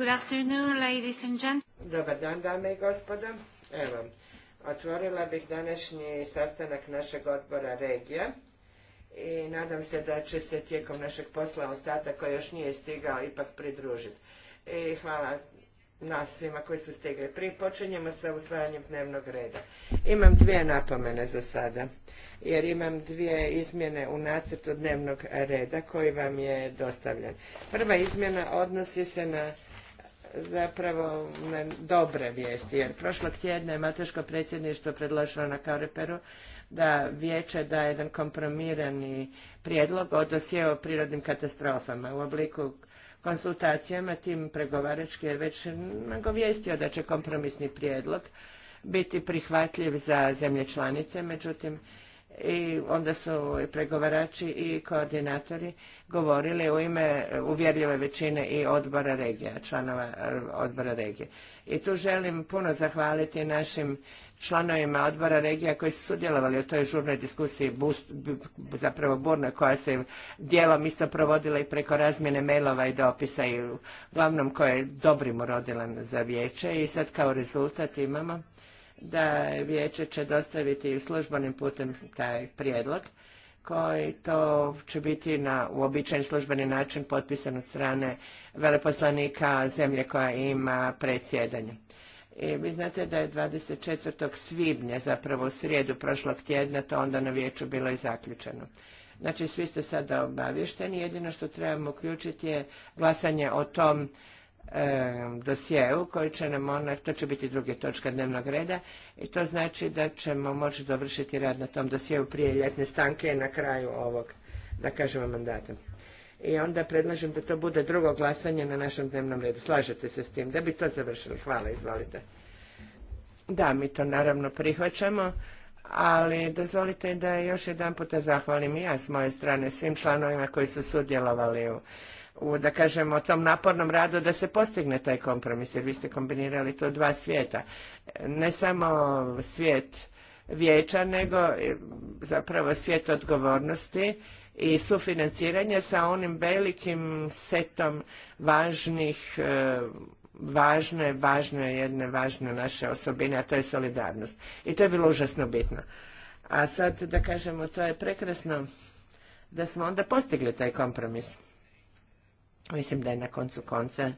Good afternoon, Dobar dan, dame i gospodo. Evo, otvorila bih današnji sastanak našeg odbora regija i nadam se da će se tijekom našeg posla ostatak koji još nije stigao ipak pridružiti. I hvala na svima koji su stigli. Prije počinjemo sa usvajanjem dnevnog reda. Imam dvije napomene za sada, jer imam dvije izmjene u nacrtu dnevnog reda koji vam je dostavljen. Prva izmjena odnosi se na zapravo dobre vijesti, jer prošlog tjedna je Mateško predsjedništvo predložilo na Kareperu da vijeće da jedan kompromirani prijedlog o prirodnim katastrofama u obliku konsultacijama tim pregovarački je već nagovijestio da će kompromisni prijedlog biti prihvatljiv za zemlje članice, međutim i onda su i pregovarači i koordinatori govorili u ime uvjerljive većine i odbora regija, članova eh, odbora regije. I tu želim puno zahvaliti našim članovima odbora regija koji su sudjelovali u toj žurnoj diskusiji, zapravo burna koja se dijelom isto provodila i preko razmjene mailova i dopisa i uglavnom koja je dobrim urodila za vijeće i sad kao rezultat imamo da vijeće će dostaviti službenim putem taj prijedlog koji to će biti na uobičajen službeni način potpisan od strane veleposlanika zemlje koja ima predsjedanje. I vi znate da je 24. svibnja, zapravo u srijedu prošlog tjedna, to onda na vijeću bilo i zaključeno. Znači, svi ste sada obavješteni, jedino što trebamo uključiti je glasanje o tom dosjeu koji će nam ona, to će biti druga točka dnevnog reda i to znači da ćemo moći dovršiti rad na tom dosjeu prije ljetne stanke na kraju ovog, da kažemo, mandata. I onda predlažem da to bude drugo glasanje na našem dnevnom redu. Slažete se s tim da bi to završili. Hvala, izvolite. Da, mi to naravno prihvaćamo, ali dozvolite da još jedan puta zahvalim i ja s moje strane svim članovima koji su sudjelovali u u, da kažemo, tom napornom radu da se postigne taj kompromis, jer vi ste kombinirali to dva svijeta. Ne samo svijet vijeća, nego e, zapravo svijet odgovornosti i sufinanciranja sa onim velikim setom važnih e, važne, važne jedne važne naše osobine, a to je solidarnost. I to je bilo užasno bitno. A sad da kažemo, to je prekrasno da smo onda postigli taj kompromis. Mislim da je na koncu konca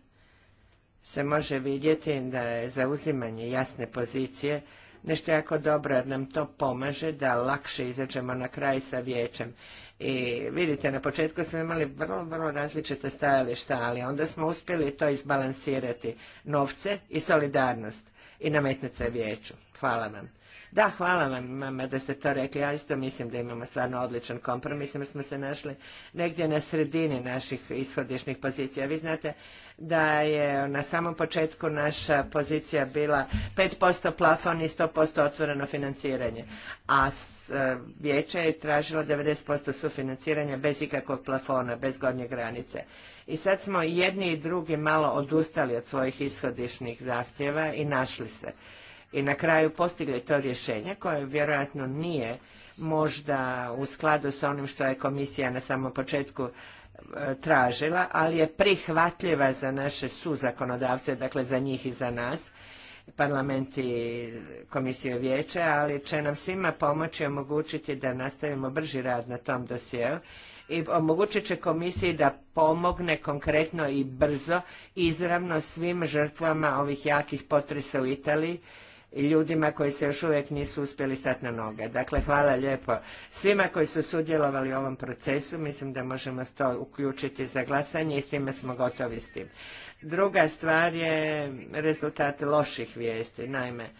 se može vidjeti da je zauzimanje jasne pozicije nešto jako dobro, jer nam to pomaže da lakše izađemo na kraj sa vijećem. I vidite, na početku smo imali vrlo, vrlo različite stajališta, ali onda smo uspjeli to izbalansirati novce i solidarnost i nametnice se vijeću. Hvala vam. Da, hvala vam mama da ste to rekli. Ja isto mislim da imamo stvarno odličan kompromis jer smo se našli negdje na sredini naših ishodišnih pozicija. Vi znate da je na samom početku naša pozicija bila 5% plafon i 100% otvoreno financiranje, a e, vijeće je tražilo 90% sufinanciranja bez ikakvog plafona, bez gornje granice. I sad smo jedni i drugi malo odustali od svojih ishodišnih zahtjeva i našli se i na kraju postigli to rješenje koje vjerojatno nije možda u skladu sa onim što je komisija na samom početku e, tražila, ali je prihvatljiva za naše suzakonodavce, dakle za njih i za nas, parlament i komisiju vijeća, ali će nam svima pomoći omogućiti da nastavimo brži rad na tom dosjeu i omogućit će komisiji da pomogne konkretno i brzo izravno svim žrtvama ovih jakih potresa u Italiji i ljudima koji se još uvijek nisu uspjeli stati na noge. Dakle, hvala lijepo svima koji su sudjelovali u ovom procesu. Mislim da možemo to uključiti za glasanje i s time smo gotovi s tim. Druga stvar je rezultat loših vijesti. Naime,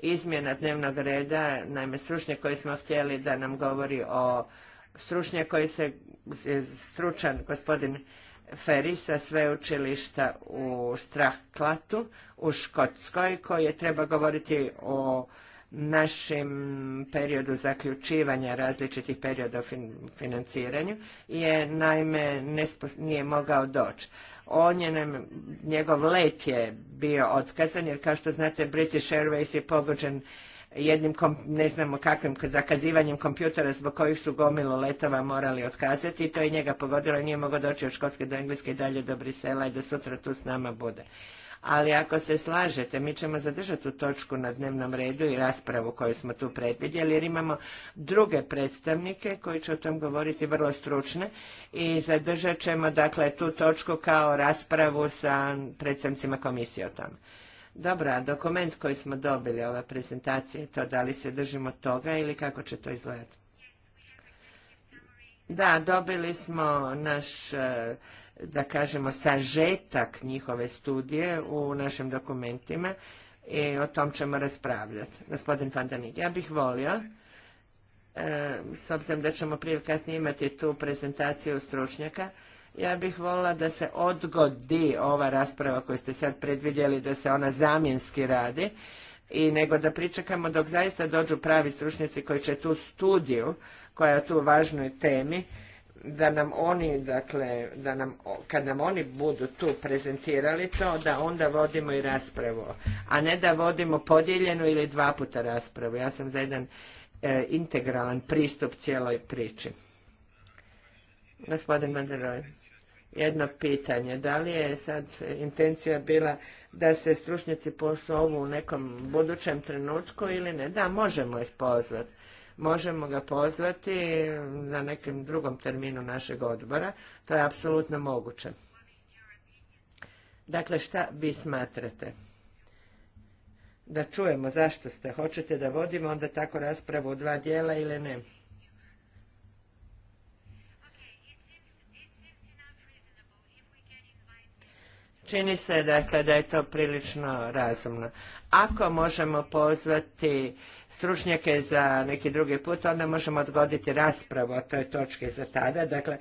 izmjena dnevnog reda, naime stručnjak koji smo htjeli da nam govori o stručnjak koji se stručan gospodin Ferisa sa sveučilišta u Strahklatu u Škotskoj koji je treba govoriti o našem periodu zaključivanja različitih perioda o financiranju je naime nije mogao doći. On je nam, njegov let je bio otkazan jer kao što znate British Airways je pogođen jednim, ne znamo kakvim zakazivanjem kompjutera zbog kojih su gomilo letova morali otkazati i to je njega pogodilo i nije mogao doći od Škotske do Engleske i dalje do Brisela i da sutra tu s nama bude. Ali ako se slažete, mi ćemo zadržati tu točku na dnevnom redu i raspravu koju smo tu predvidjeli, jer imamo druge predstavnike koji će o tom govoriti vrlo stručne i zadržat ćemo dakle tu točku kao raspravu sa predstavnicima komisije o tome. Dobro, a dokument koji smo dobili, ova prezentacija, to da li se držimo toga ili kako će to izgledati? Da, dobili smo naš, e, da kažemo, sažetak njihove studije u našim dokumentima i o tom ćemo raspravljati. Gospodin Fandanik, ja bih volio, e, s obzirom da ćemo prije kasnije imati tu prezentaciju stručnjaka, ja bih voljela da se odgodi ova rasprava koju ste sad predvidjeli, da se ona zamjenski radi, i nego da pričekamo dok zaista dođu pravi stručnjaci koji će tu studiju, koja je tu važnoj temi, da nam oni, dakle, da nam, kad nam oni budu tu prezentirali to, da onda vodimo i raspravu, a ne da vodimo podijeljenu ili dva puta raspravu. Ja sam za jedan e, integralan pristup cijeloj priči. Gospodin Mandeloj jedno pitanje. Da li je sad intencija bila da se stručnjaci pozovu u nekom budućem trenutku ili ne? Da, možemo ih pozvati. Možemo ga pozvati na nekim drugom terminu našeg odbora. To je apsolutno moguće. Dakle, šta vi smatrate? Da čujemo zašto ste. Hoćete da vodimo onda tako raspravu u dva dijela ili ne? Čini se da je to prilično razumno. Ako možemo pozvati stručnjake za neki drugi put, onda možemo odgoditi raspravu o toj točki za tada. Dakle,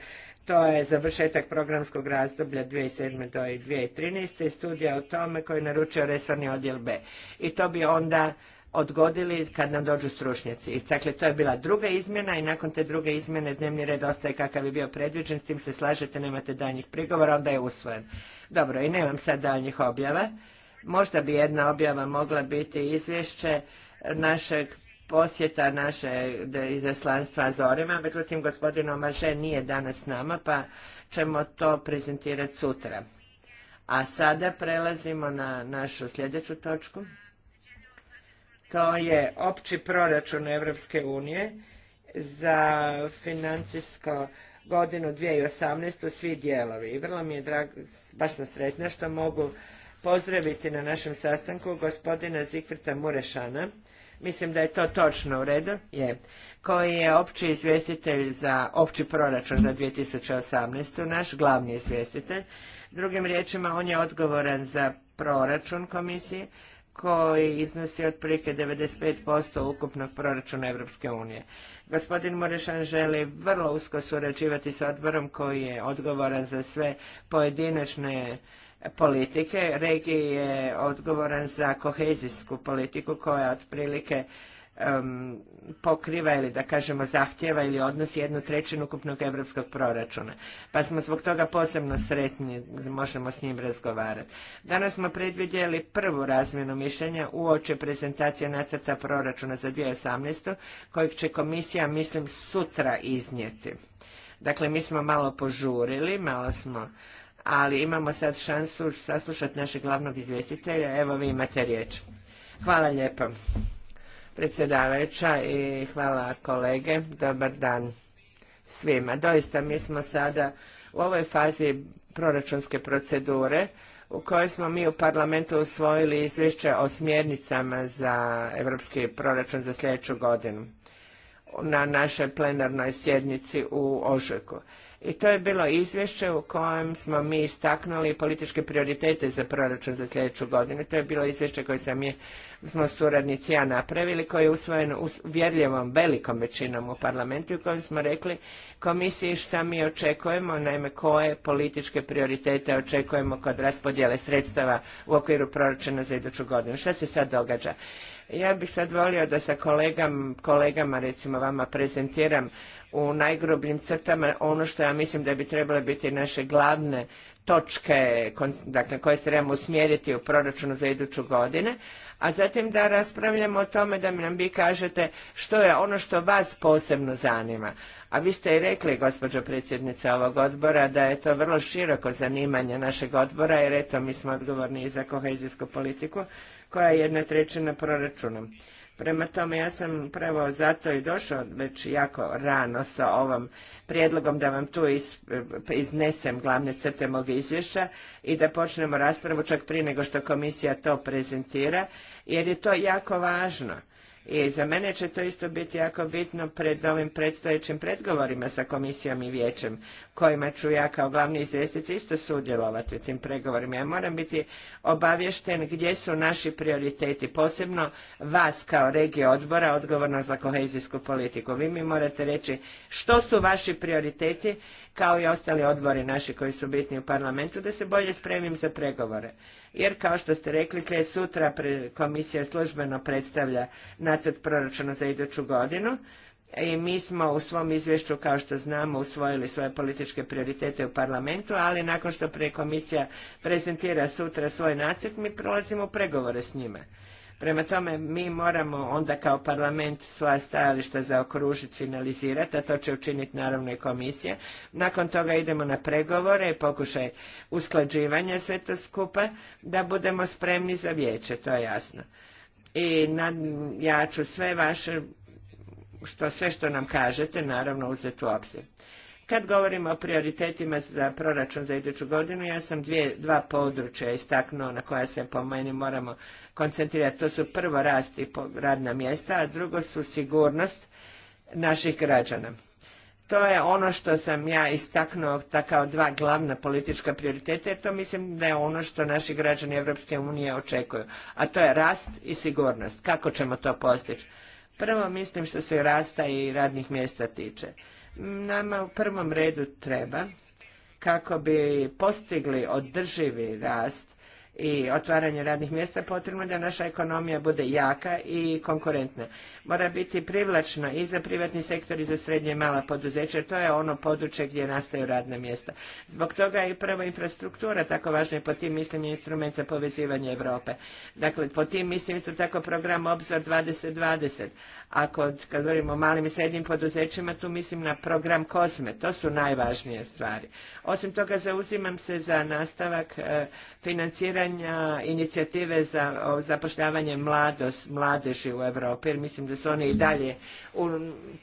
to je završetak programskog razdoblja 2007. do 2013. studija o tome koji je naručio resorni odjel B. I to bi onda odgodili kad nam dođu stručnjaci. Dakle, to je bila druga izmjena i nakon te druge izmjene dnevni red ostaje kakav je bio predviđen, s tim se slažete, nemate daljnjih prigovora, onda je usvojen. Dobro, i nemam sad daljnjih objava. Možda bi jedna objava mogla biti izvješće našeg posjeta naše izaslanstva Azorima, međutim gospodin Omaže nije danas s nama, pa ćemo to prezentirati sutra. A sada prelazimo na našu sljedeću točku to je opći proračun Europske unije za financijsko godinu 2018. svi dijelovi. I vrlo mi je drago, baš sam sretna što mogu pozdraviti na našem sastanku gospodina Zikvrta Murešana, mislim da je to točno u redu, je, koji je opći izvjestitelj za opći proračun za 2018. naš glavni izvjestitelj. Drugim riječima, on je odgovoran za proračun komisije koji iznosi otprilike 95% ukupnog proračuna Europske unije. Gospodin Morešan želi vrlo usko surađivati sa odborom koji je odgovoran za sve pojedinačne politike. Regiji je odgovoran za kohezijsku politiku koja otprilike um, pokriva ili da kažemo zahtjeva ili odnosi jednu trećinu ukupnog europskog proračuna. Pa smo zbog toga posebno sretni da možemo s njim razgovarati. Danas smo predvidjeli prvu razmjenu mišljenja uoče prezentacije nacrta proračuna za 2018. kojeg će komisija, mislim, sutra iznijeti. Dakle, mi smo malo požurili, malo smo ali imamo sad šansu saslušati našeg glavnog izvjestitelja. Evo vi imate riječ. Hvala lijepo predsjedavajuća i hvala kolege. Dobar dan svima. Doista mi smo sada u ovoj fazi proračunske procedure u kojoj smo mi u parlamentu usvojili izvješće o smjernicama za europski proračun za sljedeću godinu na našoj plenarnoj sjednici u Ožujku. I to je bilo izvješće u kojem smo mi istaknuli političke prioritete za proračun za sljedeću godinu. To je bilo izvješće koje sam je, smo suradnici ja napravili, koje je usvojeno vjerljivom velikom većinom u parlamentu i u kojem smo rekli komisiji šta mi očekujemo, naime koje političke prioritete očekujemo kod raspodjele sredstava u okviru proračuna za iduću godinu. Šta se sad događa? Ja bih sad volio da sa kolegama, kolegama, recimo vama, prezentiram u najgrubljim crtama ono što ja mislim da bi trebale biti naše glavne točke dakle, koje se trebamo usmjeriti u proračunu za iduću godinu, a zatim da raspravljamo o tome da mi nam vi kažete što je ono što vas posebno zanima. A vi ste i rekli, gospođo predsjednica ovog odbora, da je to vrlo široko zanimanje našeg odbora, jer eto mi smo odgovorni i za kohezijsku politiku, koja je jedna trećina proračunom. Prema tome, ja sam upravo zato i došao već jako rano sa ovom prijedlogom da vam tu iznesem glavne crte mog izvješća i da počnemo raspravu čak prije nego što komisija to prezentira, jer je to jako važno i za mene će to isto biti jako bitno pred ovim predstojećim predgovorima sa komisijom i vijećem, kojima ću ja kao glavni izvjestitelj isto sudjelovati u tim pregovorima. Ja moram biti obavješten gdje su naši prioriteti, posebno vas kao regije odbora odgovorna za kohezijsku politiku. Vi mi morate reći što su vaši prioriteti kao i ostali odbori naši koji su bitni u parlamentu, da se bolje spremim za pregovore. Jer, kao što ste rekli, slijed sutra komisija službeno predstavlja nacrt proračuna za iduću godinu, i mi smo u svom izvješću, kao što znamo, usvojili svoje političke prioritete u parlamentu, ali nakon što komisija prezentira sutra svoj nacrt, mi prolazimo u pregovore s njime. Prema tome, mi moramo onda kao parlament svoja stajališta zaokružiti, finalizirati, a to će učiniti naravno i komisija. Nakon toga idemo na pregovore i pokušaj usklađivanja sve to skupa, da budemo spremni za vijeće, to je jasno. I ja ću sve vaše, sve što nam kažete, naravno uzeti u obzir. Kad govorimo o prioritetima za proračun za iduću godinu, ja sam dvije, dva područja istaknuo na koja se po meni moramo koncentrirati. To su prvo rast i radna mjesta, a drugo su sigurnost naših građana. To je ono što sam ja istaknuo kao dva glavna politička prioriteta, jer to mislim da je ono što naši građani Europske unije očekuju, a to je rast i sigurnost. Kako ćemo to postići? Prvo mislim što se rasta i radnih mjesta tiče nama u prvom redu treba kako bi postigli održivi rast i otvaranje radnih mjesta potrebno da naša ekonomija bude jaka i konkurentna. Mora biti privlačna i za privatni sektor i za srednje i mala poduzeća, to je ono područje gdje nastaju radna mjesta. Zbog toga je prva infrastruktura tako važna i po tim mislim je instrument za povezivanje Europe. Dakle, po tim mislim isto tako program Obzor 2020, kod kad govorimo o malim i srednjim poduzećima, tu mislim na program Kozme. To su najvažnije stvari. Osim toga, zauzimam se za nastavak e, financiranja inicijative za zapošljavanje mladost, mladeži u Europi, jer mislim da su oni i dalje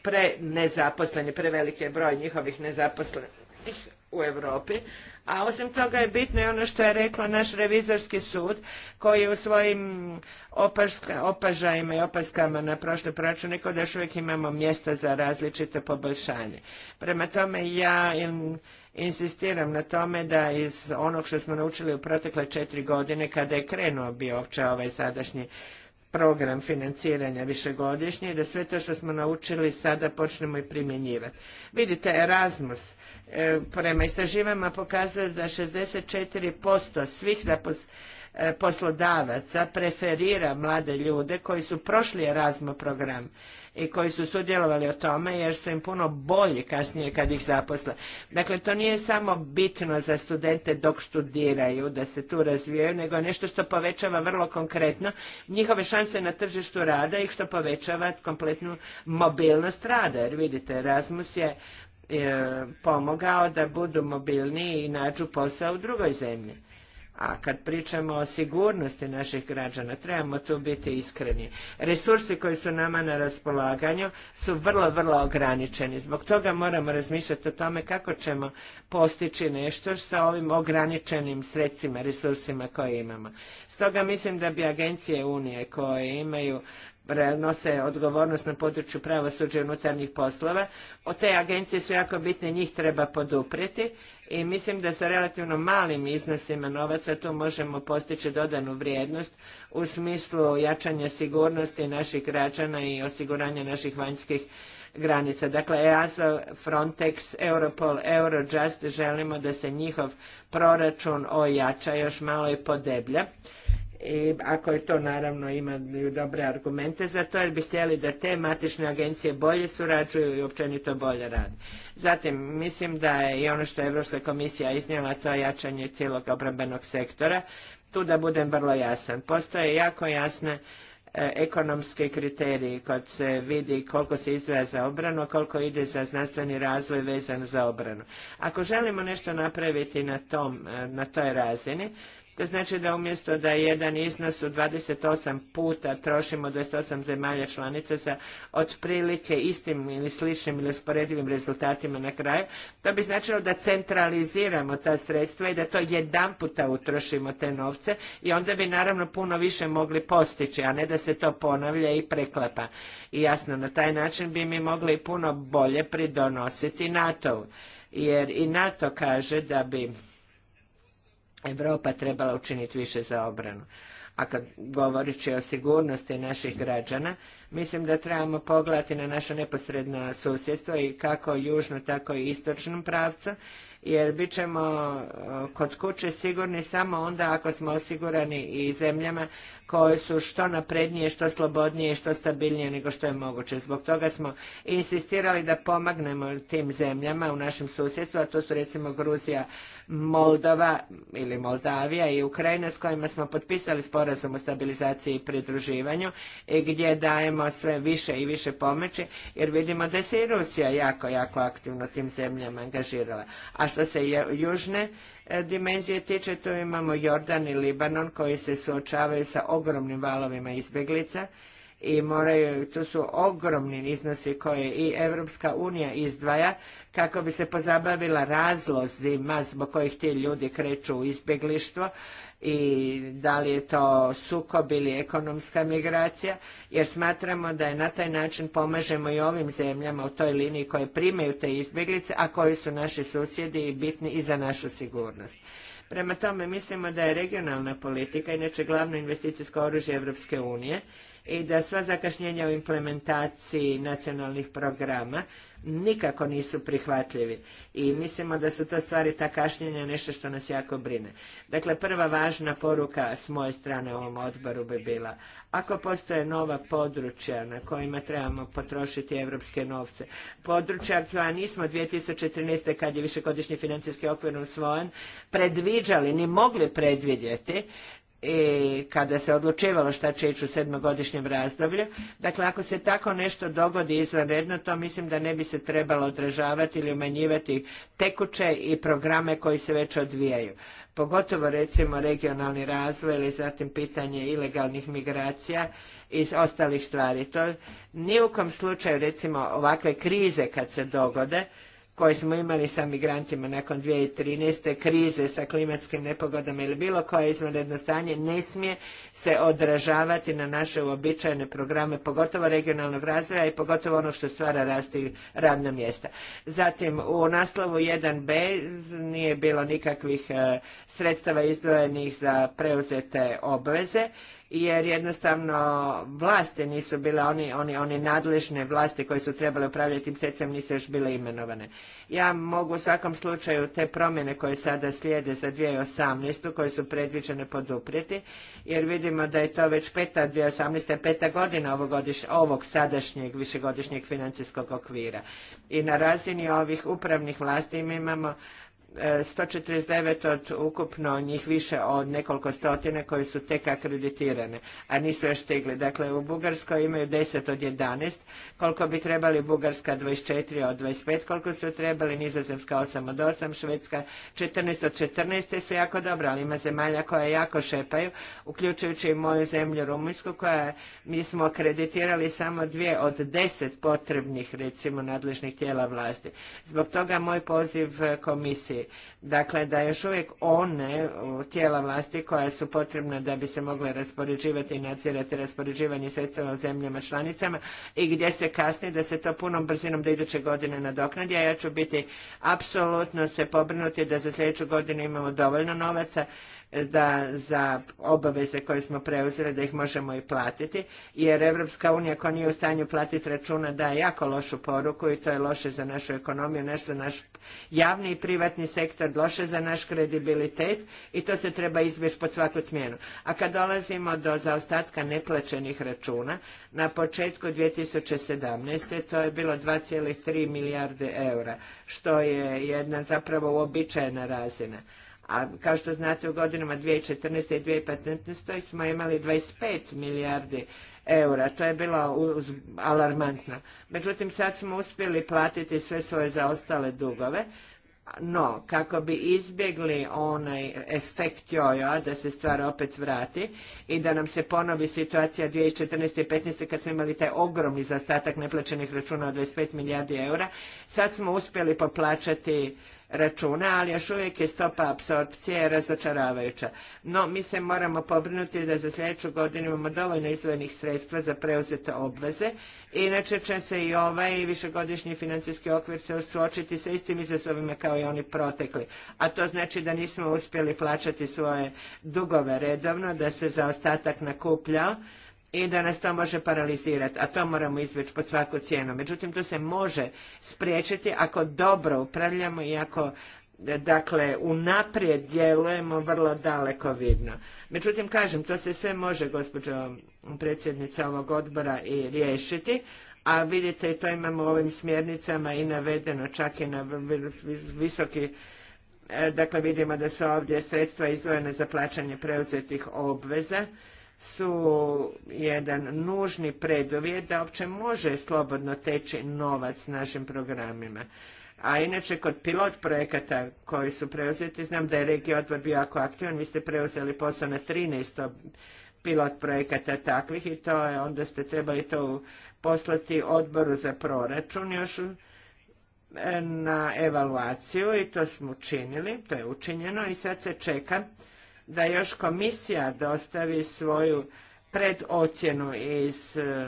pre nezaposleni, preveliki velike broj njihovih nezaposlenih u Europi, a osim toga je bitno i ono što je rekla naš revizorski sud koji u svojim opažajima i opaskama na prošle proračune kod još uvijek imamo mjesta za različite poboljšanje. Prema tome ja im insistiram na tome da iz onog što smo naučili u protekle četiri godine kada je krenuo bio opće ovaj sadašnji program financiranja višegodišnje i da sve to što smo naučili sada počnemo i primjenjivati. Vidite, Erasmus E, prema istraživama pokazuje da 64% svih e, poslodavaca preferira mlade ljude koji su prošli Erasmus program i koji su sudjelovali o tome jer su im puno bolji kasnije kad ih zaposle. Dakle, to nije samo bitno za studente dok studiraju, da se tu razvijaju, nego nešto što povećava vrlo konkretno njihove šanse na tržištu rada i što povećava kompletnu mobilnost rada. Jer vidite, Erasmus je E, pomogao da budu mobilniji i nađu posao u drugoj zemlji. A kad pričamo o sigurnosti naših građana, trebamo tu biti iskreni. Resursi koji su nama na raspolaganju su vrlo, vrlo ograničeni. Zbog toga moramo razmišljati o tome kako ćemo postići nešto sa ovim ograničenim sredstvima, resursima koje imamo. Stoga mislim da bi agencije Unije koje imaju nose odgovornost na području pravosuđa i unutarnjih poslova. O te agencije su jako bitne, njih treba poduprijeti i mislim da sa relativno malim iznosima novaca tu možemo postići dodanu vrijednost u smislu jačanja sigurnosti naših građana i osiguranja naših vanjskih granica. Dakle, EASA, Frontex, Europol, Eurojust želimo da se njihov proračun ojača još malo i podeblja i ako je to naravno imaju dobre argumente za to jer bi htjeli da te matične agencije bolje surađuju i općenito bolje rade. Zatim mislim da je i ono što je Europska komisija iznijela to je jačanje cijelog obrambenog sektora. Tu da budem vrlo jasan. Postoje jako jasne e, ekonomske kriteriji kod se vidi koliko se izdvaja za obranu, koliko ide za znanstveni razvoj vezan za obranu. Ako želimo nešto napraviti na, tom, e, na toj razini, to znači da umjesto da jedan iznos u 28 puta trošimo 28 zemalja članica sa otprilike istim ili sličnim ili usporedivim rezultatima na kraju, to bi značilo da centraliziramo ta sredstva i da to jedan puta utrošimo te novce i onda bi naravno puno više mogli postići, a ne da se to ponavlja i preklapa. I jasno, na taj način bi mi mogli puno bolje pridonositi NATO-u. Jer i NATO kaže da bi Europa trebala učiniti više za obranu. A kad govorići o sigurnosti naših građana, mislim da trebamo pogledati na naše neposredno susjedstvo i kako južno, tako i istočnom pravcu, jer bit ćemo eh, kod kuće sigurni samo onda ako smo osigurani i zemljama koje su što naprednije, što slobodnije, što stabilnije nego što je moguće. Zbog toga smo insistirali da pomagnemo tim zemljama u našem susjedstvu, a to su recimo Gruzija, Moldova ili Moldavija i Ukrajina s kojima smo potpisali sporazum o stabilizaciji i pridruživanju i gdje dajemo sve više i više pomoći jer vidimo da se i Rusija jako, jako aktivno tim zemljama angažirala. A što se južne E, dimenzije tiče, tu imamo Jordan i Libanon koji se suočavaju sa ogromnim valovima izbjeglica i moraju, to su ogromni iznosi koje i Evropska unija izdvaja kako bi se pozabavila razlozima zbog kojih ti ljudi kreću u izbjeglištvo i da li je to sukob ili ekonomska migracija, jer smatramo da je na taj način pomažemo i ovim zemljama u toj liniji koje primaju te izbjeglice, a koji su naši susjedi i bitni i za našu sigurnost. Prema tome mislimo da je regionalna politika, inače glavno investicijsko oružje Evropske unije, i da sva zakašnjenja u implementaciji nacionalnih programa nikako nisu prihvatljivi i mislimo da su to stvari ta kašnjenja nešto što nas jako brine. Dakle, prva važna poruka s moje strane u ovom odboru bi bila ako postoje nova područja na kojima trebamo potrošiti evropske novce, područja koja nismo 2013. kad je višegodišnji financijski okvir usvojen predviđali, ni mogli predvidjeti, i e, kada se odlučivalo šta će ići u sedmogodišnjem razdoblju. Dakle, ako se tako nešto dogodi izvanredno, to mislim da ne bi se trebalo odražavati ili umanjivati tekuće i programe koji se već odvijaju. Pogotovo recimo regionalni razvoj ili zatim pitanje ilegalnih migracija i ostalih stvari. To ni u kom slučaju recimo ovakve krize kad se dogode, koje smo imali sa migrantima nakon 2013. krize sa klimatskim nepogodama ili bilo koje izvanredno stanje ne smije se odražavati na naše uobičajene programe, pogotovo regionalnog razvoja i pogotovo ono što stvara rasti radna mjesta. Zatim u naslovu 1b nije bilo nikakvih e, sredstava izdvojenih za preuzete obveze jer jednostavno vlasti nisu bile, oni, oni, oni nadležne vlasti koje su trebale upravljati tim sredstvima nisu još bile imenovane. Ja mogu u svakom slučaju te promjene koje sada slijede za 2018. koje su predviđene poduprijeti, jer vidimo da je to već peta, 2018. peta godina ovog, ovog sadašnjeg višegodišnjeg financijskog okvira. I na razini ovih upravnih vlasti mi imamo 149 od ukupno njih više od nekoliko stotine koji su tek akreditirane, a nisu još stigli. Dakle, u Bugarskoj imaju 10 od 11, koliko bi trebali Bugarska 24 od 25, koliko su trebali Nizozemska 8 od 8, Švedska 14 od 14, su jako dobro, ali ima zemalja koja jako šepaju, uključujući i moju zemlju Rumunjsku, koja mi smo akreditirali samo dvije od 10 potrebnih, recimo, nadležnih tijela vlasti. Zbog toga moj poziv eh, komisiji Dakle, da još uvijek one tijela vlasti koja su potrebna da bi se mogle raspoređivati i nadzirati raspoređivanje sredstava u zemljama članicama i gdje se kasni da se to punom brzinom do iduće godine nadoknadi, a ja ću biti apsolutno se pobrinuti da za sljedeću godinu imamo dovoljno novaca da za obaveze koje smo preuzeli da ih možemo i platiti, jer Evropska unija koja nije u stanju platiti računa daje jako lošu poruku i to je loše za našu ekonomiju, nešto naš javni i privatni sektor, loše za naš kredibilitet i to se treba izbjeći pod svaku smjenu. A kad dolazimo do zaostatka neplaćenih računa, na početku 2017. to je bilo 2,3 milijarde eura, što je jedna zapravo uobičajena razina. A kao što znate u godinama 2014. i 2015. smo imali 25 milijardi eura. To je bila alarmantno. alarmantna. Međutim, sad smo uspjeli platiti sve svoje zaostale dugove. No, kako bi izbjegli onaj efekt jojo, da se stvar opet vrati i da nam se ponovi situacija 2014. i 2015. kad smo imali taj ogromni zastatak neplaćenih računa od 25 milijardi eura, sad smo uspjeli poplaćati računa, ali još uvijek je stopa apsorpcije razočaravajuća. No, mi se moramo pobrinuti da za sljedeću godinu imamo dovoljno izvojenih sredstva za preuzete obveze, inače će se i ovaj višegodišnji financijski okvir se suočiti sa istim izazovima kao i oni protekli. A to znači da nismo uspjeli plaćati svoje dugove redovno, da se zaostatak nakupljao, i da nas to može paralizirati, a to moramo izveći pod svaku cijenu. Međutim, to se može spriječiti ako dobro upravljamo i ako dakle unaprijed djelujemo vrlo daleko vidno. Međutim, kažem, to se sve može, gospođo predsjednica ovog odbora, i riješiti, a vidite, to imamo u ovim smjernicama i navedeno čak i na visoki e, Dakle, vidimo da su ovdje sredstva izdvojena za plaćanje preuzetih obveza su jedan nužni preduvjet da uopće može slobodno teći novac našim programima. A inače kod pilot projekata koji su preuzeti, znam da je regija odbor bio jako aktivan, vi ste preuzeli posao na 13 pilot projekata takvih i to je, onda ste trebali to poslati odboru za proračun još e, na evaluaciju i to smo učinili, to je učinjeno i sad se čeka da još komisija dostavi svoju predocjenu iz, e,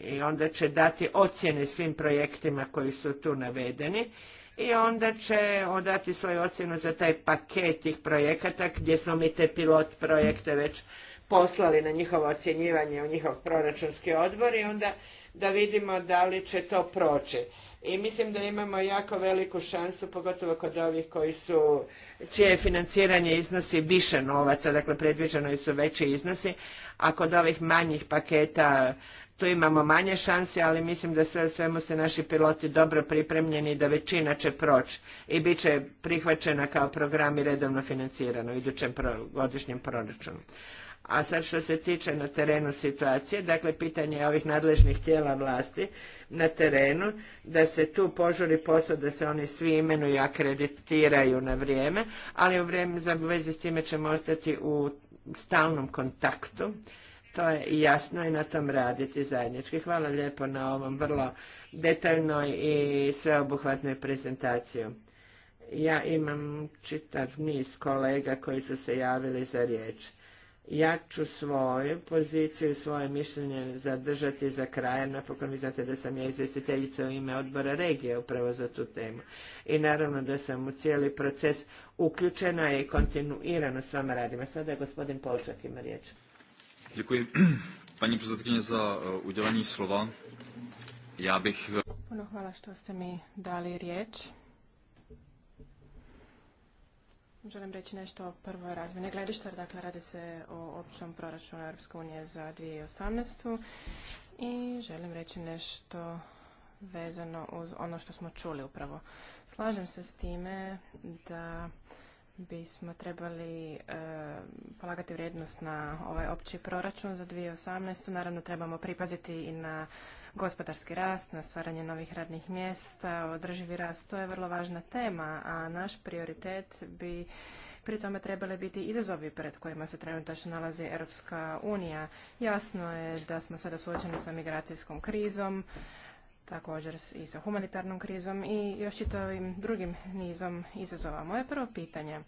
i onda će dati ocjene svim projektima koji su tu navedeni i onda će odati svoju ocjenu za taj paket tih projekata gdje smo mi te pilot projekte već poslali na njihovo ocjenjivanje u njihov proračunski odbor i onda da vidimo da li će to proći i mislim da imamo jako veliku šansu, pogotovo kod ovih koji su, čije financiranje iznosi više novaca, dakle predviđeno su veći iznosi, a kod ovih manjih paketa tu imamo manje šanse, ali mislim da sve svemu se naši piloti dobro pripremljeni da većina će proći i bit će prihvaćena kao program i redovno financirano u idućem godišnjem proračunu. A sad što se tiče na terenu situacije, dakle pitanje je ovih nadležnih tijela vlasti na terenu, da se tu požuri posao da se oni svi imenuju i akreditiraju na vrijeme, ali u vrijeme za vezi s time ćemo ostati u stalnom kontaktu. To je jasno i na tom raditi zajednički. Hvala lijepo na ovom vrlo detaljnoj i sveobuhvatnoj prezentaciji. Ja imam čitav niz kolega koji su se javili za riječ. Ja ću svoju poziciju i svoje mišljenje zadržati za kraj, napokon vi znate da sam ja izvjestiteljica u ime odbora regije upravo za tu temu. I naravno da sam u cijeli proces uključena i kontinuirano s vama radima. Sada je gospodin Polčak ima riječ. za eh, slova. Ja bih... Eh, Puno hvala što ste mi dali riječ. Želim reći nešto o prvoj razmjene gledišta, dakle radi se o općom proračunu Europske unije za 2018. I želim reći nešto vezano uz ono što smo čuli upravo. Slažem se s time da bismo trebali e, polagati vrijednost na ovaj opći proračun za 2018. Naravno trebamo pripaziti i na gospodarski rast, na stvaranje novih radnih mjesta, održivi rast, to je vrlo važna tema, a naš prioritet bi pri tome trebali biti izazovi pred kojima se trenutačno nalazi Europska unija. Jasno je da smo sada suočeni sa migracijskom krizom, također i sa humanitarnom krizom i još čitavim drugim nizom izazova. Moje prvo pitanje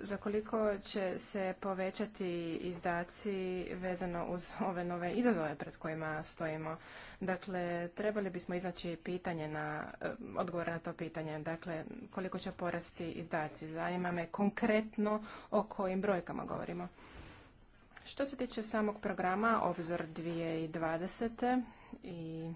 za koliko će se povećati izdaci vezano uz ove nove izazove pred kojima stojimo. Dakle, trebali bismo iznaći pitanje na, eh, odgovor na to pitanje, dakle, koliko će porasti izdaci. Zanima me konkretno o kojim brojkama govorimo. Što se tiče samog programa Obzor 2020. i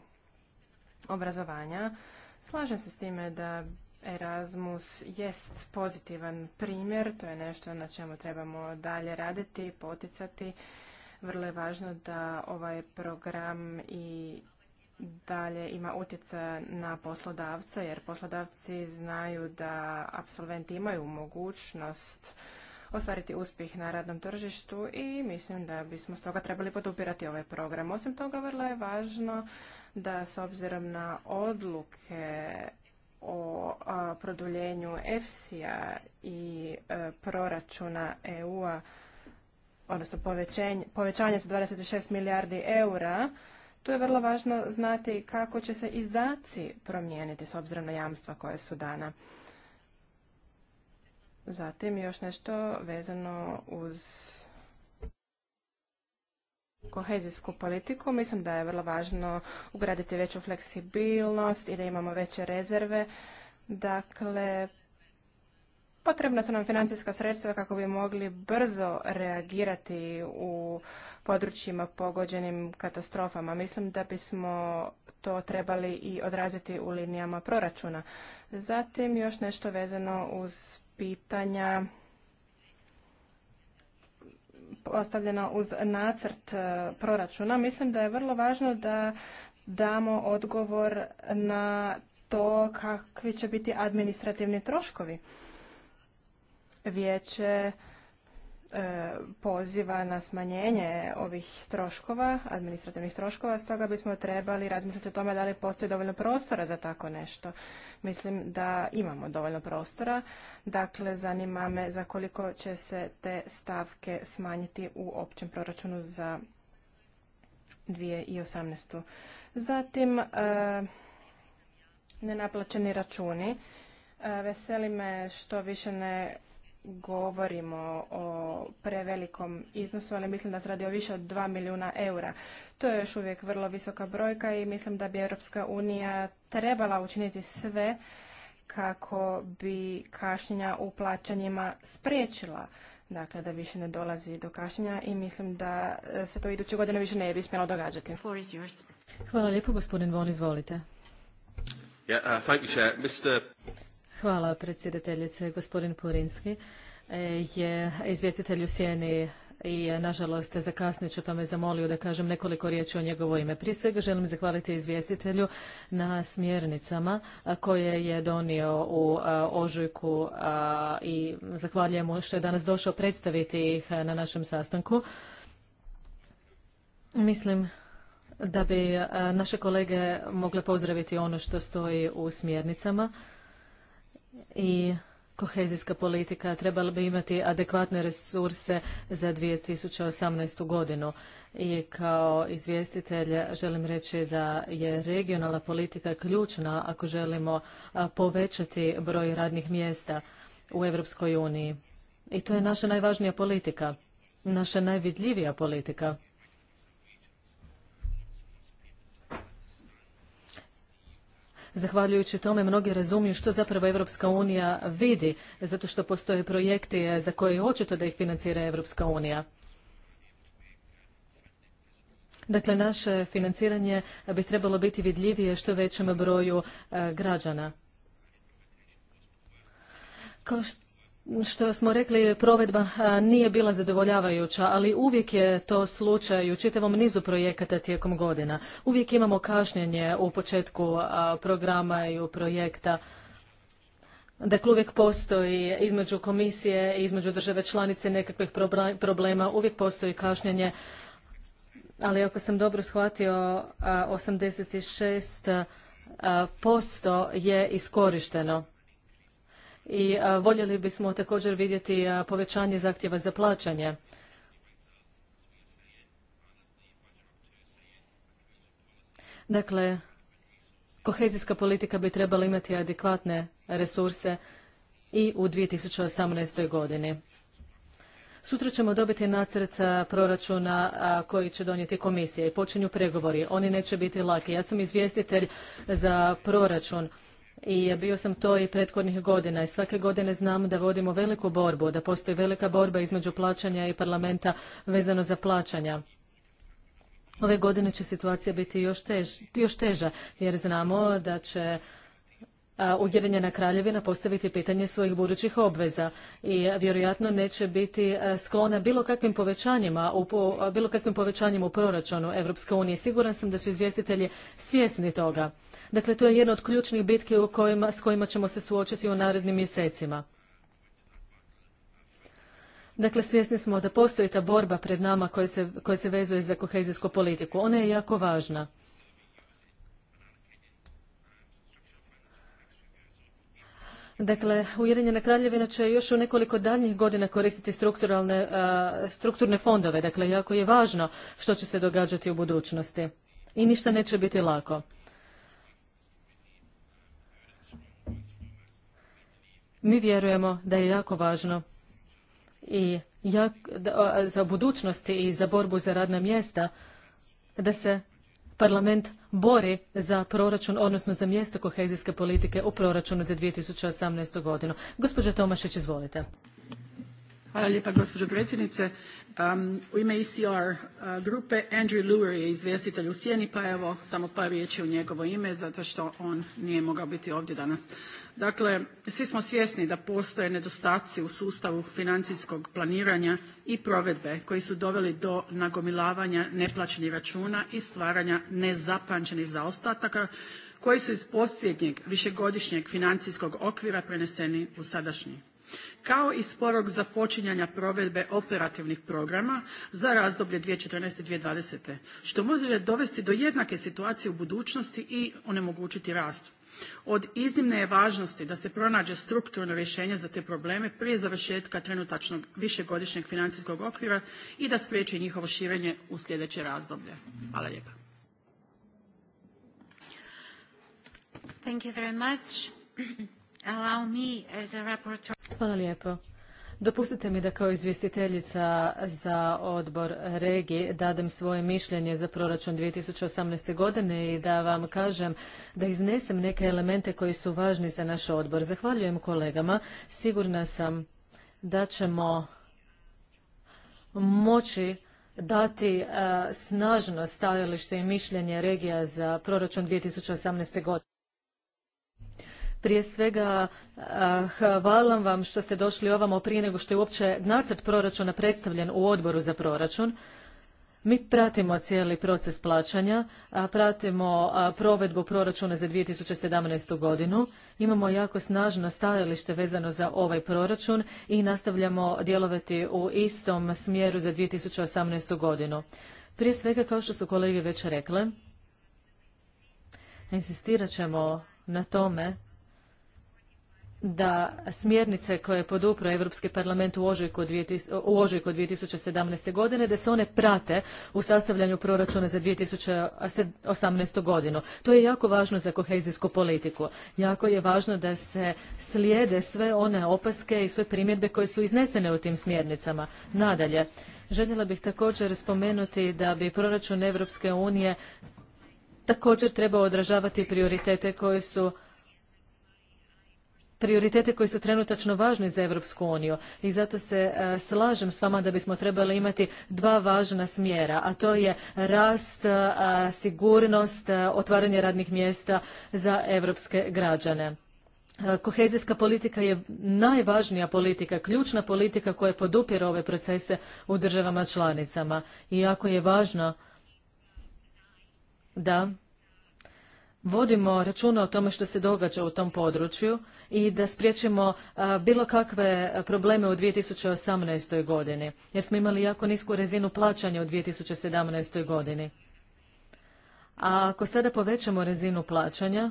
obrazovanja, slažem se s time da Erasmus jest pozitivan primjer, to je nešto na čemu trebamo dalje raditi i poticati. Vrlo je važno da ovaj program i dalje ima utjeca na poslodavca, jer poslodavci znaju da absolventi imaju mogućnost ostvariti uspjeh na radnom tržištu i mislim da bismo toga trebali podupirati ovaj program. Osim toga, vrlo je važno da s obzirom na odluke o produljenju EFSI-a i e, proračuna EU-a, odnosno povećanje za 26 milijardi eura, tu je vrlo važno znati kako će se izdaci promijeniti s obzirom na jamstva koje su dana. Zatim još nešto vezano uz kohezijsku politiku. Mislim da je vrlo važno ugraditi veću fleksibilnost i da imamo veće rezerve. Dakle, potrebna su nam financijska sredstva kako bi mogli brzo reagirati u područjima pogođenim katastrofama. Mislim da bismo to trebali i odraziti u linijama proračuna. Zatim još nešto vezano uz pitanja ostavljena uz nacrt e, proračuna. Mislim da je vrlo važno da damo odgovor na to kakvi će biti administrativni troškovi. Vijeće E, poziva na smanjenje ovih troškova, administrativnih troškova, stoga bismo trebali razmisliti o tome da li postoji dovoljno prostora za tako nešto. Mislim da imamo dovoljno prostora, dakle zanima me za koliko će se te stavke smanjiti u općem proračunu za 2018. Zatim, e, nenaplaćeni računi. E, veseli me što više ne govorimo o prevelikom iznosu, ali mislim da se radi o više od 2 milijuna eura. To je još uvijek vrlo visoka brojka i mislim da bi Europska unija trebala učiniti sve kako bi kašnjenja u plaćanjima spriječila. Dakle, da više ne dolazi do kašnjenja i mislim da se to iduće godine više ne bi smjelo događati. Hvala lijepo, gospodin Von, izvolite. Yeah, uh, thank Hvala predsjedateljice. Gospodin Purinski e, je izvjestitelj u sjeni i e, nažalost zakasnit ću pa me zamolio da kažem nekoliko riječi o njegovo ime. Prije svega želim zahvaliti izvjestitelju na smjernicama koje je donio u ožujku i zahvaljujem mu što je danas došao predstaviti ih na našem sastanku. Mislim da bi naše kolege mogle pozdraviti ono što stoji u smjernicama i kohezijska politika trebala bi imati adekvatne resurse za 2018. godinu. I kao izvjestitelj želim reći da je regionalna politika ključna ako želimo povećati broj radnih mjesta u Europskoj uniji. I to je naša najvažnija politika, naša najvidljivija politika. Zahvaljujući tome mnogi razumiju što zapravo Europska unija vidi, zato što postoje projekti eh, za koje je očito da ih financira Europska unija. Dakle, naše financiranje eh, bi trebalo biti vidljivije što većem broju eh, građana. Kao što što smo rekli, provedba nije bila zadovoljavajuća, ali uvijek je to slučaj u čitavom nizu projekata tijekom godina. Uvijek imamo kašnjenje u početku programa i u projekta. Dakle, uvijek postoji između komisije i između države članice nekakvih problema, uvijek postoji kašnjenje. Ali ako sam dobro shvatio, 86% je iskorišteno i e, voljeli bismo također vidjeti e, povećanje zahtjeva za plaćanje. Dakle, kohezijska politika bi trebala imati adekvatne resurse i u 2018. godini. Sutra ćemo dobiti nacrt e, proračuna koji će donijeti komisija i počinju pregovori. Oni neće biti laki. Ja sam izvjestitelj za proračun i bio sam to i prethodnih godina i svake godine znam da vodimo veliku borbu, da postoji velika borba između plaćanja i parlamenta vezano za plaćanja. Ove godine će situacija biti još, još teža jer znamo da će Ujedinjena kraljevina postaviti pitanje svojih budućih obveza i vjerojatno neće biti sklona bilo kakvim povećanjima u, bilo kakvim povećanjima u proračunu Europske unije. Siguran sam da su izvjestitelji svjesni toga. Dakle, to je jedna od ključnih bitki s kojima ćemo se suočiti u narednim mjesecima. Dakle, svjesni smo da postoji ta borba pred nama koja se, vezuje za kohezijsku politiku. Ona je jako važna. Dakle, Ujedinjena kraljevina će još u nekoliko daljnjih godina koristiti strukturne fondove. Dakle, jako je važno što će se događati u budućnosti. I ništa neće biti lako. Mi vjerujemo da je jako važno i jak, za budućnost i za borbu za radna mjesta da se parlament bori za proračun, odnosno za mjesto kohezijske politike u proračunu za 2018. godinu. Gospođa Tomašić, izvolite. Hvala lijepa, gospođo predsjednice. u ime ECR grupe Andrew Lurie je izvjestitelj u Sjeni, pa evo samo par riječi u njegovo ime, zato što on nije mogao biti ovdje danas. Dakle, svi smo svjesni da postoje nedostaci u sustavu financijskog planiranja i provedbe koji su doveli do nagomilavanja neplaćenih računa i stvaranja nezapamćenih zaostataka koji su iz posljednjeg višegodišnjeg financijskog okvira preneseni u sadašnji kao i sporog započinjanja provedbe operativnih programa za razdoblje 2014. tisuće 2020. što može dovesti do jednake situacije u budućnosti i onemogućiti rast. Od iznimne je važnosti da se pronađe strukturno rješenje za te probleme prije završetka trenutačnog višegodišnjeg financijskog okvira i da spriječi njihovo širenje u sljedeće razdoblje. Hvala lijepa. Hvala lijepo. Dopustite mi da kao izvjestiteljica za odbor regiji dadem svoje mišljenje za proračun 2018. godine i da vam kažem da iznesem neke elemente koji su važni za naš odbor. Zahvaljujem kolegama. Sigurna sam da ćemo moći dati e, snažno stajalište i mišljenje regija za proračun 2018. godine. Prije svega eh, hvala vam što ste došli ovamo prije nego što je uopće nacrt proračuna predstavljen u odboru za proračun. Mi pratimo cijeli proces plaćanja, pratimo provedbu proračuna za 2017. godinu, imamo jako snažno stajalište vezano za ovaj proračun i nastavljamo djelovati u istom smjeru za 2018. godinu. Prije svega, kao što su kolege već rekle, insistirat ćemo na tome da smjernice koje je podupro Europski parlament u ožujku, 2017. godine, da se one prate u sastavljanju proračuna za 2018. godinu. To je jako važno za kohezijsku politiku. Jako je važno da se slijede sve one opaske i sve primjedbe koje su iznesene u tim smjernicama. Nadalje, željela bih također spomenuti da bi proračun Europske unije također trebao odražavati prioritete koje su prioritete koji su trenutačno važni za Europsku uniju i zato se e, slažem s vama da bismo trebali imati dva važna smjera, a to je rast, e, sigurnost, e, otvaranje radnih mjesta za europske građane. Kohezijska politika je najvažnija politika, ključna politika koja podupira ove procese u državama članicama. i jako je važno da vodimo računa o tome što se događa u tom području i da spriječimo bilo kakve probleme u 2018. godini, jer smo imali jako nisku rezinu plaćanja u 2017. godini. A ako sada povećamo rezinu plaćanja,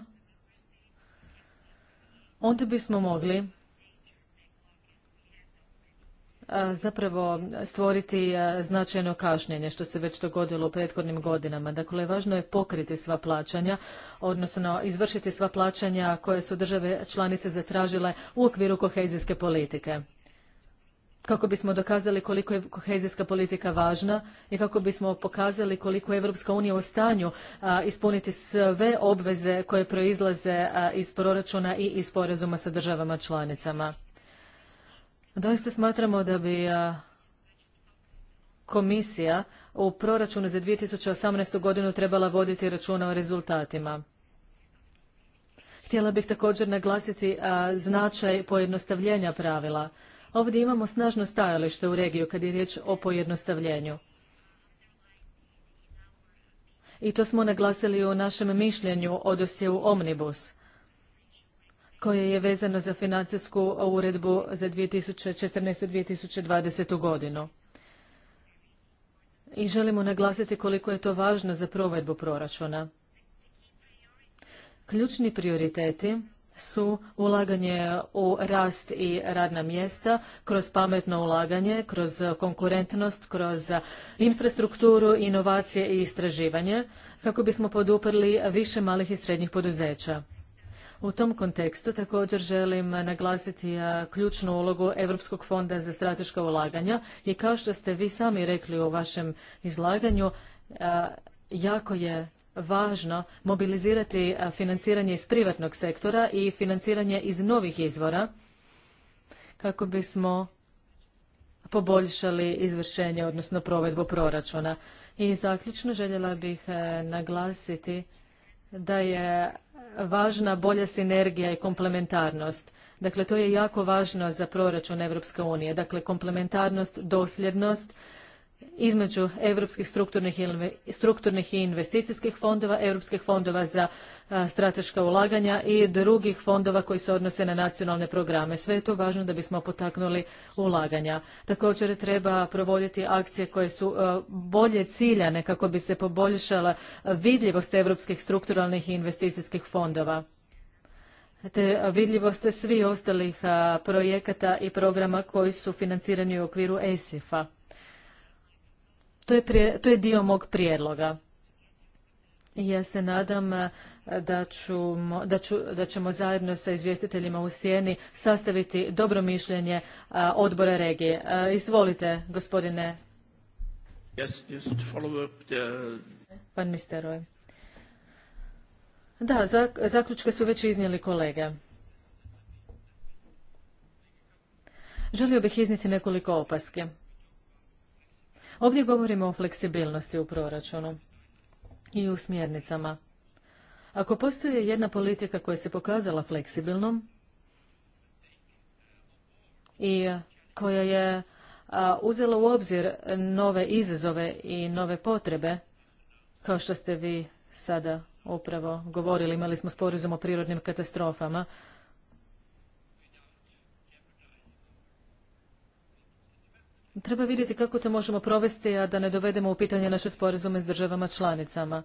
onda bismo mogli zapravo stvoriti značajno kašnjenje što se već dogodilo u prethodnim godinama. Dakle, važno je pokriti sva plaćanja, odnosno izvršiti sva plaćanja koje su države članice zatražile u okviru kohezijske politike. Kako bismo dokazali koliko je kohezijska politika važna i kako bismo pokazali koliko je Evropska unija u stanju ispuniti sve obveze koje proizlaze iz proračuna i iz sporazuma sa državama članicama. Doista smatramo da bi komisija u proračunu za 2018. godinu trebala voditi računa o rezultatima. Htjela bih također naglasiti značaj pojednostavljenja pravila. Ovdje imamo snažno stajalište u regiju kad je riječ o pojednostavljenju. I to smo naglasili u našem mišljenju o dosjeu Omnibus koje je vezano za financijsku uredbu za 2014-2020. godinu. I želimo naglasiti koliko je to važno za provedbu proračuna. Ključni prioriteti su ulaganje u rast i radna mjesta kroz pametno ulaganje, kroz konkurentnost, kroz infrastrukturu, inovacije i istraživanje kako bismo poduprli više malih i srednjih poduzeća. U tom kontekstu također želim naglasiti ključnu ulogu Europskog fonda za strateška ulaganja i kao što ste vi sami rekli u vašem izlaganju, jako je važno mobilizirati financiranje iz privatnog sektora i financiranje iz novih izvora kako bismo poboljšali izvršenje, odnosno provedbu proračuna. I zaključno željela bih naglasiti da je važna bolja sinergija i komplementarnost. Dakle, to je jako važno za proračun Europske unije. Dakle, komplementarnost, dosljednost između europskih strukturnih i investicijskih fondova, europskih fondova za strateška ulaganja i drugih fondova koji se odnose na nacionalne programe. Sve je to važno da bismo potaknuli ulaganja. Također treba provoditi akcije koje su bolje ciljane kako bi se poboljšala vidljivost europskih strukturalnih i investicijskih fondova te vidljivost svih ostalih projekata i programa koji su financirani u okviru ESIF-a. To je, to je dio mog prijedloga. Ja se nadam eh, da, da, ću, da ćemo zajedno sa izvjestiteljima u Sjeni sastaviti dobro mišljenje eh, odbora regije. Eh, izvolite, gospodine. Yes, yes, the... Pan Misteroj. Da, zaključke su već iznijeli kolege. Želio bih iznijeti nekoliko opaske. Ovdje govorimo o fleksibilnosti u proračunu i u smjernicama. Ako postoji jedna politika koja se pokazala fleksibilnom i e, koja je e, uzela u obzir nove izazove i nove potrebe, kao što ste vi sada upravo govorili, imali smo sporazum o prirodnim katastrofama Treba vidjeti kako to možemo provesti, a da ne dovedemo u pitanje naše sporazume s državama članicama.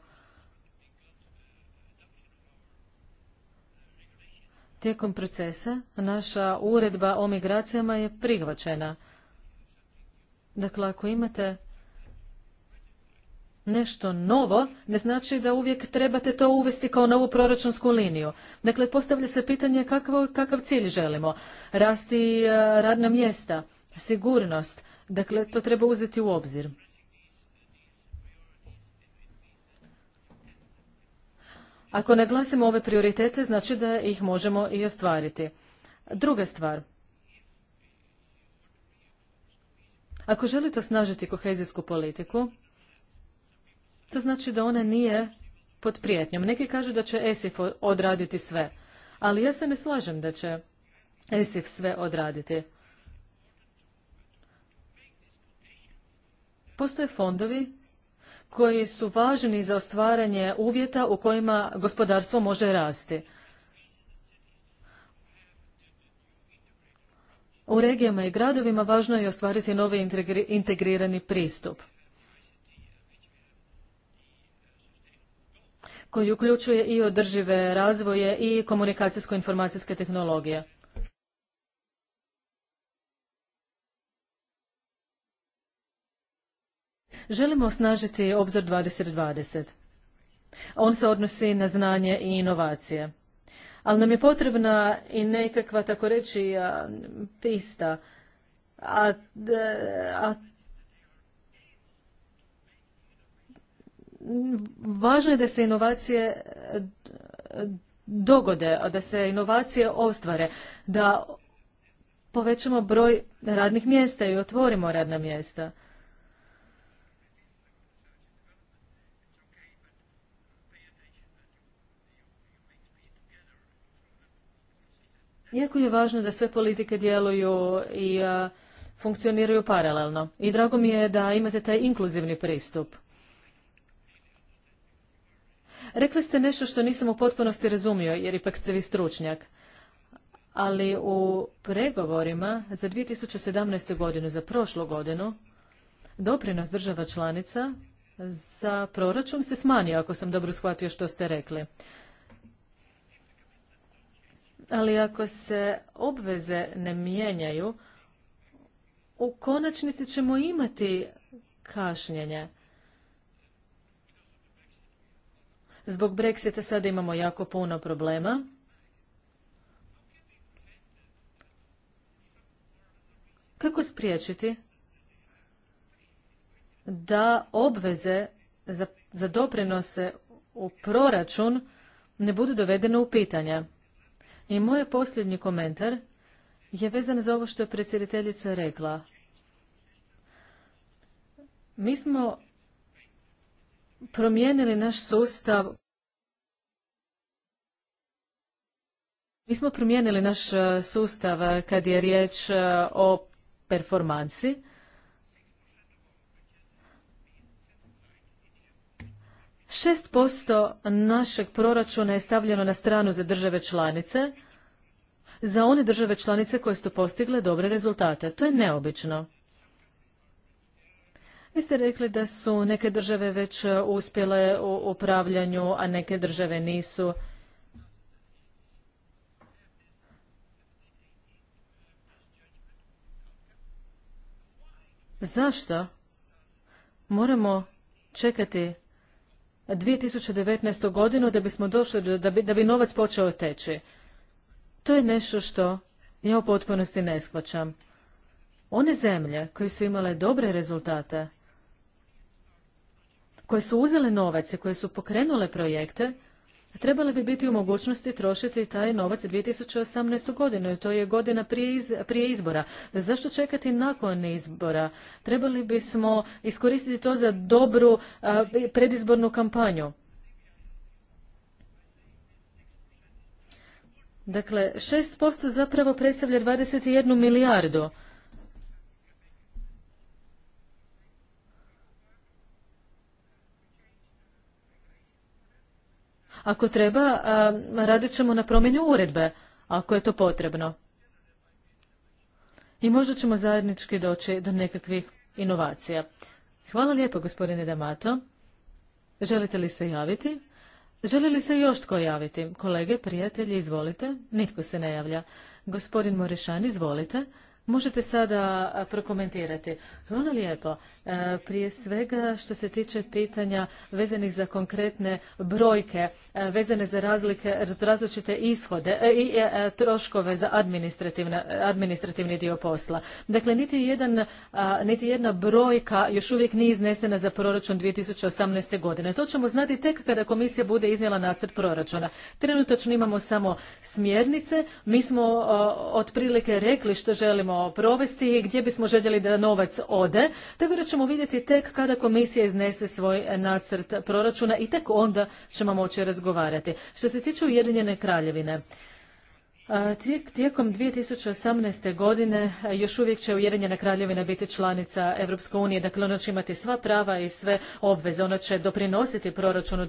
Tijekom procesa naša uredba o migracijama je prihvaćena. Dakle, ako imate nešto novo, ne znači da uvijek trebate to uvesti kao novu proračunsku liniju. Dakle, postavlja se pitanje kakav, kakav cilj želimo. Rasti e, radna mjesta, sigurnost, Dakle, to treba uzeti u obzir. Ako naglasimo ove prioritete, znači da ih možemo i ostvariti. Druga stvar. Ako želite osnažiti kohezijsku politiku, to znači da ona nije pod prijetnjom. Neki kažu da će ESIF odraditi sve, ali ja se ne slažem da će ESIF sve odraditi. Postoje fondovi koji su važni za ostvaranje uvjeta u kojima gospodarstvo može rasti. U regijama i gradovima važno je ostvariti novi integrirani pristup koji uključuje i održive razvoje i komunikacijsko-informacijske tehnologije. Želimo osnažiti obzor 2020. On se odnosi na znanje i inovacije. Ali nam je potrebna i nekakva, tako reći, pista. A, a važno je da se inovacije dogode, da se inovacije ostvare, da povećamo broj radnih mjesta i otvorimo radna mjesta. Iako je važno da sve politike djeluju i funkcioniraju paralelno. I drago mi je da imate taj inkluzivni pristup. Rekli ste nešto što nisam u potpunosti razumio, jer ipak ste vi stručnjak. Ali u pregovorima za 2017. godinu, za prošlu godinu, doprinos država članica za proračun se smanjio, ako sam dobro shvatio što ste rekli ali ako se obveze ne mijenjaju, u konačnici ćemo imati kašnjenje. Zbog Brexita sada imamo jako puno problema. Kako spriječiti da obveze za, doprinose u proračun ne budu dovedene u pitanje? I moj posljednji komentar je vezan za ovo što je predsjediteljica rekla. Mi smo promijenili naš sustav Mi smo promijenili naš e, sustav e, kad je riječ e, o performansi. posto našeg proračuna je stavljeno na stranu za države članice, za one države članice koje su postigle dobre rezultate. To je neobično. Vi ste rekli da su neke države već uspjele u upravljanju, a neke države nisu. Zašto moramo čekati 2019. godinu da bismo došli, da bi, da bi novac počeo teći. To je nešto što ja u potpunosti ne shvaćam. One zemlje koje su imale dobre rezultate, koje su uzele novac i koje su pokrenule projekte, trebali bi biti u mogućnosti trošiti taj novac 2018. godinu. To je godina prije, izbora. Zašto čekati nakon izbora? Trebali bismo iskoristiti to za dobru predizbornu kampanju. Dakle, 6% zapravo predstavlja 21 milijardu. Ako treba, radit ćemo na promjenju uredbe, ako je to potrebno. I možda ćemo zajednički doći do nekakvih inovacija. Hvala lijepo, gospodine Damato. Želite li se javiti? Želi li se još tko javiti? Kolege, prijatelji, izvolite. Nitko se ne javlja. Gospodin Morišan, izvolite možete sada prokomentirati. Hvala lijepo. Prije svega što se tiče pitanja vezanih za konkretne brojke, vezane za razlike, različite ishode e, i e, e, troškove za administrativni dio posla. Dakle, niti, jedan, niti jedna brojka još uvijek nije iznesena za proračun 2018. godine. To ćemo znati tek kada komisija bude iznijela nacrt proračuna. Trenutačno imamo samo smjernice. Mi smo otprilike rekli što želimo želimo provesti i gdje bismo željeli da novac ode, tako da ćemo vidjeti tek kada komisija iznese svoj nacrt proračuna i tek onda ćemo moći razgovarati. Što se tiče Ujedinjene kraljevine, Tijekom 2018. godine još uvijek će Ujedinjena kraljevina biti članica Europske unije, dakle ona će imati sva prava i sve obveze, ona će doprinositi proračunu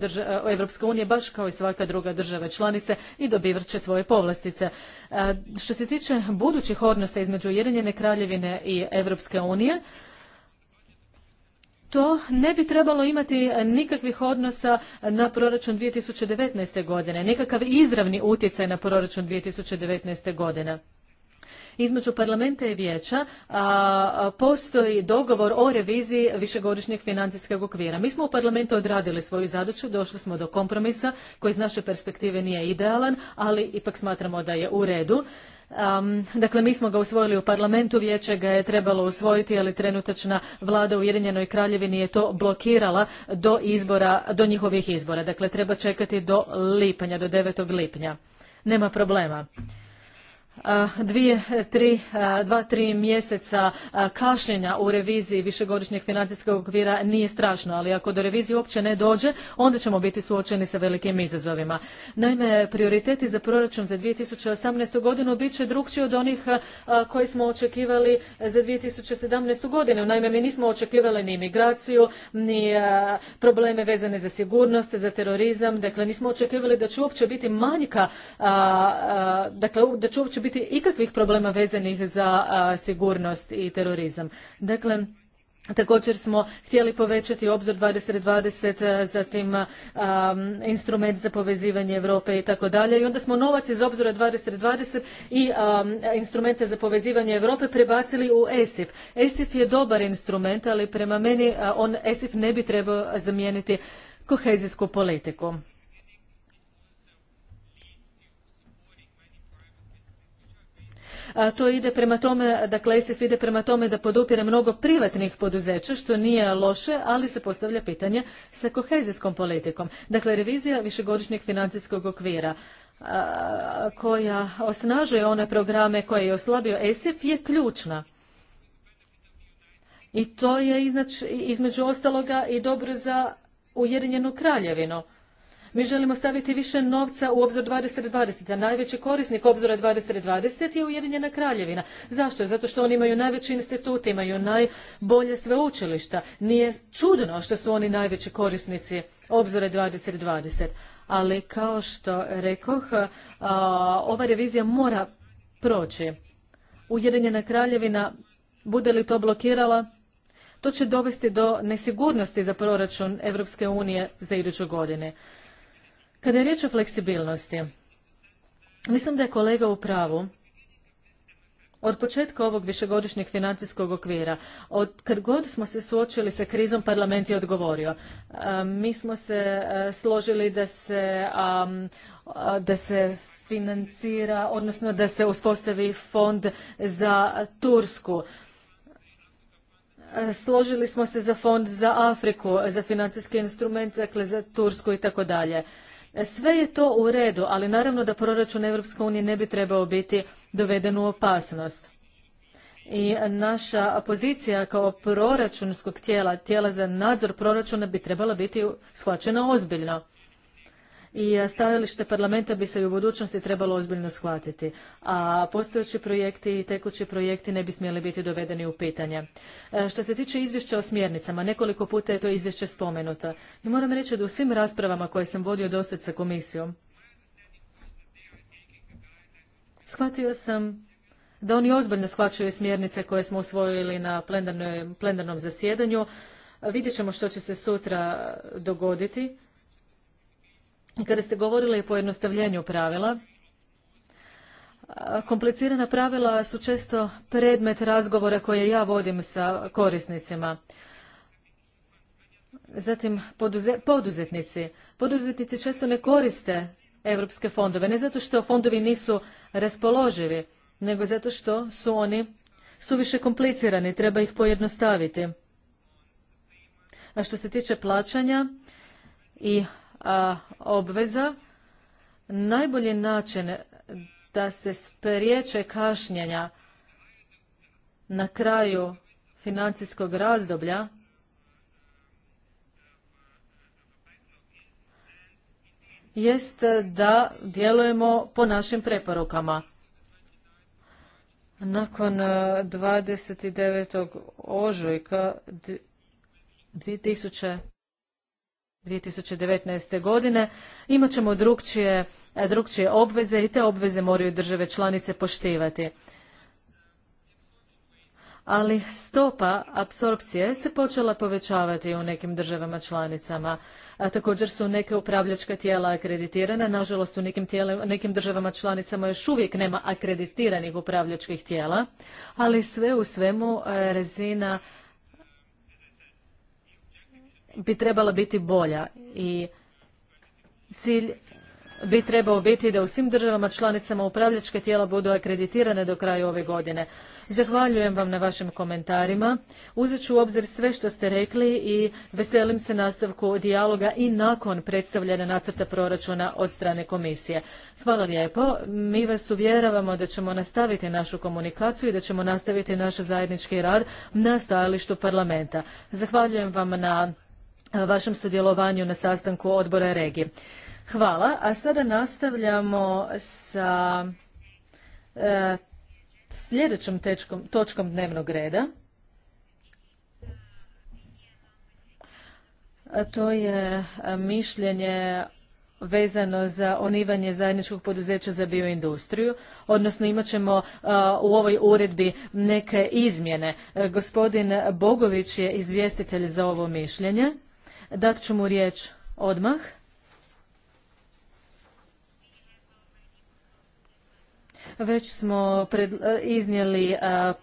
Europske unije baš kao i svaka druga država članice i dobivat će svoje povlastice. Što se tiče budućih odnosa između Ujedinjene kraljevine i Europske unije, to ne bi trebalo imati nikakvih odnosa na proračun 2019. godine, nikakav izravni utjecaj na proračun 2019. godine. Između parlamenta i vijeća postoji dogovor o reviziji višegodišnjeg financijskog okvira. Mi smo u parlamentu odradili svoju zadaću, došli smo do kompromisa koji iz naše perspektive nije idealan, ali ipak smatramo da je u redu dakle, mi smo ga usvojili u parlamentu, vijeće ga je trebalo usvojiti, ali trenutačna vlada u Ujedinjenoj kraljevini je to blokirala do izbora, do njihovih izbora. Dakle, treba čekati do lipnja, do 9. lipnja. Nema problema. Eh, dvije, eh, dva, tri mjeseca eh, kašnjenja u reviziji višegodišnjeg financijskog okvira nije strašno, ali ako do revizije uopće ne dođe, onda ćemo biti suočeni sa velikim izazovima. Naime, prioriteti za proračun za 2018. godinu bit će drukčiji od onih koji smo očekivali za 2017. godinu. Naime, mi nismo očekivali ni imigraciju, ni probleme vezane za sigurnost, za terorizam. Dakle, nismo očekivali da će uopće biti manjka, dakle, da će uopće biti ikakvih problema vezanih za sigurnost i terorizam. Dakle, Također smo htjeli povećati obzor 2020, zatim instrument za povezivanje Europe i tako dalje. I onda smo novac iz obzora 2020 i instrumente za povezivanje Europe prebacili u ESIF. ESIF je dobar instrument, ali prema meni on ESIF ne bi trebao zamijeniti kohezijsku politiku. To ide prema tome, dakle ESIF ide prema tome da podupire mnogo privatnih poduzeća, što nije loše, ali se postavlja pitanje sa kohezijskom politikom. Dakle, revizija višegodišnjeg financijskog okvira koja osnažuje one programe koje je oslabio ESIF je ključna. I to je između ostaloga i dobro za Ujedinjenu kraljevinu. Mi želimo staviti više novca u obzor 2020, a najveći korisnik obzora 2020 je Ujedinjena Kraljevina. Zašto? Zato što oni imaju najveći institut, imaju najbolje sveučilišta. Nije čudno što su oni najveći korisnici obzora 2020. Ali kao što rekoh, ova revizija mora proći. Ujedinjena kraljevina, bude li to blokirala, to će dovesti do nesigurnosti za proračun Europske unije za iduću godine. Kada je riječ o fleksibilnosti, mislim da je kolega u pravu. Od početka ovog višegodišnjeg financijskog okvira, od kad god smo se suočili sa krizom, parlament je odgovorio. E, mi smo se e, složili da se, da se financira, odnosno da se uspostavi fond za Tursku. E, složili smo se za fond za Afriku, za financijski instrument, dakle za Tursku i tako dalje. E, sve je to u redu, ali naravno da proračun Europske unije ne bi trebao biti doveden u opasnost. I naša pozicija kao proračunskog tijela, tijela za nadzor proračuna bi trebala biti shvaćena ozbiljno i e, stajalište parlamenta bi se i u budućnosti trebalo ozbiljno shvatiti, a postojeći projekti i tekući projekti ne bi smjeli biti dovedeni u pitanje. E, što se tiče izvješća o smjernicama, nekoliko puta je to izvješće spomenuto. I moram reći da u svim raspravama koje sam vodio dosad sa komisijom, shvatio sam da oni ozbiljno shvaćaju smjernice koje smo usvojili na plenarnom zasjedanju. Vidjet ćemo što će se sutra dogoditi. Kada ste govorili o pojednostavljenju pravila, komplicirana pravila su često predmet razgovora koje ja vodim sa korisnicima. Zatim, poduzetnici. Poduzetnici često ne koriste europske fondove, ne zato što fondovi nisu raspoloživi, nego zato što su oni su više komplicirani, treba ih pojednostaviti. A što se tiče plaćanja i obveza najbolji način da se spriječe kašnjenja na kraju financijskog razdoblja jest da djelujemo po našim preporukama. Nakon 29. ožujka 2000 2019. godine imat ćemo drugčije, e, obveze i te obveze moraju države članice poštivati. Ali stopa apsorpcije se počela povećavati u nekim državama članicama. također su neke upravljačka tijela akreditirana. Nažalost, u nekim, nekim državama članicama još uvijek nema akreditiranih upravljačkih tijela, ali sve u svemu e, razina bi trebala biti bolja i cilj bi trebao biti da u svim državama članicama upravljačke tijela budu akreditirane do kraja ove godine. Zahvaljujem vam na vašim komentarima. Uzet ću u obzir sve što ste rekli i veselim se nastavku dijaloga i nakon predstavljene nacrta proračuna od strane komisije. Hvala lijepo. Mi vas uvjeravamo da ćemo nastaviti našu komunikaciju i da ćemo nastaviti naš zajednički rad na stajalištu parlamenta. Zahvaljujem vam na vašem sudjelovanju na sastanku odbora regije. Hvala, a sada nastavljamo sa e, sljedećom točkom dnevnog reda. A to je e, mišljenje vezano za onivanje zajedničkog poduzeća za bioindustriju, odnosno imat ćemo e, u ovoj uredbi neke izmjene. gospodin Bogović je izvjestitelj za ovo mišljenje. Dat ću mu riječ odmah. Već smo e, iznijeli e, e,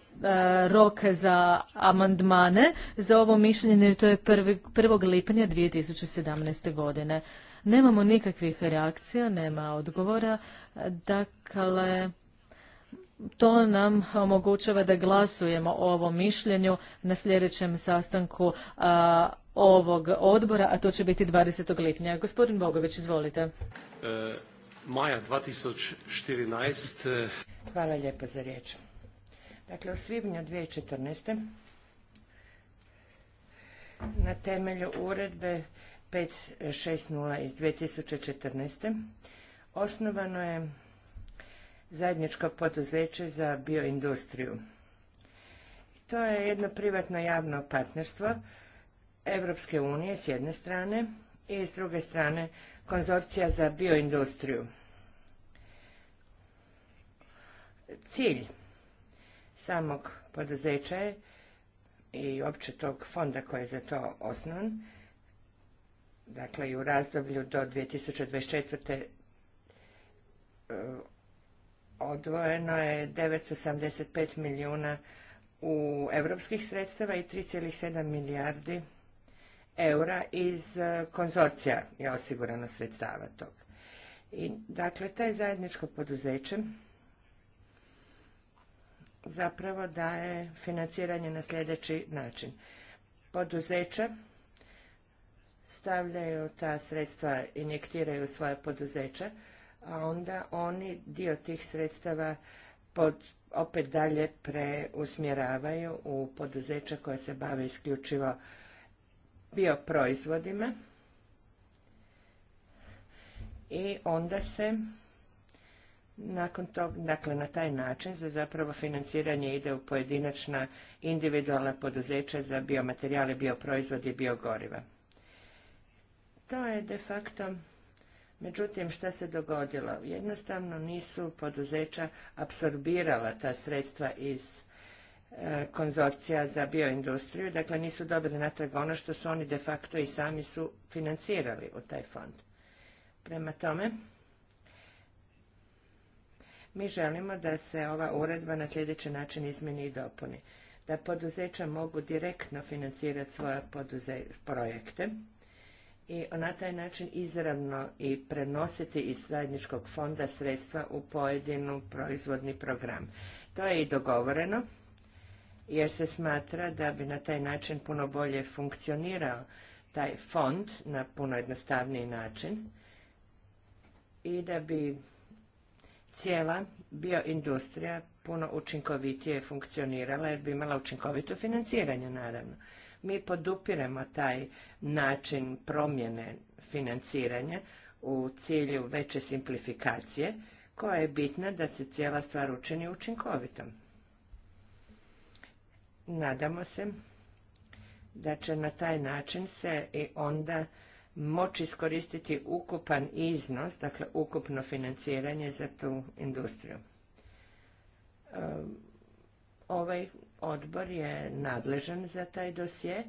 rok za amandmane za ovo mišljenje, i to je 1. lipnja 2017. godine. Nemamo nikakvih reakcija, nema odgovora, dakle to nam omogućava da glasujemo o ovom mišljenju na sljedećem sastanku a, ovog odbora, a to će biti 20. lipnja. Gospodin Bogović, izvolite. E, maja 2014. E, Hvala lijepo za riječ. Dakle, u svibnju 2014. na temelju uredbe 560 iz 2014. osnovano je zajedničko poduzeće za bioindustriju. To je jedno privatno javno partnerstvo Europske unije s jedne strane i s druge strane konzorcija za bioindustriju. Cilj samog poduzeća je i opće tog fonda koji je za to osnovan, dakle i u razdoblju do 2024. E, odvojeno je 975 milijuna u evropskih sredstava i 3,7 milijardi eura iz e, konzorcija je osigurano sredstava tog. I, dakle, taj zajedničko poduzeće zapravo daje financiranje na sljedeći način. Poduzeća stavljaju ta sredstva, injektiraju svoje poduzeća, a onda oni dio tih sredstava opet dalje preusmjeravaju u poduzeća koja se bave isključivo bioproizvodima i onda se nakon tog, dakle na taj način za zapravo financiranje ide u pojedinačna individualna poduzeća za biomaterijale, bioproizvode i biogoriva. To je de facto, međutim što se dogodilo? Jednostavno nisu poduzeća apsorbirala ta sredstva iz E, konzorcija za bioindustriju, dakle nisu dobili natrag ono što su oni de facto i sami su financirali u taj fond. Prema tome, mi želimo da se ova uredba na sljedeći način izmeni i dopuni. Da poduzeća mogu direktno financirati svoje projekte i na taj način izravno i prenositi iz zajedničkog fonda sredstva u pojedinu proizvodni program. To je i dogovoreno jer se smatra da bi na taj način puno bolje funkcionirao taj fond na puno jednostavniji način i da bi cijela bioindustrija puno učinkovitije funkcionirala jer bi imala učinkovito financiranje naravno. Mi podupiremo taj način promjene financiranja u cilju veće simplifikacije koja je bitna da se cijela stvar učini učinkovitom. Nadamo se da će na taj način se i onda moći iskoristiti ukupan iznos, dakle ukupno financiranje za tu industriju. Ehm, ovaj odbor je nadležan za taj dosje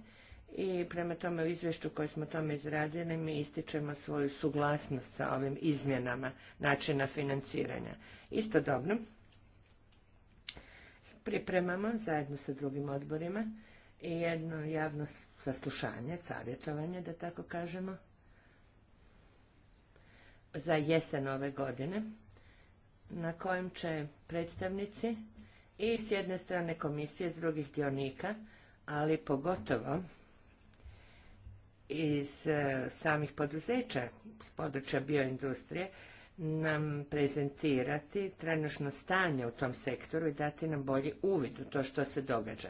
i prema tome u izvješću koje smo tome izradili mi ističemo svoju suglasnost sa ovim izmjenama načina financiranja. Istodobno, pripremamo zajedno sa drugim odborima i jedno javno saslušanje, savjetovanje da tako kažemo za jesen ove godine na kojem će predstavnici i s jedne strane komisije, s drugih dionika, ali pogotovo iz eh, samih poduzeća, s područja bioindustrije, nam prezentirati trenutno stanje u tom sektoru i dati nam bolji uvid u to što se događa.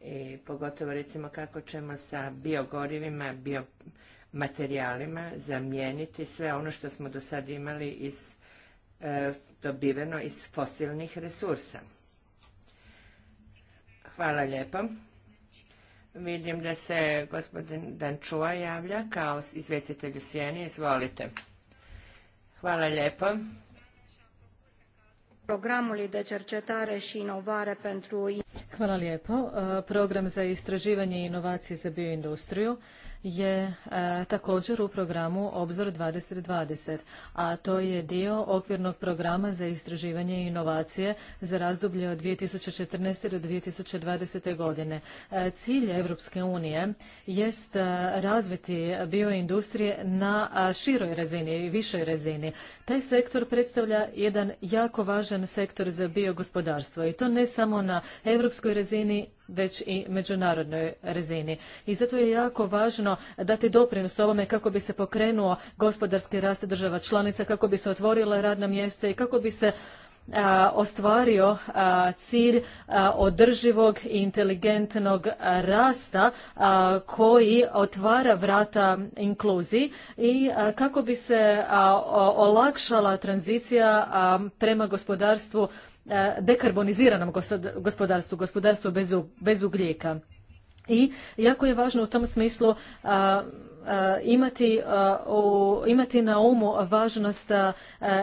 I pogotovo recimo kako ćemo sa biogorivima, biomaterijalima zamijeniti sve ono što smo do sad imali iz, e, dobiveno iz fosilnih resursa. Hvala lijepo. Vidim da se gospodin Dančua javlja kao izvjestitelj u Sjeni. Izvolite. Hvala lijepo. li de cercetare și inovare pentru Hvala lijepo. E, program za istraživanje i inovacije za bioindustriju je e, također u programu Obzor 2020, a to je dio okvirnog programa za istraživanje i inovacije za razdoblje od 2014. do 2020. godine. E, cilj Europske unije jest e, razviti bioindustrije na široj razini i višoj razini. Taj sektor predstavlja jedan jako važan sektor za biogospodarstvo i to ne samo na europskoj razini, već i međunarodnoj razini. I zato je jako važno dati doprinos ovome kako bi se pokrenuo gospodarski rast država članica, kako bi se otvorila radna mjesta i kako bi se ostvario cilj održivog i inteligentnog rasta koji otvara vrata inkluziji i kako bi se olakšala tranzicija prema gospodarstvu E, dekarboniziranom gospodarstvu, gospodarstvu bez ugljika. I jako je važno u tom smislu imati, imati na umu važnost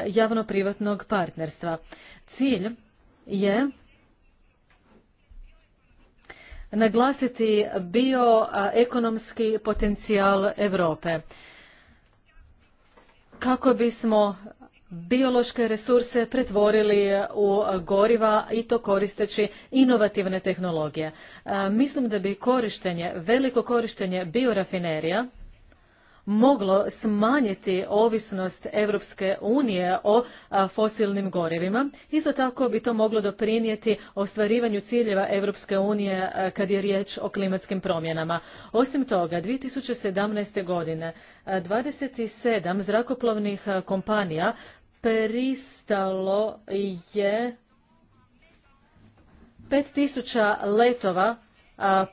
javno-privatnog partnerstva. Cilj je naglasiti bioekonomski potencijal Europe kako bismo biološke resurse pretvorili u goriva i to koristeći inovativne tehnologije. E, mislim da bi korištenje, veliko korištenje biorafinerija moglo smanjiti ovisnost Europske unije o e, fosilnim gorivima. Isto tako bi to moglo doprinijeti ostvarivanju ciljeva Europske unije e, kad je riječ o klimatskim promjenama. Osim toga, 2017. godine 27 zrakoplovnih kompanija pristalo je 5000 letova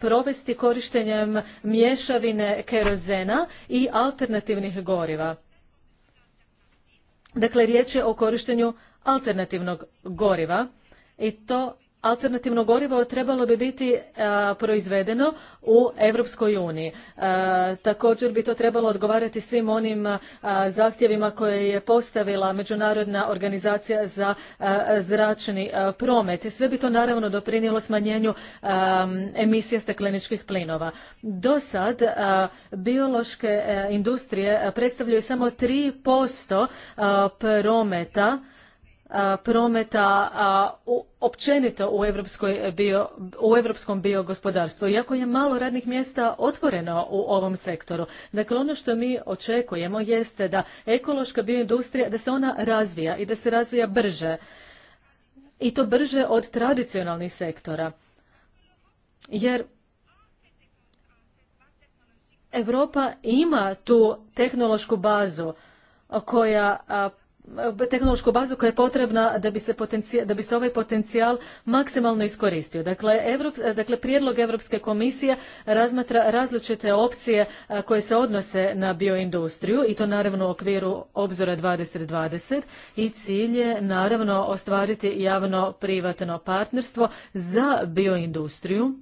provesti korištenjem mješavine kerozena i alternativnih goriva. Dakle, riječ je o korištenju alternativnog goriva i to alternativno gorivo trebalo bi biti e, proizvedeno u Europskoj uniji. E, također bi to trebalo odgovarati svim onim e, zahtjevima koje je postavila Međunarodna organizacija za zračni promet. I sve bi to naravno doprinijelo smanjenju emisije stakleničkih plinova. Do sad biološke industrije predstavljaju samo 3% prometa prometa općenito u, e, bio, u europskom biogospodarstvu, iako je malo radnih mjesta otvoreno u ovom sektoru. Dakle, ono što mi očekujemo jeste da ekološka bioindustrija, da se ona razvija i da se razvija brže. I to brže od tradicionalnih sektora. Jer Europa ima tu tehnološku bazu koja tehnološku bazu koja je potrebna da bi se, da bi se ovaj potencijal maksimalno iskoristio. Dakle, dakle prijedlog Europske komisije razmatra različite opcije koje se odnose na bioindustriju i to naravno u okviru obzora 2020 i cilj je naravno ostvariti javno privatno partnerstvo za bioindustriju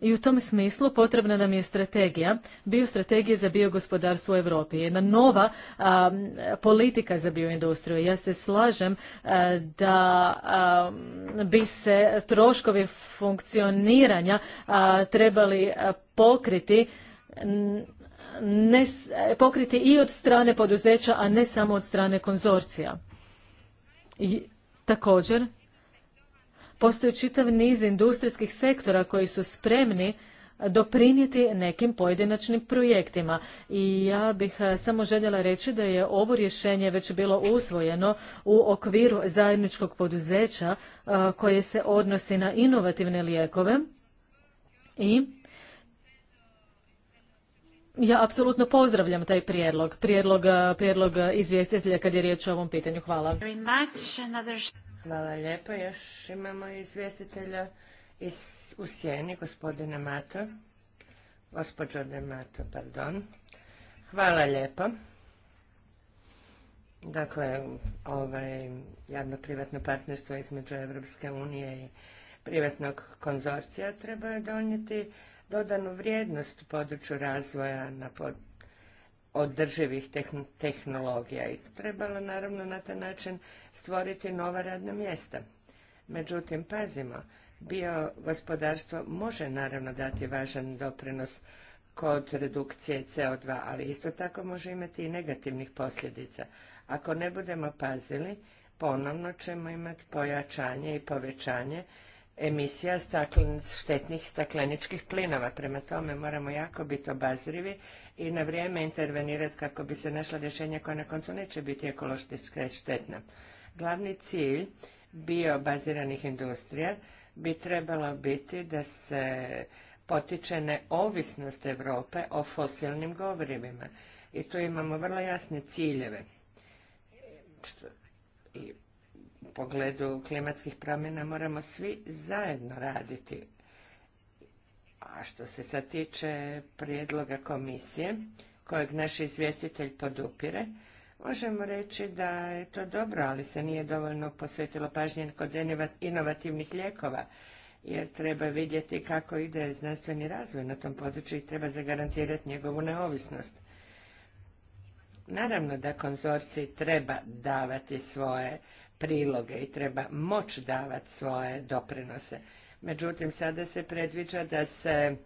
i u tom smislu potrebna nam je strategija, Bio Strategije za biogospodarstvo u Europi, jedna nova politika za bioindustriju. Ja se slažem e, da bi se troškovi funkcioniranja trebali e, pokriti ne, e, pokriti i od strane poduzeća, a ne samo od strane konzorcija. I, također, Postoji čitav niz industrijskih sektora koji su spremni doprinijeti nekim pojedinačnim projektima. I ja bih e, samo željela reći da je ovo rješenje već bilo usvojeno u okviru zajedničkog poduzeća e, koje se odnosi na inovativne lijekove i ja apsolutno pozdravljam taj prijedlog, prijedlog, eh, prijedlog eh, izvjestitelja kad je riječ o ovom pitanju. Hvala. Hvala lijepo. Još imamo izvjestitelja iz, u sjeni, gospodina Mato. Gospođo de Mato, pardon. Hvala lijepo. Dakle, ovaj javno-privatno partnerstvo između Evropske unije i privatnog konzorcija treba donijeti dodanu vrijednost u području razvoja na pod održivih tehnologija i trebalo naravno na taj način stvoriti nova radna mjesta. Međutim, pazimo, bio gospodarstvo može naravno dati važan doprinos kod redukcije CO2, ali isto tako može imati i negativnih posljedica. Ako ne budemo pazili, ponovno ćemo imati pojačanje i povećanje emisija štetnih stakleničkih plinova. Prema tome moramo jako biti obazrivi i na vrijeme intervenirati kako bi se našla rješenja koja na koncu neće biti ekološki štetna. Glavni cilj bio baziranih industrija bi trebalo biti da se potiče neovisnost Europe o fosilnim govorima. I tu imamo vrlo jasne ciljeve. I u pogledu klimatskih promjena moramo svi zajedno raditi. A što se sad tiče prijedloga komisije, kojeg naš izvjestitelj podupire, možemo reći da je to dobro, ali se nije dovoljno posvetilo pažnje kod inovativnih lijekova, jer treba vidjeti kako ide znanstveni razvoj na tom području i treba zagarantirati njegovu neovisnost. Naravno da konzorci treba davati svoje priloge i treba moć davati svoje doprinose. Međutim, sada se predviđa da se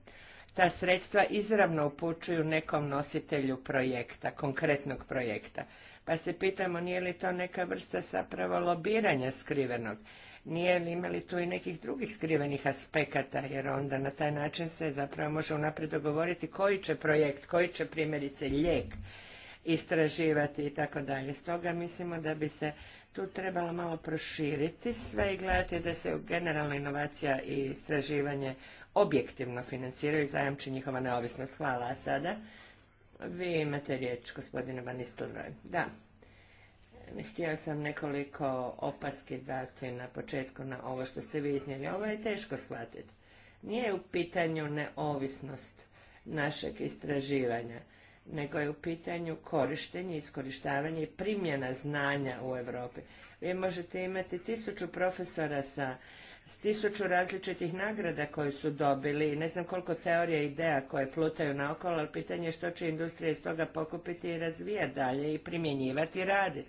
ta sredstva izravno upućuju nekom nositelju projekta, konkretnog projekta. Pa se pitamo nije li to neka vrsta zapravo lobiranja skrivenog, nije li imali tu i nekih drugih skrivenih aspekata, jer onda na taj način se zapravo može unaprijed dogovoriti koji će projekt, koji će primjerice lijek istraživati i tako dalje. Stoga mislimo da bi se tu trebalo malo proširiti sve i gledati da se generalna inovacija i istraživanje objektivno financiraju i zajamči njihova neovisnost. Hvala. sada vi imate riječ, gospodine Van Da. Htio sam nekoliko opaski dati na početku na ovo što ste vi iznijeli. Ovo je teško shvatiti. Nije u pitanju neovisnost našeg istraživanja nego je u pitanju korištenje, iskorištavanje i primjena znanja u Europi. Vi možete imati tisuću profesora sa s tisuću različitih nagrada koje su dobili ne znam koliko teorija i ideja koje plutaju naokolo, ali pitanje je što će industrija iz toga pokupiti i razvijati dalje i primjenjivati i raditi.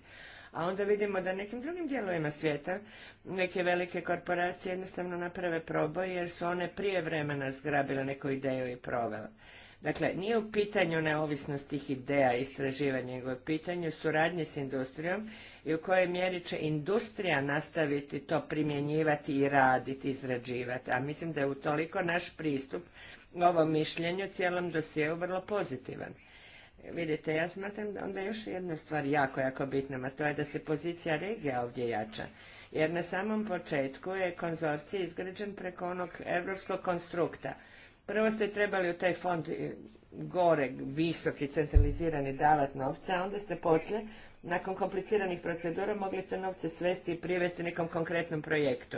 A onda vidimo da nekim drugim dijelovima svijeta neke velike korporacije jednostavno naprave proboj jer su one prije vremena zgrabile neku ideju i provele. Dakle, nije u pitanju neovisnost tih ideja istraživanja, nego je u pitanju suradnje s industrijom i u kojoj mjeri će industrija nastaviti to primjenjivati i raditi, izrađivati. A mislim da je utoliko naš pristup ovom mišljenju cijelom dosijeu vrlo pozitivan. Vidite, ja smatram da onda još jedna stvar jako, jako bitna, a to je da se pozicija regija ovdje jača. Jer na samom početku je konzorcij izgrađen preko onog evropskog konstrukta Prvo ste trebali u taj fond e, gore, visoki, centralizirani davat novce, a onda ste poslije, nakon kompliciranih procedura, mogli te novce svesti i privesti nekom konkretnom projektu.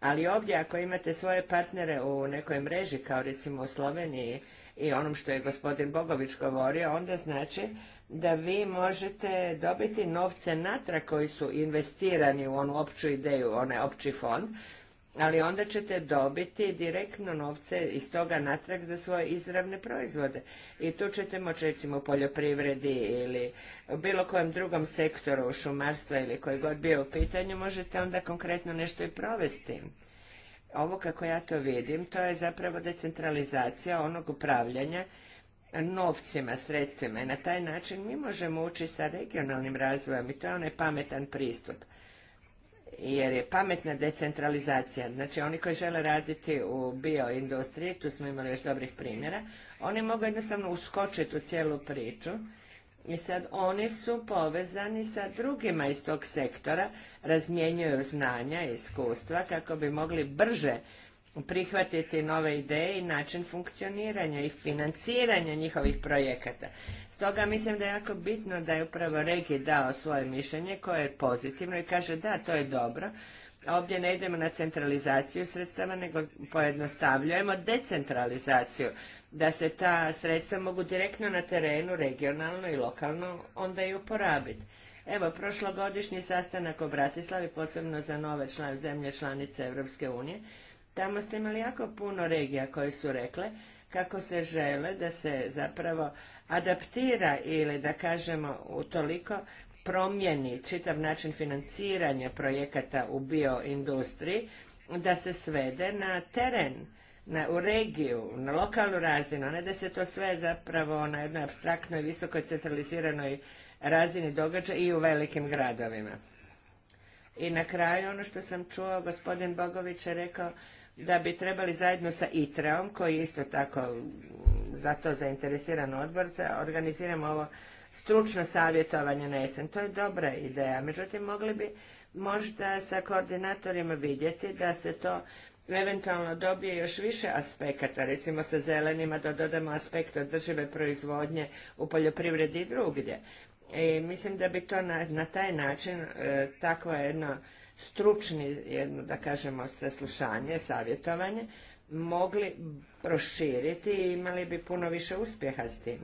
Ali ovdje, ako imate svoje partnere u nekoj mreži, kao recimo u Sloveniji i onom što je gospodin Bogović govorio, onda znači da vi možete dobiti novce natra koji su investirani u onu opću ideju, onaj opći fond, ali onda ćete dobiti direktno novce iz toga natrag za svoje izravne proizvode. I tu ćete moći recimo u poljoprivredi ili u bilo kojem drugom sektoru šumarstva ili koji god bio u pitanju, možete onda konkretno nešto i provesti. Ovo kako ja to vidim, to je zapravo decentralizacija onog upravljanja novcima, sredstvima i na taj način mi možemo ući sa regionalnim razvojem i to je onaj pametan pristup jer je pametna decentralizacija. Znači oni koji žele raditi u bioindustriji, tu smo imali još dobrih primjera, oni mogu jednostavno uskočiti u cijelu priču i sad oni su povezani sa drugima iz tog sektora, razmjenjuju znanja i iskustva kako bi mogli brže prihvatiti nove ideje i način funkcioniranja i financiranja njihovih projekata. Stoga mislim da je jako bitno da je upravo Regi dao svoje mišljenje koje je pozitivno i kaže da, to je dobro. Ovdje ne idemo na centralizaciju sredstava, nego pojednostavljujemo decentralizaciju, da se ta sredstva mogu direktno na terenu, regionalno i lokalno onda i uporabiti. Evo, prošlogodišnji sastanak u Bratislavi, posebno za nove zemlje članice Europske unije, tamo ste imali jako puno regija koje su rekle kako se žele da se zapravo adaptira ili da kažemo utoliko promjeni čitav način financiranja projekata u bioindustriji, da se svede na teren, na, u regiju, na lokalnu razinu, a ne da se to sve zapravo na jednoj abstraktnoj, visokoj centraliziranoj razini događa i u velikim gradovima. I na kraju ono što sam čuo, gospodin Bogović je rekao da bi trebali zajedno sa ITRE-om, koji je isto tako za to zainteresiran odbor, organiziramo ovo stručno savjetovanje na jesen. To je dobra ideja. Međutim, mogli bi možda sa koordinatorima vidjeti da se to eventualno dobije još više aspekata, recimo sa zelenima da dodamo aspekt održive proizvodnje u poljoprivredi i drugdje. I mislim da bi to na, taj način takva e, takvo jedno stručni, jedno da kažemo, saslušanje, savjetovanje, mogli proširiti i imali bi puno više uspjeha s tim.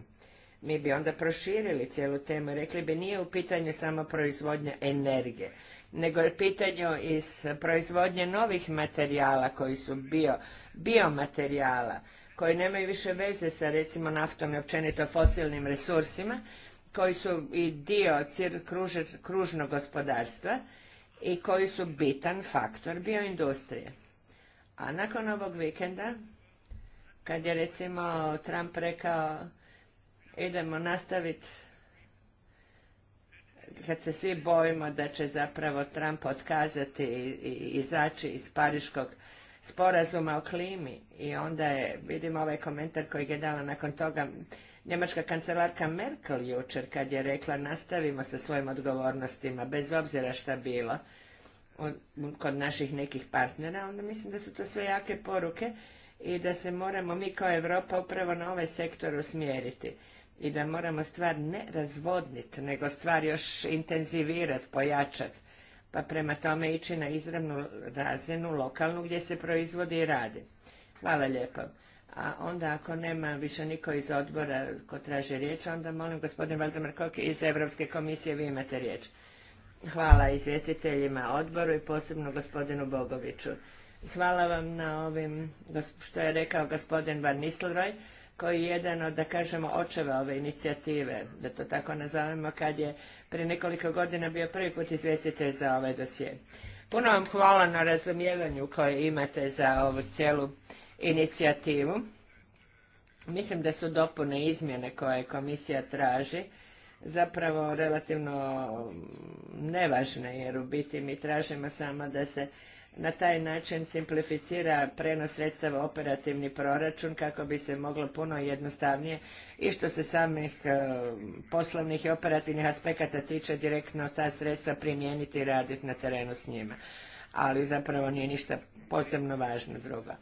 Mi bi onda proširili cijelu temu, rekli bi nije u pitanju samo proizvodnja energije, nego je pitanje iz proizvodnje novih materijala koji su bio, biomaterijala, koji nemaju više veze sa recimo naftom i općenito fosilnim resursima, koji su i dio kružnog gospodarstva i koji su bitan faktor bioindustrije. A nakon ovog vikenda, kad je recimo Trump rekao idemo nastaviti kad se svi bojimo da će zapravo Trump otkazati i izaći iz pariškog sporazuma o klimi i onda je, vidimo ovaj komentar koji je dala nakon toga njemačka kancelarka Merkel jučer kad je rekla nastavimo sa svojim odgovornostima, bez obzira šta bilo kod naših nekih partnera, onda mislim da su to sve jake poruke i da se moramo mi kao Europa upravo na ovaj sektor usmjeriti i da moramo stvar ne razvodniti, nego stvar još intenzivirati, pojačati, pa prema tome ići na izravnu razinu lokalnu gdje se proizvodi i radi. Hvala lijepo. A onda ako nema više niko iz odbora ko traži riječ, onda molim gospodin Valdemar Koki iz Europske komisije, vi imate riječ. Hvala izvjestiteljima odboru i posebno gospodinu Bogoviću. Hvala vam na ovim, što je rekao gospodin Van Nistelrooy, koji je jedan od, da kažemo, očeva ove inicijative, da to tako nazovemo, kad je pre nekoliko godina bio prvi put izvjestitelj za ovaj dosje. Puno vam hvala na razumijevanju koje imate za ovu cijelu inicijativu. Mislim da su dopune izmjene koje komisija traži zapravo relativno um, nevažne, jer u biti mi tražimo samo da se na taj način simplificira prenos sredstava operativni proračun kako bi se moglo puno jednostavnije i što se samih um, poslovnih i operativnih aspekata tiče direktno ta sredstva primijeniti i raditi na terenu s njima. Ali zapravo nije ništa posebno važno drugo.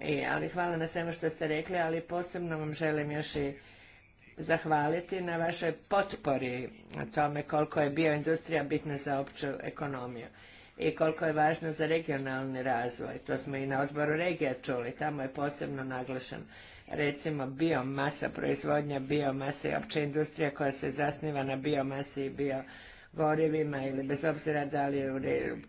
I, e, ali hvala na svemu što ste rekli, ali posebno vam želim još i zahvaliti na vašoj potpori na tome koliko je bioindustrija bitna za opću ekonomiju i koliko je važno za regionalni razvoj. To smo i na odboru regija čuli, tamo je posebno naglašen recimo biomasa, proizvodnja biomase i opća industrija koja se zasniva na biomasi i bio gorivima ili bez obzira da li je u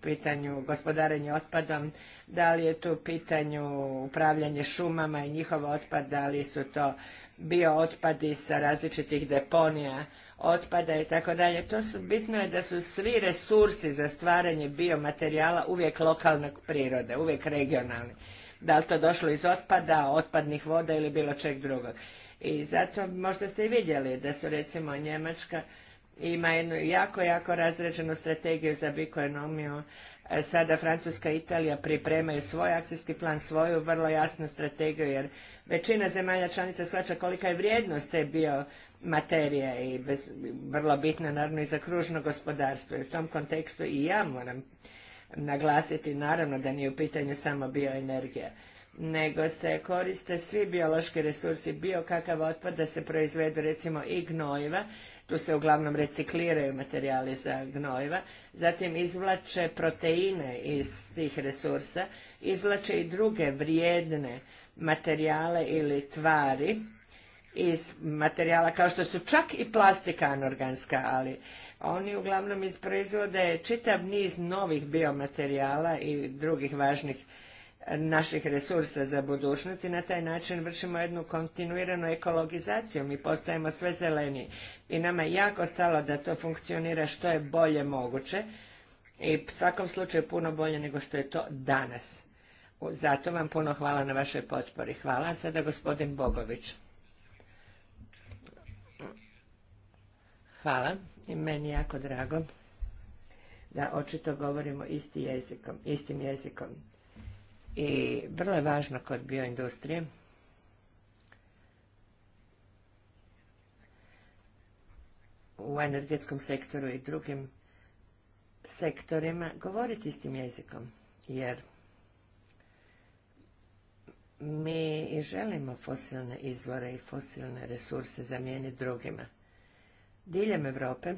pitanju gospodarenje otpadom, da li je tu u pitanju upravljanje šumama i njihov otpad, da li su to bio otpadi sa različitih deponija, otpada i tako dalje. To bitno je da su svi resursi za stvaranje biomaterijala uvijek lokalnog prirode, uvijek regionalni. Da li to došlo iz otpada, otpadnih voda ili bilo čeg drugog. I zato možda ste i vidjeli da su recimo Njemačka ima jednu jako, jako razređenu strategiju za bioekonomiju. E, sada Francuska i Italija pripremaju svoj akcijski plan, svoju vrlo jasnu strategiju, jer većina zemalja članica shvaća kolika je vrijednost te materije i vrlo bitna naravno i za kružno gospodarstvo. I u tom kontekstu i ja moram naglasiti naravno da nije u pitanju samo bioenergija nego se koriste svi biološki resursi, bio kakav otpad da se proizvedu recimo i gnojiva tu se uglavnom recikliraju materijali za gnojiva, zatim izvlače proteine iz tih resursa, izvlače i druge vrijedne materijale ili tvari iz materijala kao što su čak i plastika anorganska, ali oni uglavnom proizvode čitav niz novih biomaterijala i drugih važnih naših resursa za budućnost i na taj način vršimo jednu kontinuiranu ekologizaciju. Mi postajemo sve zeleniji i nama je jako stalo da to funkcionira što je bolje moguće i u svakom slučaju puno bolje nego što je to danas. Zato vam puno hvala na vašoj potpori. Hvala. Sada gospodin Bogović. Hvala. I meni jako drago da očito govorimo isti jezikom, istim jezikom. I vrlo je važno kod bioindustrije u energetskom sektoru i drugim sektorima govoriti istim jezikom, jer mi i želimo fosilne izvore i fosilne resurse zamijeniti drugima. Diljem Europe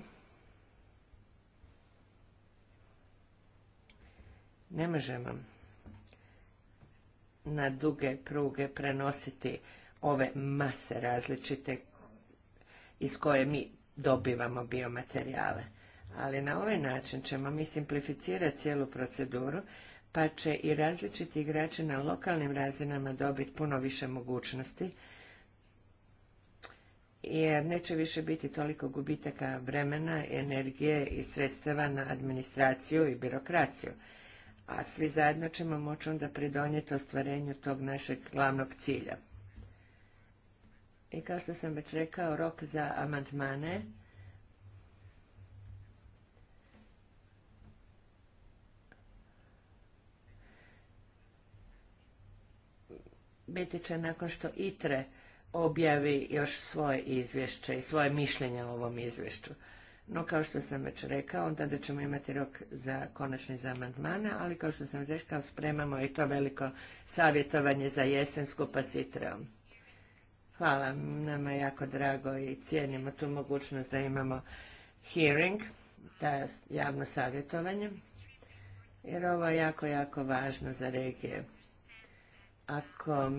ne možemo na duge pruge prenositi ove mase različite iz koje mi dobivamo biomaterijale. Ali na ovaj način ćemo mi simplificirati cijelu proceduru, pa će i različiti igrači na lokalnim razinama dobiti puno više mogućnosti, jer neće više biti toliko gubitaka vremena, energije i sredstava na administraciju i birokraciju a svi zajedno ćemo moći onda pridonijeti ostvarenju tog našeg glavnog cilja. I kao što sam već rekao, rok za amandmane biti će nakon što ITRE objavi još svoje izvješće i svoje mišljenje o ovom izvješću. No, kao što sam već rekao, onda da ćemo imati rok za konačni za ali kao što sam rekao, spremamo i to veliko savjetovanje za jesen skupa s Hvala, nama je jako drago i cijenimo tu mogućnost da imamo hearing, da javno savjetovanje, jer ovo je jako, jako važno za regije. Ako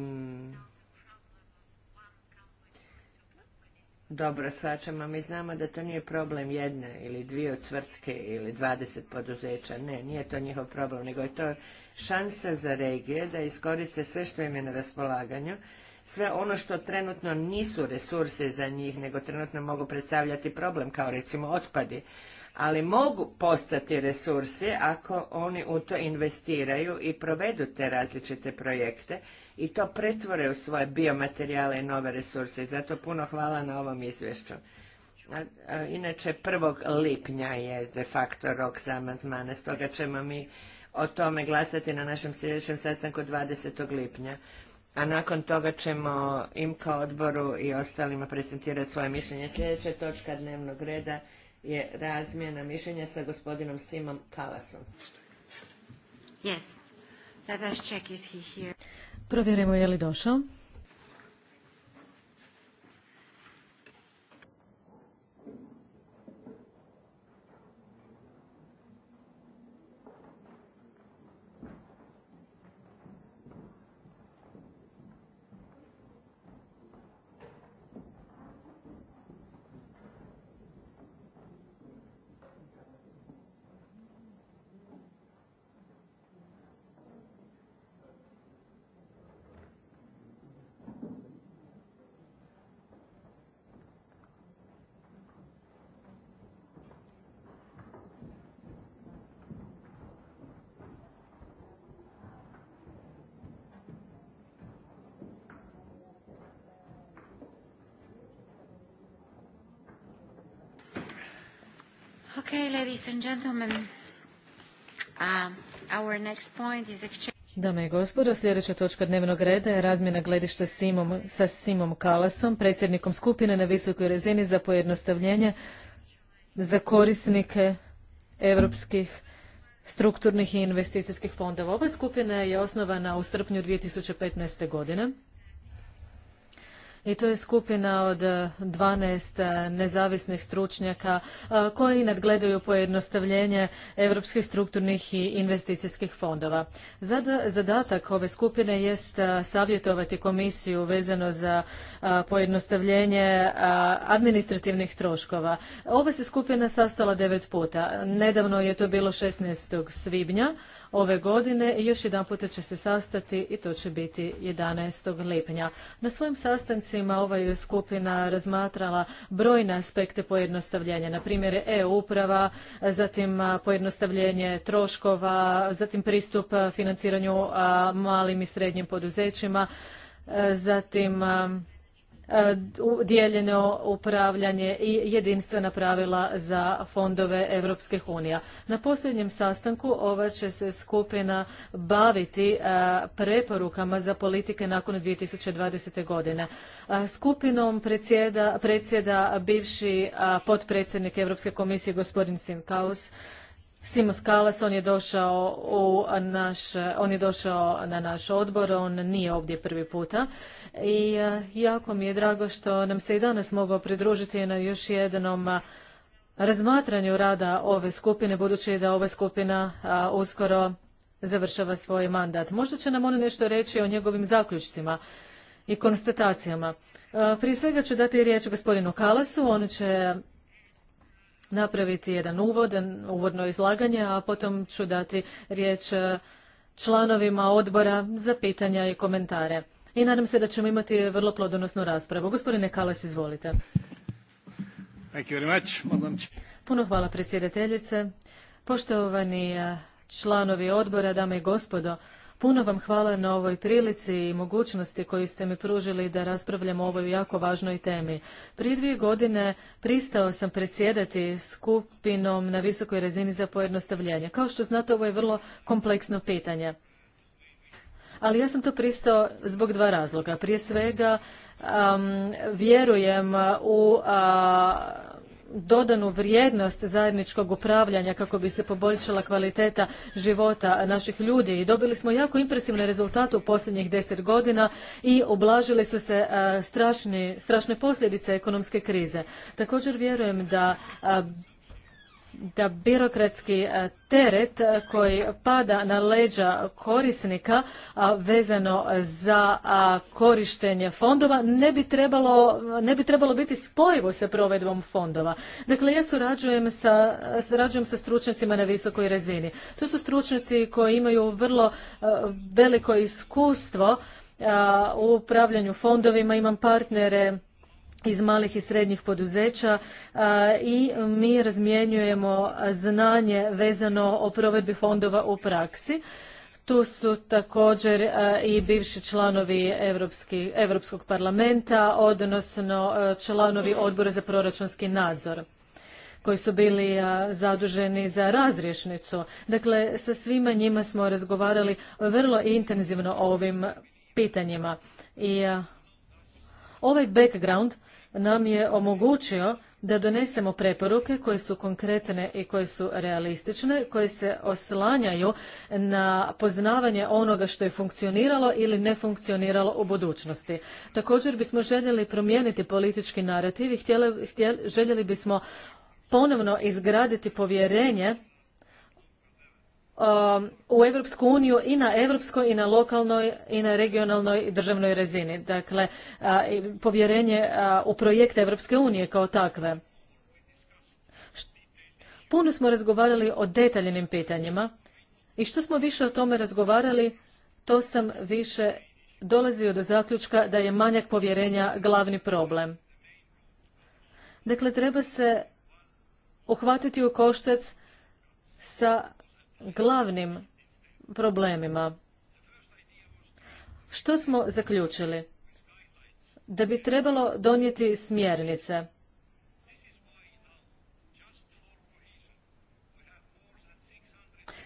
dobro shvaćamo. Mi znamo da to nije problem jedne ili dvije tvrtke ili dvadeset poduzeća. Ne, nije to njihov problem, nego je to šansa za regije da iskoriste sve što im je na raspolaganju, sve ono što trenutno nisu resurse za njih, nego trenutno mogu predstavljati problem, kao recimo otpadi. Ali mogu postati resursi ako oni u to investiraju i provedu te različite projekte i to pretvore u svoje biomaterijale i nove resurse. I zato puno hvala na ovom izvješću. inače, 1. lipnja je de facto rok za amandmane, stoga ćemo mi o tome glasati na našem sljedećem sastanku 20. lipnja. A nakon toga ćemo im kao odboru i ostalima prezentirati svoje mišljenje. Sljedeća točka dnevnog reda je razmjena mišljenja sa gospodinom Simom Kalasom. Yes. Let us check is he here. Provjerimo je li došao. ladies um, Dame i gospodo, sljedeća točka dnevnog reda je razmjena gledišta sa Simom Kalasom, predsjednikom skupine na visokoj razini za pojednostavljenje za korisnike europskih strukturnih i investicijskih fondova. Ova skupina je osnovana u srpnju 2015. godine. I to je skupina od 12 e, e, nezavisnih stručnjaka e, koji nadgledaju pojednostavljenje europskih strukturnih i investicijskih fondova. Zadatak ove skupine jest savjetovati komisiju vezano za pojednostavljenje administrativnih troškova. Ova se skupina sastala devet puta. Nedavno je to bilo 16. svibnja, ove godine i još jedan puta će se sastati i to će biti 11. lipnja. Na svojim sastancima ova je skupina razmatrala brojne aspekte pojednostavljenja, na primjer e-uprava, zatim pojednostavljenje troškova, zatim pristup financiranju malim i srednjim poduzećima, zatim E, dijeljeno upravljanje i jedinstvena pravila za fondove Europskih unija. Na posljednjem sastanku ova će se skupina baviti e, preporukama za politike nakon 2020. godine. E, skupinom predsjeda, bivši potpredsjednik Europske komisije gospodin Simkaus simo Kalas, on je došao u naš, on je došao na naš odbor, on nije ovdje prvi puta i e, jako mi je drago što nam se i danas mogao pridružiti na još jednom e, razmatranju rada ove skupine, budući da ova skupina e, uskoro završava svoj mandat. Možda će nam ono nešto reći o njegovim zaključcima i konstatacijama. Prije svega ću dati riječ gospodinu Kalasu, on će napraviti jedan uvod, uvodno izlaganje, a potom ću dati riječ e, članovima odbora za pitanja i komentare. I nadam se da ćemo imati vrlo plodonosnu raspravu. Gospodine Kalas, izvolite. Puno hvala predsjedateljice. Poštovani e, članovi odbora, dame i gospodo, Puno vam hvala na ovoj prilici i mogućnosti koju ste mi pružili da raspravljam o ovoj jako važnoj temi. Prije dvije godine pristao sam predsjedati skupinom na visokoj razini za pojednostavljenje. Kao što znate, ovo je vrlo kompleksno pitanje. Ali ja sam to pristao zbog dva razloga. Prije svega, vjerujem u dodanu vrijednost zajedničkog upravljanja kako bi se poboljšala kvaliteta života naših ljudi i dobili smo jako impresivne rezultate u posljednjih deset godina i oblažile su se e, strašne posljedice ekonomske krize. Također vjerujem da e, da birokratski e, teret e, koji pada na leđa korisnika vezano za korištenje fondova ne bi trebalo, ne bi trebalo biti spojivo sa provedbom fondova. Dakle, ja surađujem sa, surađujem sa stručnjacima na visokoj razini. To su stručnjaci koji imaju vrlo e, veliko iskustvo u upravljanju fondovima. Imam partnere iz malih i srednjih poduzeća i mi razmjenjujemo znanje vezano o provedbi fondova u praksi. Tu su također i bivši članovi Europskog parlamenta, odnosno članovi odbora za proračunski nadzor koji su bili zaduženi za razrješnicu. Dakle, sa svima njima smo razgovarali vrlo intenzivno o ovim pitanjima. I ovaj background nam je omogućio da donesemo preporuke koje su konkretne i koje su realistične, koje se oslanjaju na poznavanje onoga što je funkcioniralo ili ne funkcioniralo u budućnosti. Također bismo željeli promijeniti politički narativ i željeli bismo ponovno izgraditi povjerenje Um, u Europsku uniju i na europskoj i na lokalnoj i na regionalnoj i državnoj razini. Dakle, povjerenje u projekte Europske unije kao takve. Puno smo razgovarali o detaljnim pitanjima i što smo više o tome razgovarali, to sam više dolazio do zaključka da je manjak povjerenja glavni problem. Dakle, treba se uhvatiti u koštac sa glavnim problemima. Što smo zaključili? Da bi trebalo donijeti smjernice.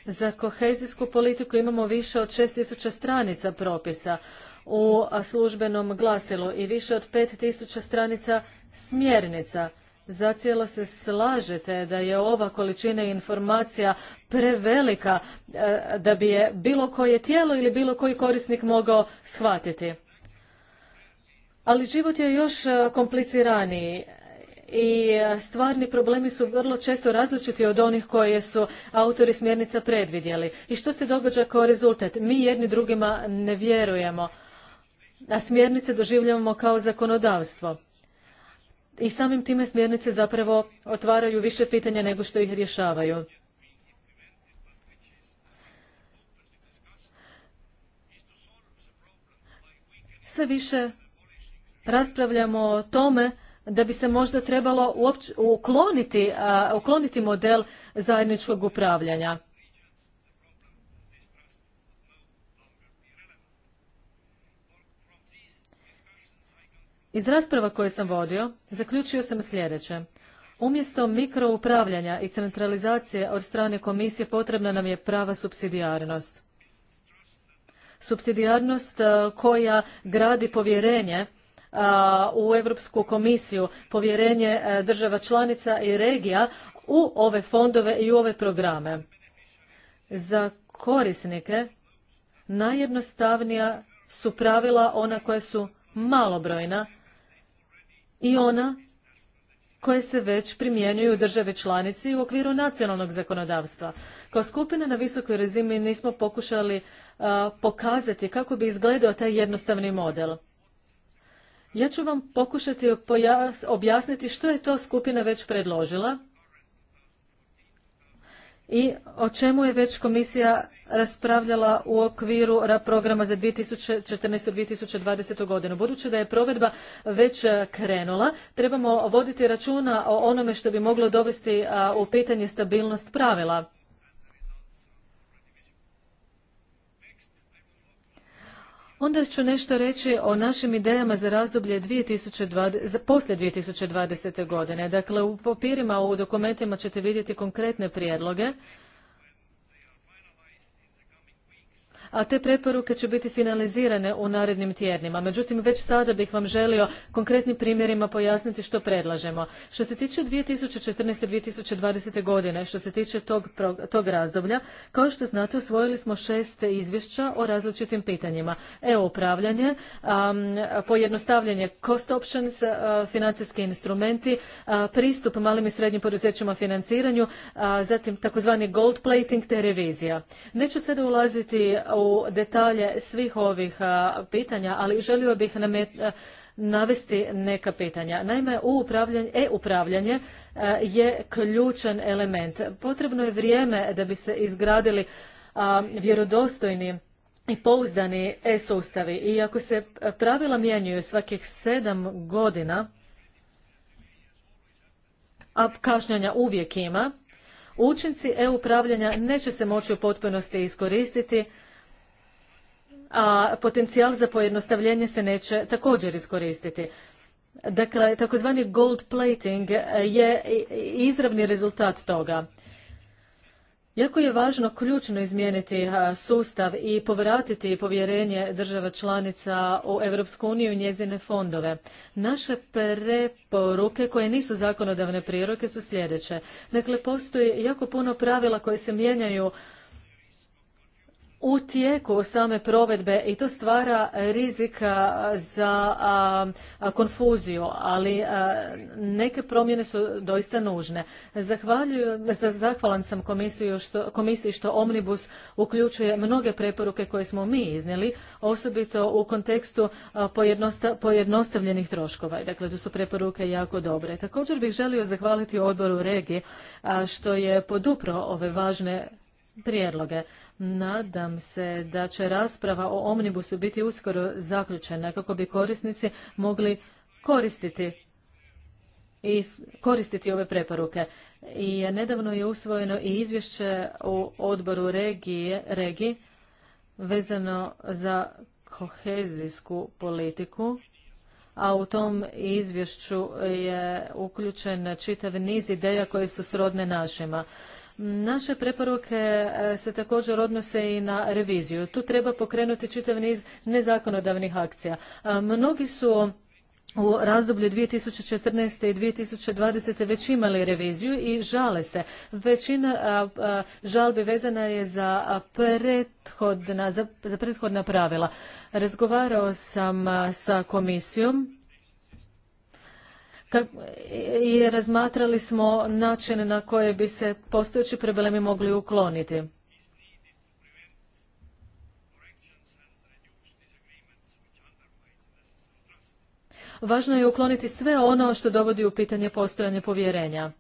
Za kohezijsku politiku imamo više od 6000 stranica propisa u službenom glasilu i više od 5000 stranica smjernica zacijelo se slažete da je ova količina informacija prevelika e, da bi je bilo koje tijelo ili bilo koji korisnik mogao shvatiti. Ali život je još e, kompliciraniji i e, stvarni problemi su vrlo često različiti od onih koje su autori smjernica predvidjeli. I što se događa kao rezultat? Mi jedni drugima ne vjerujemo, a smjernice doživljavamo kao zakonodavstvo i samim time smjernice zapravo otvaraju više pitanja nego što ih rješavaju. Sve više raspravljamo o tome da bi se možda trebalo ukloniti, ukloniti model zajedničkog upravljanja. Iz rasprava koje sam vodio, zaključio sam sljedeće. Umjesto mikroupravljanja i centralizacije od strane komisije potrebna nam je prava subsidijarnost. Subsidijarnost koja gradi povjerenje u Europsku komisiju, povjerenje država članica i regija u ove fondove i u ove programe. Za korisnike najjednostavnija su pravila ona koja su malobrojna i ona koje se već primjenjuju u države članici u okviru nacionalnog zakonodavstva. Kao skupina na visokoj razini nismo pokušali pokazati kako bi izgledao taj jednostavni model. Ja ću vam pokušati objasniti što je to skupina već predložila i o čemu je već komisija raspravljala u okviru programa za 2014-2020. godinu. Budući da je provedba već e, krenula, trebamo voditi računa o onome što bi moglo dovesti u pitanje stabilnost pravila. Onda ću nešto reći o našim idejama za razdoblje 2020, za poslije 2020. godine. Dakle, u papirima, u dokumentima ćete vidjeti konkretne prijedloge a te preporuke će biti finalizirane u narednim tjednima. Međutim, već sada bih vam želio konkretnim primjerima pojasniti što predlažemo. Što se tiče 2014-2020. godine, što se tiče tog, razdoblja, kao što znate, usvojili smo šest izvješća o različitim pitanjima. E-upravljanje, pojednostavljanje cost options, financijski instrumenti, pristup malim i srednjim poduzećima financiranju, zatim takozvani gold plating te revizija. Neću sada ulaziti u detalje svih ovih pitanja, ali želio bih navesti neka pitanja. Naime, upravljanje, e-upravljanje je ključan element. Potrebno je vrijeme da bi se izgradili vjerodostojni i pouzdani e-sustavi. I ako se pravila mijenjaju svakih sedam godina, a kašnjanja uvijek ima, učinci e-upravljanja neće se moći u potpunosti iskoristiti a potencijal za pojednostavljenje se neće također iskoristiti. Dakle, takozvani gold plating je izravni rezultat toga. Jako je važno ključno izmijeniti sustav i povratiti povjerenje država članica u Europsku uniju i njezine fondove. Naše preporuke koje nisu zakonodavne priroke su sljedeće. Dakle, postoji jako puno pravila koje se mijenjaju u tijeku same provedbe i to stvara rizika za konfuziju, ali neke promjene su doista nužne. zahvalan sam komisiji što Omnibus uključuje mnoge preporuke koje smo mi iznijeli, osobito u kontekstu pojednostavljenih troškova. Dakle, to su preporuke jako dobre. Također bih želio zahvaliti odboru Regi što je podupro ove važne prijedloge. Nadam se da će rasprava o omnibusu biti uskoro zaključena kako bi korisnici mogli koristiti i koristiti ove preporuke. I nedavno je usvojeno i izvješće u odboru regije, regiji vezano za kohezijsku politiku, a u tom izvješću je uključen čitav niz ideja koje su srodne našima. Naše preporuke e, se također odnose i na reviziju. Tu treba pokrenuti čitav niz nezakonodavnih akcija. E, mnogi su u razdoblju 2014. i 2020. već imali reviziju i žale se. Većina e, žalbi vezana je za prethodna, pravila. Razgovarao sam sa komisijom i razmatrali smo načine na koje bi se postojeći problemi mogli ukloniti. Važno je ukloniti sve ono što dovodi u pitanje postojanje povjerenja.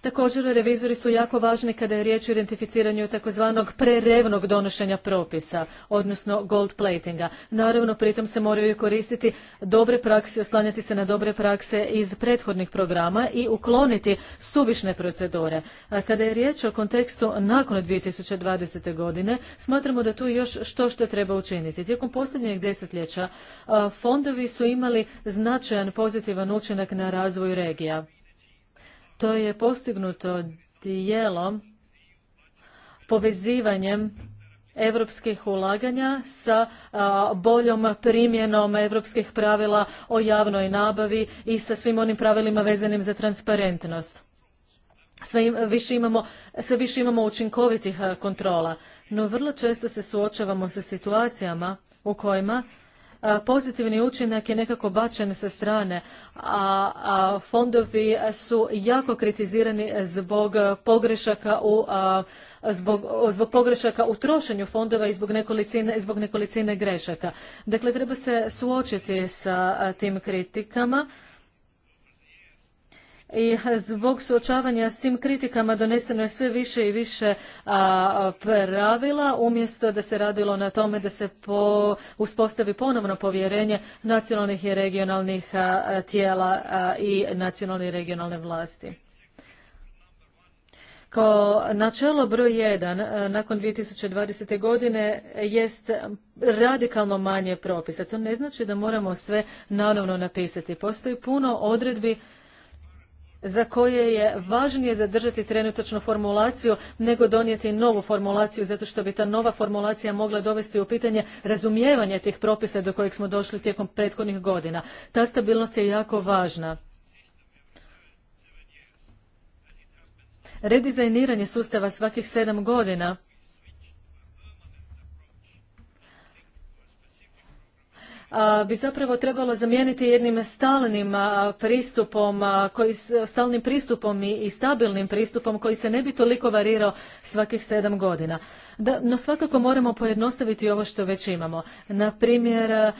Također, revizori su jako važni kada je riječ o identificiranju takozvanog prerevnog donošenja propisa, odnosno gold platinga. Naravno, pritom se moraju koristiti dobre prakse, oslanjati se na dobre prakse iz prethodnih programa i ukloniti suvišne procedure. Kada je riječ o kontekstu nakon 2020. godine, smatramo da tu još što što treba učiniti. Tijekom posljednjeg desetljeća fondovi su imali značajan pozitivan učinak na razvoj regija. To je postignuto dijelom povezivanjem europskih ulaganja sa boljom primjenom europskih pravila o javnoj nabavi i sa svim onim pravilima vezanim za transparentnost. sve više imamo učinkovitih kontrola, no vrlo često se suočavamo sa situacijama u kojima pozitivni učinak je nekako bačen sa strane, a, fondovi su jako kritizirani zbog pogrešaka u Zbog, pogrešaka u trošenju fondova i zbog nekolicine, zbog nekolicine grešaka. Dakle, treba se suočiti sa tim kritikama i zbog suočavanja s tim kritikama doneseno je sve više i više pravila umjesto da se radilo na tome da se uspostavi ponovno povjerenje nacionalnih i regionalnih tijela i nacionalne i regionalne vlasti. Kao načelo broj 1 nakon 2020. godine jest radikalno manje propisa. To ne znači da moramo sve naravno napisati. Postoji puno odredbi za koje je važnije zadržati trenutačnu formulaciju nego donijeti novu formulaciju zato što bi ta nova formulacija mogla dovesti u pitanje razumijevanje tih propisa do kojeg smo došli tijekom prethodnih godina. Ta stabilnost je jako važna. Redizajniranje sustava svakih sedam godina bi zapravo trebalo zamijeniti jednim stalnim pristupom, stalnim pristupom i stabilnim pristupom koji se ne bi toliko varirao svakih sedam godina. no svakako moramo pojednostaviti ovo što već imamo. Na primjer,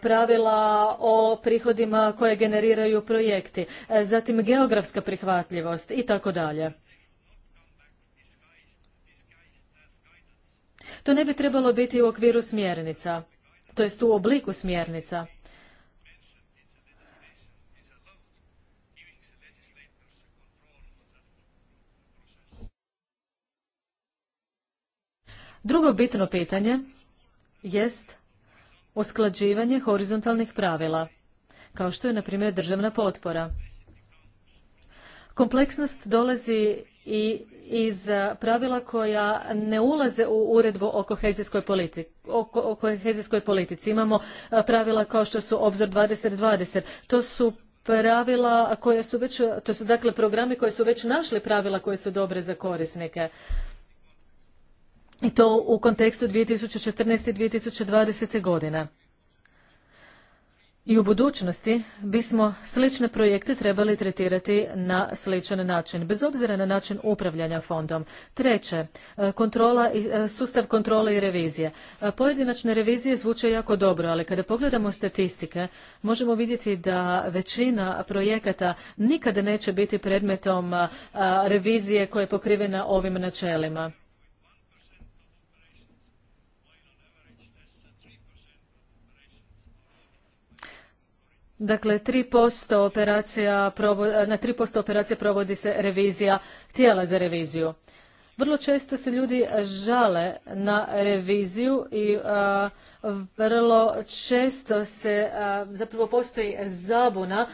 pravila o prihodima koje generiraju projekti, e, zatim geografska prihvatljivost i tako dalje. To ne bi trebalo biti u okviru smjernica to jest u obliku smjernica. Drugo bitno pitanje jest usklađivanje horizontalnih pravila, kao što je, na primjer, državna potpora. Kompleksnost dolazi i iz eh, pravila koja ne ulaze u uredbu o kohezijskoj politici. o kohezijskoj politici. Imamo eh, pravila kao što su Obzor 2020. To su pravila koja su već, eh, to su dakle programi koji su već našli pravila koje su dobre za korisnike. I to u kontekstu 2014. i 2020. godine i u budućnosti bismo slične projekte trebali tretirati na sličan način, bez obzira na način upravljanja fondom. Treće, e, kontrola, e, sustav kontrole i revizije. E, pojedinačne revizije zvuče jako dobro, ali kada pogledamo statistike, možemo vidjeti da većina projekata nikada neće biti predmetom revizije koja je pokrivena ovim načelima. Dakle, 3% operacija na 3% operacija provodi se revizija tijela za reviziju. Vrlo često se ljudi žale na reviziju i vrlo često se zapravo postoji zabuna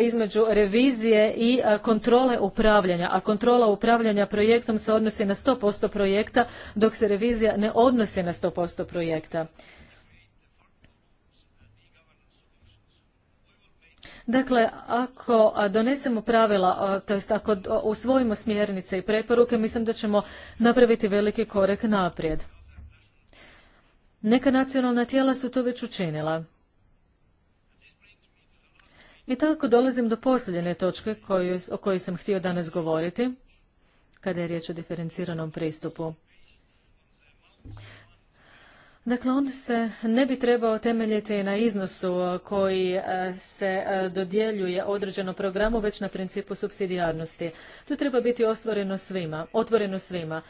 između revizije i kontrole upravljanja, a kontrola upravljanja projektom se odnosi na 100% projekta, dok se revizija ne odnosi na 100% projekta. Dakle, ako donesemo pravila, to ako usvojimo smjernice i preporuke, mislim da ćemo napraviti veliki korek naprijed. Neka nacionalna tijela su to već učinila. I tako dolazim do posljednje točke o kojoj sam htio danas govoriti, kada je riječ o diferenciranom pristupu. Dakle, on se ne bi trebao temeljiti na iznosu e, koji e, se e, dodjeljuje određenom programu, već na principu subsidijarnosti. To treba biti ostvoreno svima, otvoreno svima,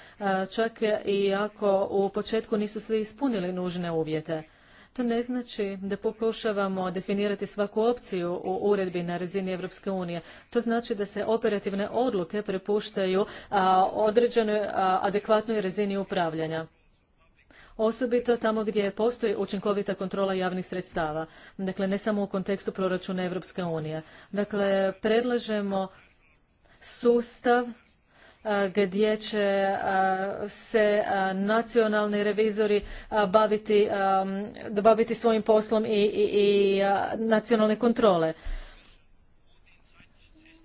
čak i ako u početku nisu svi ispunili nužne uvjete. To ne znači da pokušavamo definirati svaku opciju u uredbi na razini Europske unije. To znači da se operativne odluke prepuštaju određenoj adekvatnoj razini upravljanja osobito tamo gdje postoji učinkovita kontrola javnih sredstava. Dakle, ne samo u kontekstu proračuna Europske unije. Dakle, predlažemo sustav gdje će se nacionalni revizori baviti, baviti svojim poslom i nacionalne kontrole.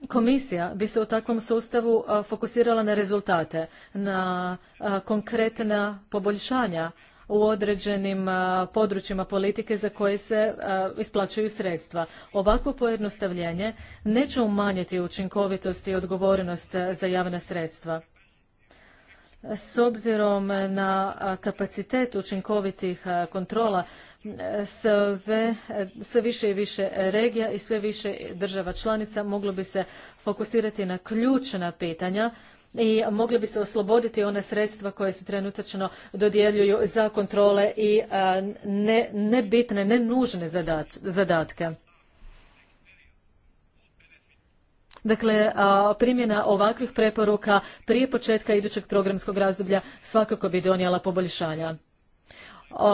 Komisija bi se u takvom sustavu fokusirala na rezultate, na konkretna poboljšanja u određenim područjima politike za koje se isplaćuju sredstva. Ovakvo pojednostavljenje neće umanjiti učinkovitost i odgovornost za javna sredstva. S obzirom na kapacitet učinkovitih kontrola, sve, više i više regija i sve više država članica moglo bi se fokusirati na ključna pitanja i mogli bi se osloboditi ona sredstva koje se trenutačno dodjeljuju za kontrole i nebitne, ne zadatke. Dakle, primjena ovakvih preporuka prije početka idućeg programskog razdoblja svakako bi donijela poboljšanja.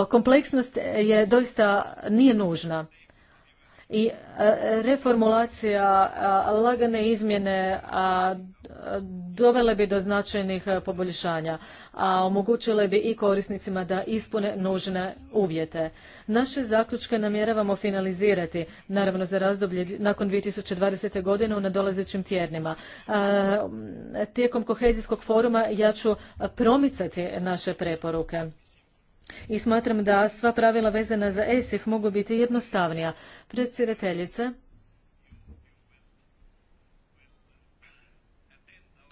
Kompleksnost je doista nije nužna i e, reformulacija lagane izmjene dovele bi do značajnih e, poboljšanja, a omogućile bi i korisnicima da ispune nužne uvjete. Naše zaključke namjeravamo finalizirati, naravno za razdoblje nakon 2020. godine u nadolazećim tjednima. Tijekom kohezijskog foruma ja ću promicati naše preporuke i smatram da sva pravila vezana za ESIF mogu biti jednostavnija. Predsjedateljice,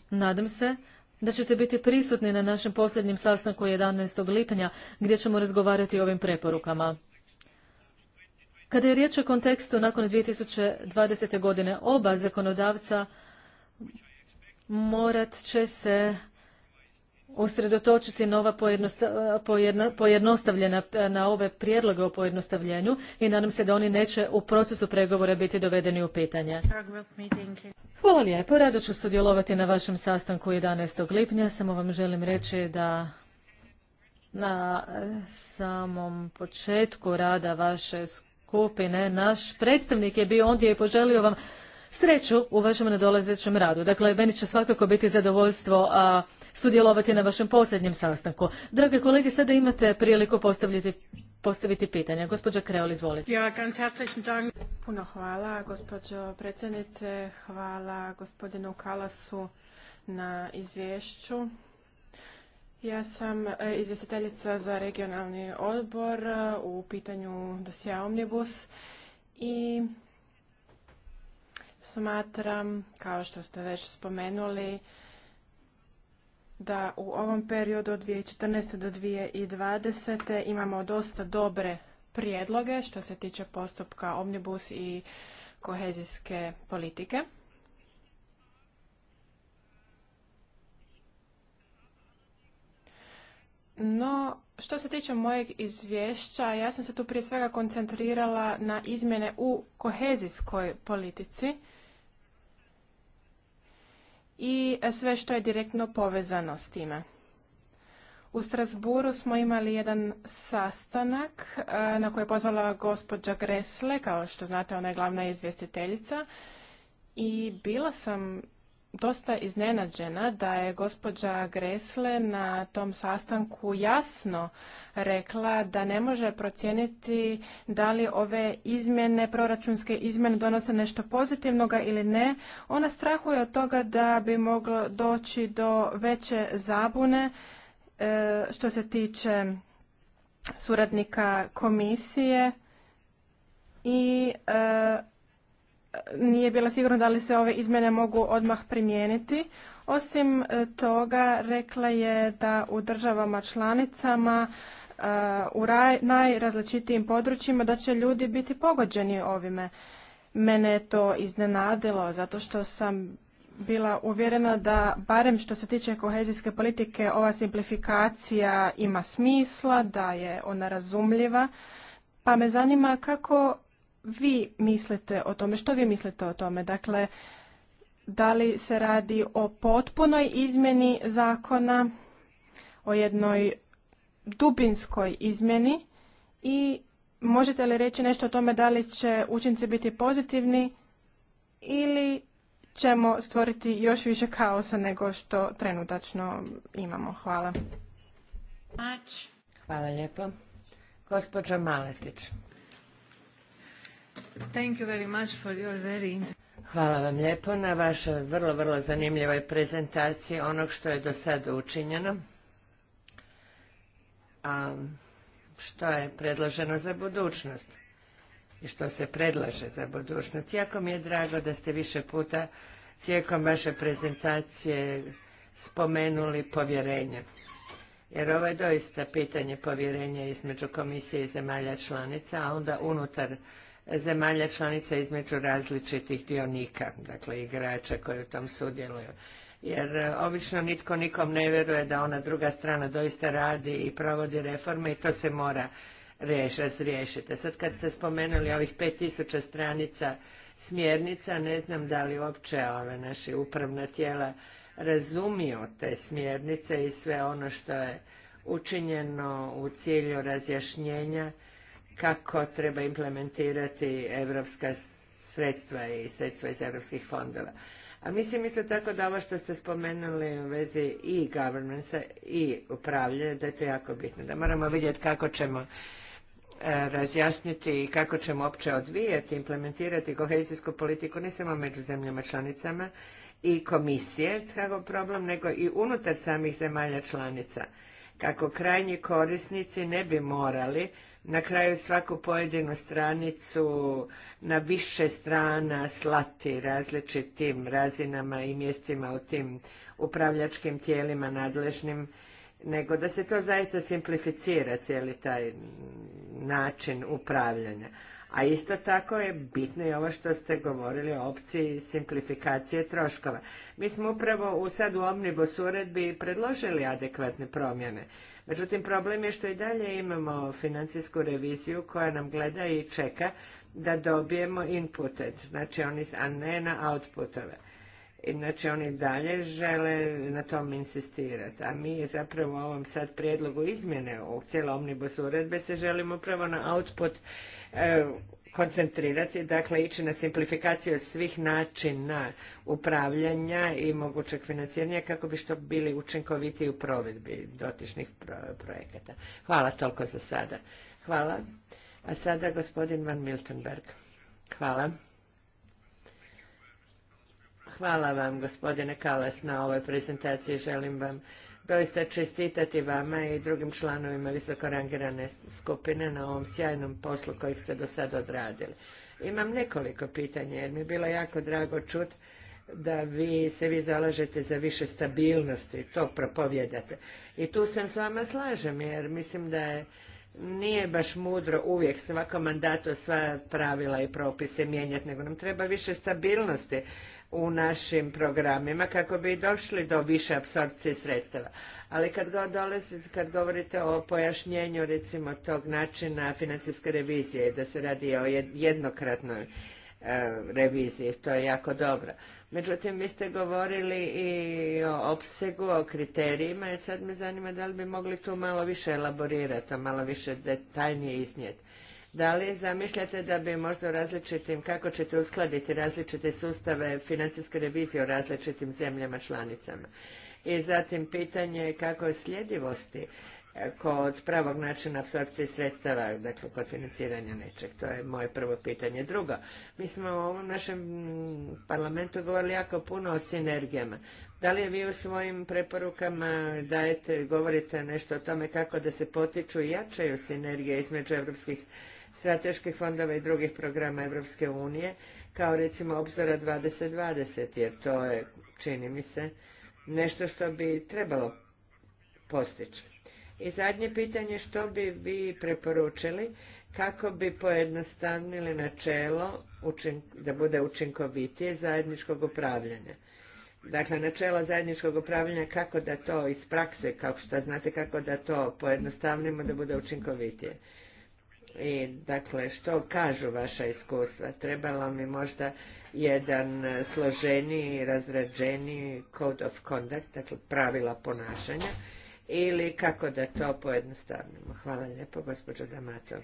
nadam se da ćete biti prisutni na našem posljednjem sastanku 11. lipnja gdje ćemo razgovarati o ovim preporukama. Kada je riječ o kontekstu nakon 2020. godine, oba zakonodavca morat će se usredotočiti nova pojednostavljena e, na ove prijedloge o pojednostavljenju i nadam se da oni neće u procesu pregovora biti dovedeni u pitanje. Hvala lijepo, rado ću sudjelovati na vašem sastanku 11. lipnja, samo vam želim reći da na e, samom početku rada vaše skupine naš predstavnik je bio ondje i poželio vam sreću u vašem nadolazećem radu. Dakle, meni će svakako biti zadovoljstvo sudjelovati na vašem posljednjem sastanku. Drage kolege, sada imate priliku postaviti postaviti pitanja. Gospođa Kreol, izvolite. Ja, ganz herzlichen Dank. Puno hvala, gospođo predsjednice. Hvala gospodinu Kalasu na izvješću. Ja sam e, izvjestiteljica za regionalni odbor e, u pitanju dosija Omnibus i Smatram, kao što ste već spomenuli, da u ovom periodu od 2014. do 2020. imamo dosta dobre prijedloge što se tiče postupka Omnibus i kohezijske politike. No, što se tiče mojeg izvješća, ja sam se tu prije svega koncentrirala na izmjene u kohezijskoj politici i sve što je direktno povezano s time. U Strasburu smo imali jedan sastanak e, na koji je pozvala gospođa Gresle, kao što znate ona je glavna izvjestiteljica i bila sam dosta iznenađena da je gospođa Gresle na tom sastanku jasno rekla da ne može procijeniti da li ove izmjene, proračunske izmjene donose nešto pozitivnoga ili ne. Ona strahuje od toga da bi moglo doći do veće zabune e, što se tiče suradnika komisije i e, nije bila sigurna da li se ove izmjene mogu odmah primijeniti. Osim e, toga, rekla je da u državama članicama e, u najrazličitijim područjima da će ljudi biti pogođeni ovime. Mene je to iznenadilo zato što sam bila uvjerena da barem što se tiče kohezijske politike ova simplifikacija ima smisla, da je ona razumljiva. Pa me zanima kako vi mislite o tome, što vi mislite o tome? Dakle, da li se radi o potpunoj izmjeni zakona, o jednoj dubinskoj izmjeni i možete li reći nešto o tome da li će učinci biti pozitivni ili ćemo stvoriti još više kaosa nego što trenutačno imamo. Hvala. Hvala lijepo. Gospođa Maletić. Thank you Hvala vam lijepo na vašoj vrlo, vrlo zanimljivoj prezentaciji onog što je do sada učinjeno, a što je predloženo za budućnost i što se predlaže za budućnost. Jako mi je drago da ste više puta tijekom vaše prezentacije spomenuli povjerenje. Jer ovo je doista pitanje povjerenja između komisije i zemalja članica, a onda unutar zemalja članica između različitih dionika, dakle igrača koji u tom sudjeluju. Jer e, obično nitko nikom ne vjeruje da ona druga strana doista radi i provodi reforme i to se mora razriješiti. Sad kad ste spomenuli ovih 5000 stranica smjernica, ne znam da li uopće ove naše upravna tijela razumiju te smjernice i sve ono što je učinjeno u cilju razjašnjenja kako treba implementirati evropska sredstva i sredstva iz evropskih fondova. A mislim isto tako da ovo što ste spomenuli u vezi i governance i upravljanja, da je to jako bitno. Da moramo vidjeti kako ćemo e, razjasniti i kako ćemo opće odvijati, implementirati kohezijsku politiku ne samo među zemljama članicama i komisije kako problem, nego i unutar samih zemalja članica. Kako krajnji korisnici ne bi morali na kraju svaku pojedinu stranicu na više strana slati različitim razinama i mjestima u tim upravljačkim tijelima nadležnim, nego da se to zaista simplificira cijeli taj način upravljanja. A isto tako je bitno i ovo što ste govorili o opciji simplifikacije troškova. Mi smo upravo u sad u Omnibus uredbi predložili adekvatne promjene Međutim, problem je što i dalje imamo financijsku reviziju koja nam gleda i čeka da dobijemo inpute, znači oni, a ne na outputove. znači oni dalje žele na tom insistirati, a mi zapravo u ovom sad prijedlogu izmjene u cijelom omnibus uredbe se želimo upravo na output e, koncentrirati, dakle ići na simplifikaciju svih načina upravljanja i mogućeg financiranja kako bi što bili učinkovitiji u provedbi dotičnih projekata. Hvala toliko za sada. Hvala. A sada gospodin Van Miltenberg. Hvala. Hvala vam gospodine Kalas na ovoj prezentaciji. Želim vam doista čestitati vama i drugim članovima visoko skupine na ovom sjajnom poslu kojeg ste do sada odradili. Imam nekoliko pitanja jer mi je bilo jako drago čut da vi se vi zalažete za više stabilnosti, to propovjedate. I tu sam s vama slažem jer mislim da je nije baš mudro uvijek svako mandato sva pravila i propise mijenjati, nego nam treba više stabilnosti u našim programima kako bi došli do više apsorpcije sredstava. Ali kad go dolazi, kad govorite o pojašnjenju recimo tog načina financijske revizije, da se radi o jednokratnoj e, reviziji, to je jako dobro. Međutim, vi ste govorili i o opsegu, o kriterijima i sad me zanima da li bi mogli tu malo više elaborirati, malo više detaljnije iznijeti. Da li zamišljate da bi možda u različitim, kako ćete uskladiti različite sustave financijske revizije u različitim zemljama članicama? I zatim pitanje kako je sljedivosti e, kod pravog načina apsorpcije sredstava, dakle kod financiranja nečeg. To je moje prvo pitanje. Drugo, mi smo u ovom našem mm, parlamentu govorili jako puno o sinergijama. Da li vi u svojim preporukama dajete, govorite nešto o tome kako da se potiču i jačaju sinergije između europskih strateških fondova i drugih programa Europske unije, kao recimo obzora 2020, jer to je, čini mi se, nešto što bi trebalo postići. I zadnje pitanje, što bi vi preporučili kako bi pojednostavnili načelo da bude učinkovitije zajedničkog upravljanja? Dakle, načelo zajedničkog upravljanja, kako da to iz prakse, kao što znate, kako da to pojednostavnimo, da bude učinkovitije i dakle što kažu vaša iskustva. Trebalo mi možda jedan e, složeniji, razrađeniji code of conduct, dakle pravila ponašanja ili kako da to pojednostavimo Hvala lijepo, gospođo Damato.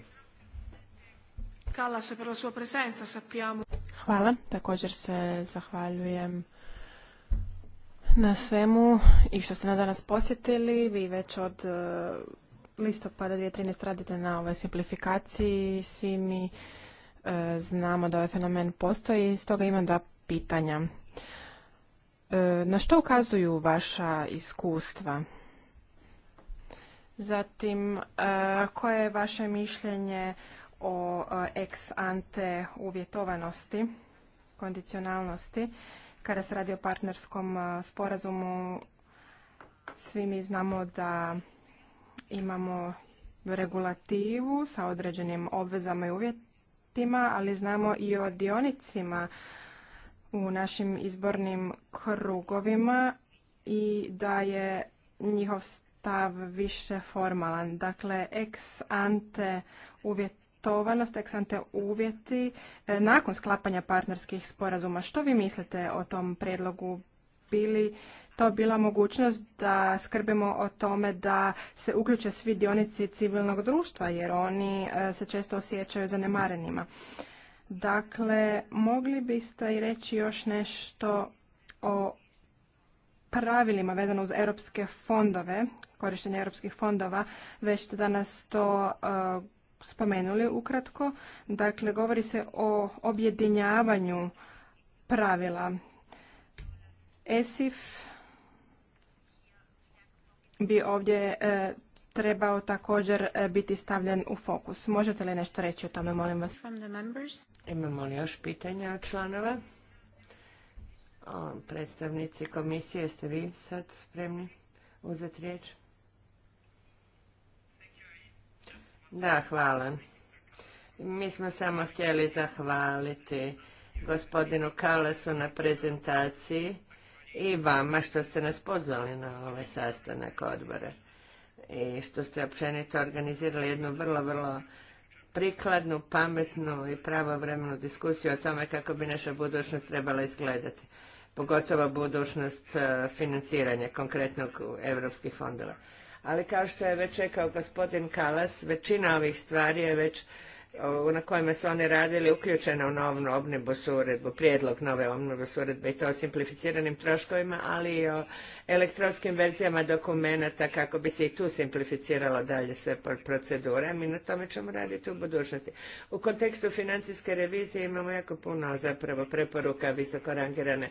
Hvala, također se zahvaljujem na svemu i što ste na danas posjetili. Vi već od e, listopada 2013 radite na ovoj simplifikaciji. Svi mi e, znamo da ovaj fenomen postoji, stoga imam dva pitanja. E, na što ukazuju vaša iskustva? Zatim, e, koje je vaše mišljenje o ex ante uvjetovanosti, kondicionalnosti, kada se radi o partnerskom sporazumu? Svi mi znamo da imamo regulativu sa određenim obvezama i uvjetima, ali znamo i o dionicima u našim izbornim krugovima i da je njihov stav više formalan. Dakle, ex ante uvjetovanost, ex ante uvjeti e, nakon sklapanja partnerskih sporazuma. Što vi mislite o tom predlogu? Bili to bila mogućnost da skrbimo o tome da se uključe svi dionici civilnog društva jer oni e, se često osjećaju zanemarenima. Dakle, mogli biste i reći još nešto o pravilima vezano uz europske fondove, korištenje europskih fondova, već ste danas to e, spomenuli ukratko. Dakle, govori se o objedinjavanju pravila. ESIF bi ovdje e, trebao također e, biti stavljen u fokus. Možete li nešto reći o tome, molim vas? Imamo li još pitanja članova? predstavnici komisije, jeste vi sad spremni uzeti riječ? Da, hvala. Mi smo samo htjeli zahvaliti gospodinu Kalasu na prezentaciji i vama što ste nas pozvali na ovaj sastanak odbora i što ste općenito organizirali jednu vrlo, vrlo prikladnu, pametnu i pravovremenu diskusiju o tome kako bi naša budućnost trebala izgledati, pogotovo budućnost e, financiranja konkretnog evropskih fondova. Ali kao što je već rekao gospodin Kalas, većina ovih stvari je već na kojima su oni radili uključena u novnu obnebu uredbu, prijedlog nove obnebu uredbe i to o simplificiranim troškovima, ali i o elektronskim verzijama dokumenata kako bi se i tu simplificiralo dalje sve procedure. Mi na tome ćemo raditi u budućnosti. U kontekstu financijske revizije imamo jako puno zapravo preporuka visoko rangirane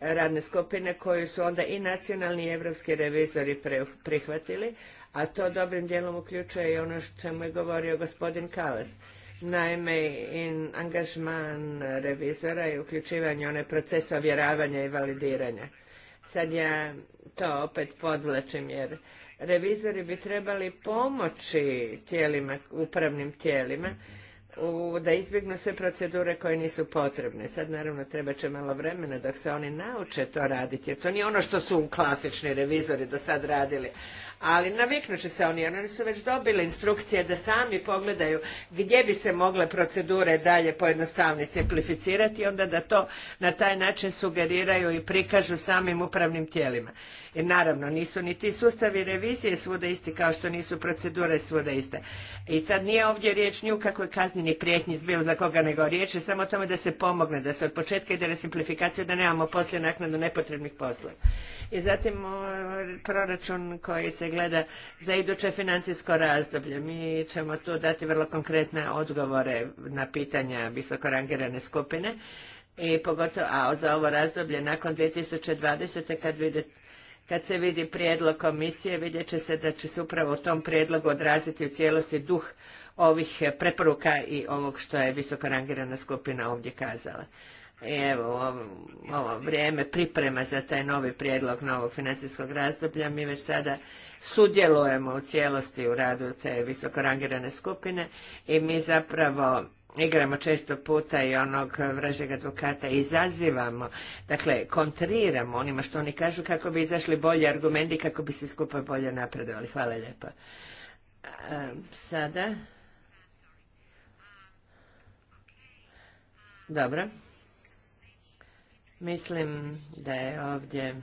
radne skupine koju su onda i nacionalni i evropski revizori prihvatili, a to dobrim dijelom uključuje i ono što mu je govorio gospodin Kalas Naime, i angažman revizora i uključivanje one proces ovjeravanja i validiranja. Sad ja to opet podvlačim jer revizori bi trebali pomoći tijelima, upravnim tijelima da izbjegnu sve procedure koje nisu potrebne. Sad naravno treba će malo vremena dok se oni nauče to raditi, jer to nije ono što su klasični revizori do sad radili. Ali naviknut će se oni, oni su već dobili instrukcije da sami pogledaju gdje bi se mogle procedure dalje pojednostavniti, simplificirati i onda da to na taj način sugeriraju i prikažu samim upravnim tijelima. Jer naravno, nisu ni ti sustavi revizije svuda isti kao što nisu procedure svuda iste. I sad nije ovdje riječ ni u kakvoj kaznjeni prijetnji zbio za koga nego riječ je samo o tome da se pomogne, da se od početka ide na simplifikaciju, da nemamo poslije naknadu nepotrebnih poslova. I zatim proračun koji se gleda za iduće financijsko razdoblje. Mi ćemo tu dati vrlo konkretne odgovore na pitanja visokorangirane skupine i pogotovo a za ovo razdoblje nakon 2020. kad vidite kad se vidi prijedlog komisije, vidjet će se da će se upravo u tom prijedlogu odraziti u cijelosti duh ovih preporuka i ovog što je visoko rangirana skupina ovdje kazala. Evo, ovo, vrijeme priprema za taj novi prijedlog novog financijskog razdoblja, mi već sada sudjelujemo u cijelosti u radu te visoko rangirane skupine i mi zapravo igramo često puta i onog vražeg advokata izazivamo, dakle kontriramo onima što oni kažu kako bi izašli bolji argumenti, kako bi se skupa bolje napredovali. Hvala lijepa. sada. Dobro. Mislim da je ovdje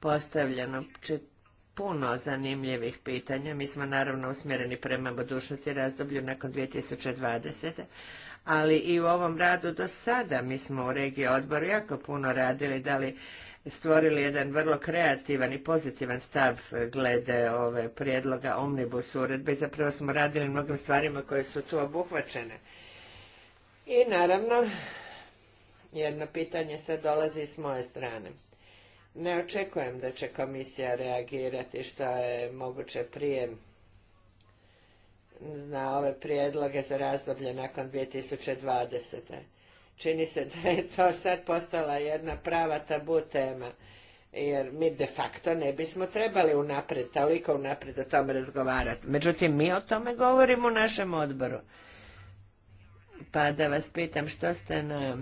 postavljeno puno zanimljivih pitanja. Mi smo naravno usmjereni prema budućnosti razdoblju nakon 2020. Ali i u ovom radu do sada mi smo u regiji odboru jako puno radili, da li stvorili jedan vrlo kreativan i pozitivan stav glede ove prijedloga Omnibus uredbe i zapravo smo radili mnogim stvarima koje su tu obuhvaćene. I naravno, jedno pitanje sad dolazi s moje strane. Ne očekujem da će komisija reagirati što je moguće prije na ove prijedloge za razdoblje nakon 2020. Čini se da je to sad postala jedna prava tabu tema, jer mi de facto ne bismo trebali unapred, toliko unapred o tome razgovarati. Međutim, mi o tome govorimo u našem odboru. Pa da vas pitam što ste na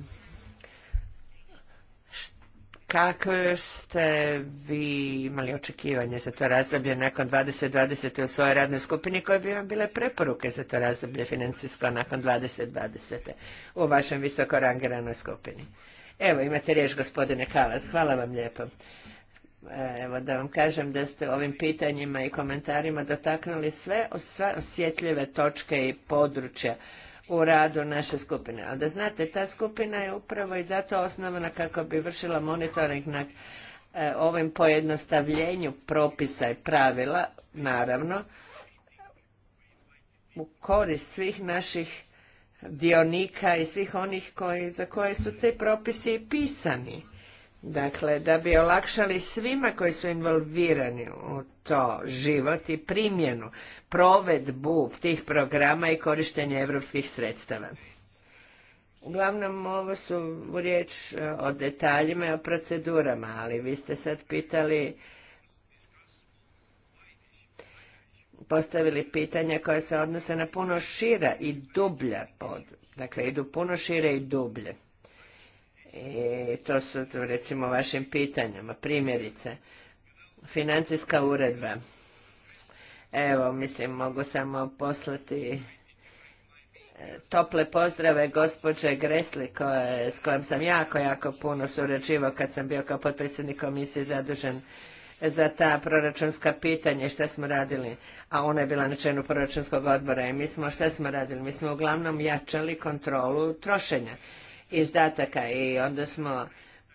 kako ste vi imali očekivanje za to razdoblje nakon 2020. u svojoj radnoj skupini koje bi vam bile preporuke za to razdoblje financijsko nakon 2020. u vašem visoko rangiranoj skupini? Evo, imate riječ gospodine Kalas, hvala vam lijepo. Evo da vam kažem da ste ovim pitanjima i komentarima dotaknuli sve osjetljive točke i područja u radu naše skupine. Ali da znate, ta skupina je upravo i zato osnovana kako bi vršila monitoring na ovom e, ovim pojednostavljenju propisa i pravila, naravno, u korist svih naših dionika i svih onih za koje su te propisi i pisani. Dakle, da bi olakšali svima koji su involvirani u to život i primjenu, provedbu tih programa i korištenje evropskih sredstava. Uglavnom, ovo su riječ e, o detaljima i o procedurama, ali vi ste sad pitali, postavili pitanja koja se odnose na puno šira i dublja pod, dakle, idu puno šire i dublje. I e, to su recimo vašim pitanjama. Primjerice, financijska uredba. Evo, mislim, mogu samo poslati e, tople pozdrave gospođe Gresli s kojom sam jako, jako puno surađivao kad sam bio kao potpredsjednik komisije zadužen za ta proračunska pitanja i šta smo radili, a ona je bila na čelu proračunskog odbora i mi smo, šta smo radili? Mi smo uglavnom jačali kontrolu trošenja izdataka i onda smo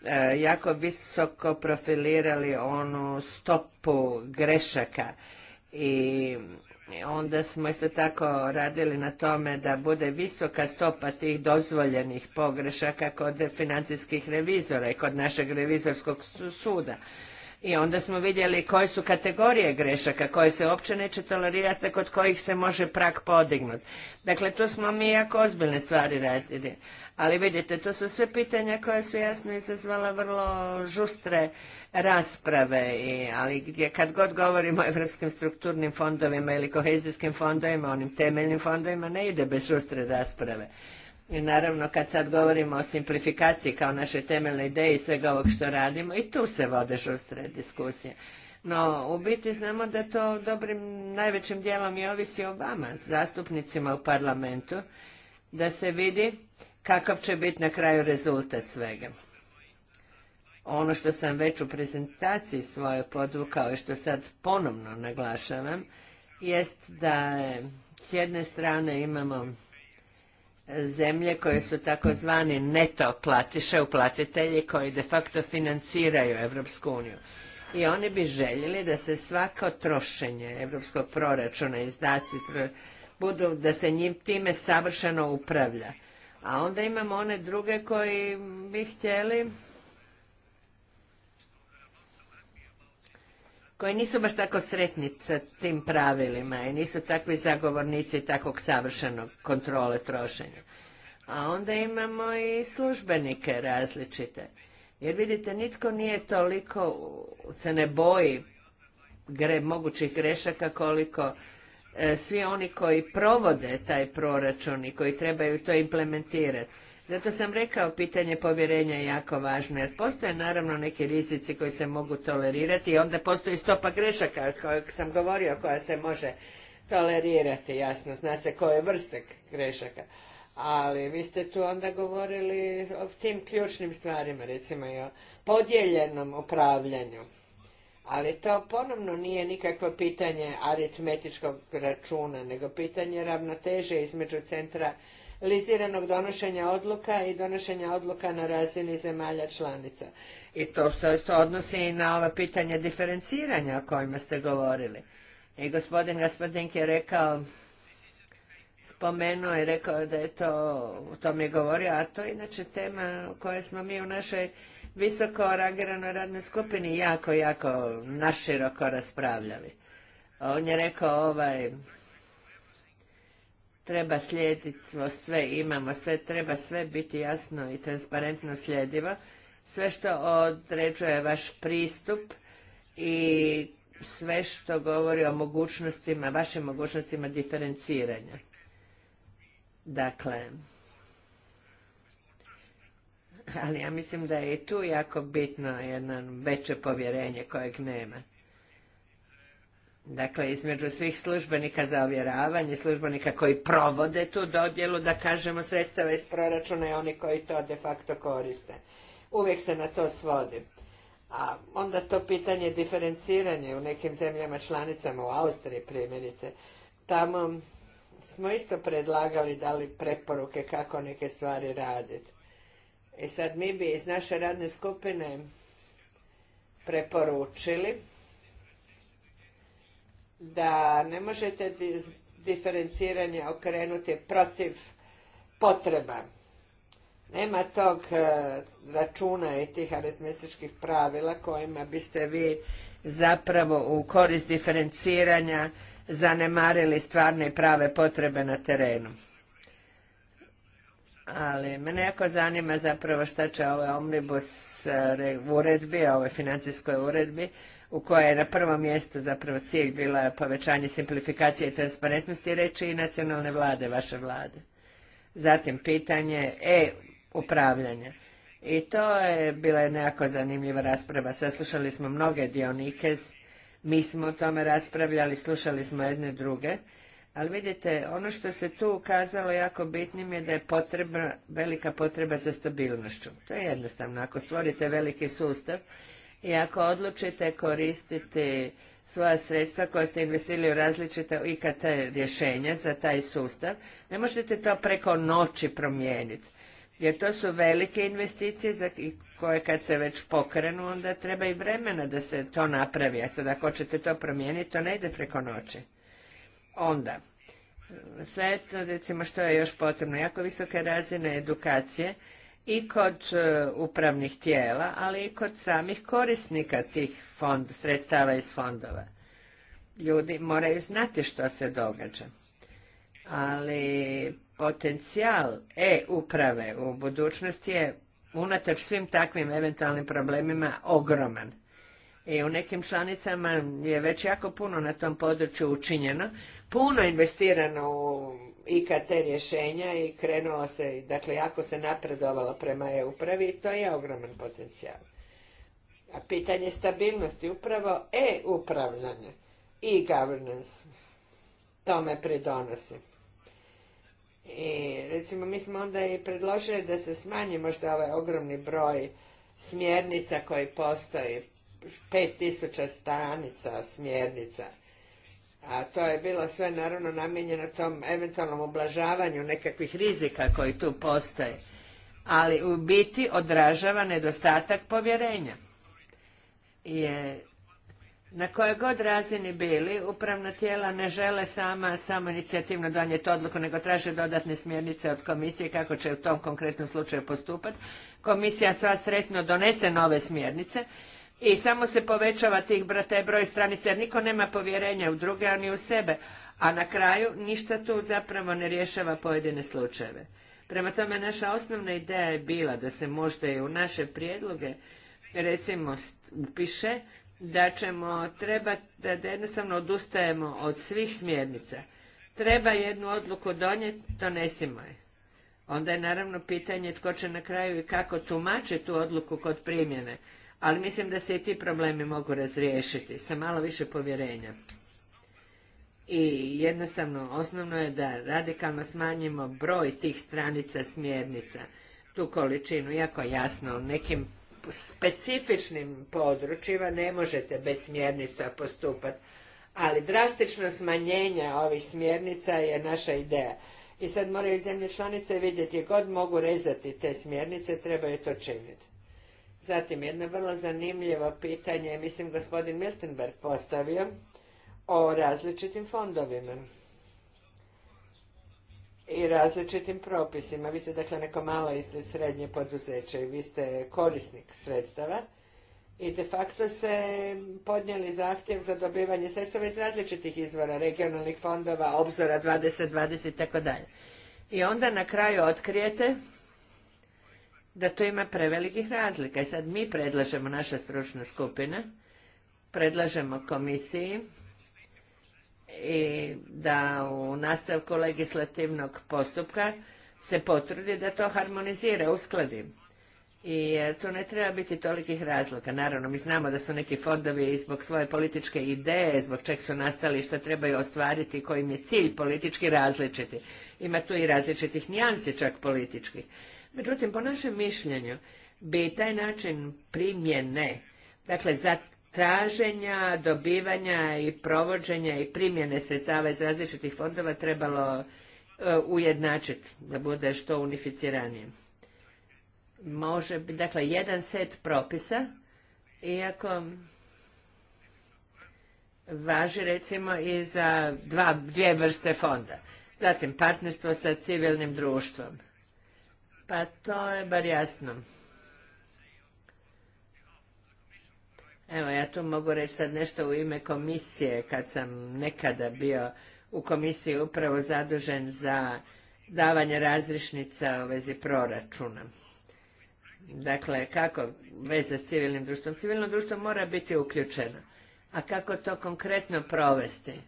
e, jako visoko profilirali onu stopu grešaka i onda smo isto tako radili na tome da bude visoka stopa tih dozvoljenih pogrešaka kod financijskih revizora i kod našeg revizorskog suda. I onda smo vidjeli koje su kategorije grešaka koje se uopće neće tolerirati, kod kojih se može prag podignuti. Dakle, tu smo mi jako ozbiljne stvari radili. Ali vidite, to su sve pitanja koja su jasno izazvala vrlo žustre rasprave, i, ali gdje kad god govorimo o evropskim strukturnim fondovima ili kohezijskim fondovima, onim temeljnim fondovima, ne ide bez žustre rasprave. I naravno kad sad govorimo o simplifikaciji kao naše temeljne ideje i svega ovog što radimo i tu se vode žustre diskusije. No, u biti znamo da to dobrim najvećim dijelom i ovisi o vama, zastupnicima u parlamentu, da se vidi kakav će biti na kraju rezultat svega. Ono što sam već u prezentaciji svoje podvukao i što sad ponovno naglašavam, jest da s jedne strane imamo zemlje koje su takozvani neto platiše, uplatitelji koji de facto financiraju Europsku uniju. I oni bi željeli da se svako trošenje europskog proračuna, izdaci, budu, da se njim time savršeno upravlja. A onda imamo one druge koji bi htjeli koji nisu baš tako sretni sa tim pravilima i nisu takvi zagovornici takvog savršenog kontrole trošenja. A onda imamo i službenike različite. Jer vidite, nitko nije toliko, se ne boji gre, mogućih grešaka koliko e, svi oni koji provode taj proračun i koji trebaju to implementirati. Zato sam rekao pitanje povjerenja je jako važno jer postoje naravno neki rizici koji se mogu tolerirati i onda postoji stopa grešaka kojeg sam govorio koja se može tolerirati, jasno, zna se koje vrste grešaka. Ali vi ste tu onda govorili o tim ključnim stvarima, recimo i o podijeljenom upravljanju. Ali to ponovno nije nikakvo pitanje aritmetičkog računa, nego pitanje ravnoteže između centra Liziranog donošenja odluka i donošenja odluka na razini zemalja članica. I to se isto odnosi i na ova pitanja diferenciranja o kojima ste govorili. I gospodin Gaspardink je rekao, spomenuo i rekao da je to, o tome je govorio, a to je inače tema o kojoj smo mi u našoj visoko rangiranoj radnoj skupini jako, jako naširoko raspravljali. On je rekao ovaj treba slijediti sve, imamo sve, treba sve biti jasno i transparentno sljedivo. Sve što određuje vaš pristup i sve što govori o mogućnostima, vašim mogućnostima diferenciranja. Dakle, ali ja mislim da je i tu jako bitno jedno veće povjerenje kojeg nema dakle između svih službenika za ovjeravanje, službenika koji provode tu dodjelu, da kažemo sredstava iz proračuna i oni koji to de facto koriste. Uvijek se na to svodi. A onda to pitanje diferenciranje u nekim zemljama članicama, u Austriji primjerice, tamo smo isto predlagali dali preporuke kako neke stvari raditi. I e sad mi bi iz naše radne skupine preporučili da ne možete diferenciranje okrenuti protiv potreba. Nema tog e, računa i tih aritmetičkih pravila kojima biste vi zapravo u korist diferenciranja zanemarili stvarne i prave potrebe na terenu. Ali mene jako zanima zapravo šta će ovaj omnibus e, uredbi, ovoj financijskoj uredbi, u kojoj je na prvom mjestu zapravo cilj bila povećanje simplifikacije i transparentnosti, reći i nacionalne vlade, vaše vlade. Zatim pitanje e-upravljanja. I to je bila nekako zanimljiva rasprava. Saslušali smo mnoge dionike, mi smo o tome raspravljali, slušali smo jedne druge. Ali vidite, ono što se tu ukazalo jako bitnim je da je potreba, velika potreba za stabilnošću. To je jednostavno. Ako stvorite veliki sustav i ako odlučite koristiti svoja sredstva koja ste investirali u različite IKT rješenja za taj sustav, ne možete to preko noći promijeniti. Jer to su velike investicije za koje kad se već pokrenu, onda treba i vremena da se to napravi. A sad ako ćete to promijeniti, to ne ide preko noći. Onda, sve to, recimo, što je još potrebno, jako visoke razine edukacije i kod e, upravnih tijela, ali i kod samih korisnika tih fond, sredstava iz fondova. Ljudi moraju znati što se događa. Ali potencijal e-uprave u budućnosti je unatoč svim takvim eventualnim problemima ogroman. I u nekim članicama je već jako puno na tom području učinjeno, puno investirano u IKT rješenja i krenulo se, dakle jako se napredovalo prema e-upravi i to je ogroman potencijal. A pitanje stabilnosti, upravo e-upravljanje i governance tome pridonosi. I recimo mi smo onda i predložili da se smanji možda ovaj ogromni broj smjernica koji postoji, 5000 stranica smjernica a to je bilo sve naravno namijenjeno tom eventualnom oblažavanju nekakvih rizika koji tu postoje, ali u biti odražava nedostatak povjerenja. Je, na kojoj god razini bili, upravna tijela ne žele sama, samo inicijativno donijeti odluku, nego traže dodatne smjernice od komisije kako će u tom konkretnom slučaju postupati. Komisija sva sretno donese nove smjernice, i samo se povećava tih brate broj stranica jer niko nema povjerenja u druge ani u sebe a na kraju ništa tu zapravo ne rješava pojedine slučajeve prema tome naša osnovna ideja je bila da se možda i u naše prijedloge recimo upiše da ćemo trebati da jednostavno odustajemo od svih smjernica treba jednu odluku donijeti donesimo je onda je naravno pitanje tko će na kraju i kako tumačiti tu odluku kod primjene ali mislim da se i ti problemi mogu razriješiti sa malo više povjerenja. I jednostavno, osnovno je da radikalno smanjimo broj tih stranica smjernica, tu količinu, jako jasno, u nekim specifičnim područjima ne možete bez smjernica postupati, ali drastično smanjenje ovih smjernica je naša ideja. I sad moraju zemlje članice vidjeti, god mogu rezati te smjernice, trebaju to činiti. Zatim, jedno vrlo zanimljivo pitanje, mislim, gospodin Miltenberg postavio, o različitim fondovima i različitim propisima. Vi ste, dakle, neko malo i srednje poduzeće i vi ste korisnik sredstava i de facto se podnijeli zahtjev za dobivanje sredstava iz različitih izvora, regionalnih fondova, obzora 2020 i tako dalje. I onda na kraju otkrijete da tu ima prevelikih razlika. I sad mi predlažemo, naša stručna skupina, predlažemo komisiji i da u nastavku legislativnog postupka se potrudi da to harmonizira, uskladi. I e, tu ne treba biti tolikih razloga. Naravno, mi znamo da su neki fondovi i zbog svoje političke ideje, zbog čeg su nastali što trebaju ostvariti, kojim je cilj politički različiti. Ima tu i različitih nijansi čak političkih. Međutim, po našem mišljenju bi taj način primjene, dakle za traženja, dobivanja i provođenja i primjene sredstava iz različitih fondova trebalo e, ujednačiti, da bude što unificiranije. Može bi, dakle, jedan set propisa, iako važi recimo i za dva, dvije vrste fonda. Zatim, partnerstvo sa civilnim društvom. Pa to je bar jasno. Evo, ja tu mogu reći sad nešto u ime komisije, kad sam nekada bio u komisiji upravo zadužen za davanje razrišnica u vezi proračuna. Dakle, kako veze s civilnim društvom? Civilno društvo mora biti uključeno. A kako to konkretno provesti?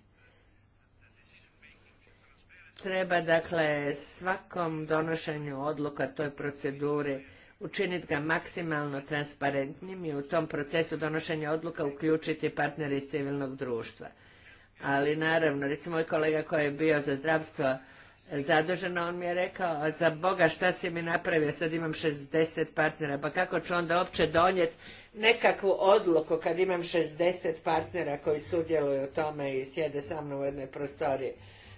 Treba dakle svakom donošenju odluka toj proceduri učiniti ga maksimalno transparentnim i u tom procesu donošenja odluka uključiti partnere iz civilnog društva. Ali naravno, recimo moj kolega koji je bio za zdravstvo zadužen, on mi je rekao, a za Boga šta si mi napravio, sad imam 60 partnera, pa kako ću onda uopće donijeti nekakvu odluku kad imam 60 partnera koji sudjeluju u tome i sjede sa mnom u jednoj prostoriji.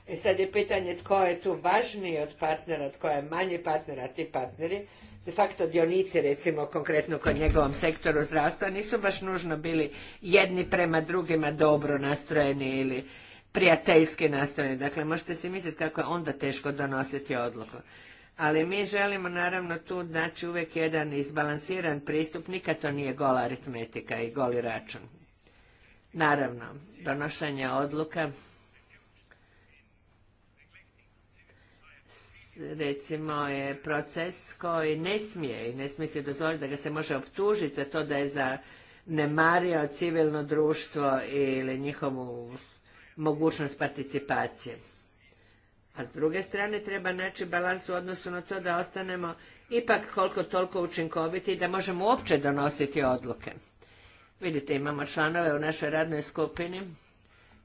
E sad je pitanje tko je tu važniji od partnera, tko je manji partner, a ti partneri, de facto dionici recimo konkretno kod njegovom sektoru zdravstva, nisu baš nužno bili jedni prema drugima dobro nastrojeni ili prijateljski nastrojeni. Dakle, možete si misliti kako je onda teško donositi odluku. Ali mi želimo naravno tu naći uvijek jedan izbalansiran pristup, nikad to nije gola aritmetika i goli račun. Naravno, donošenje odluka recimo je proces koji ne smije i ne smije se dozvoliti da ga se može optužiti za to da je zanemario civilno društvo ili njihovu mogućnost participacije. A s druge strane treba naći balans u odnosu na to da ostanemo ipak koliko toliko učinkoviti i da možemo uopće donositi odluke. Vidite, imamo članove u našoj radnoj skupini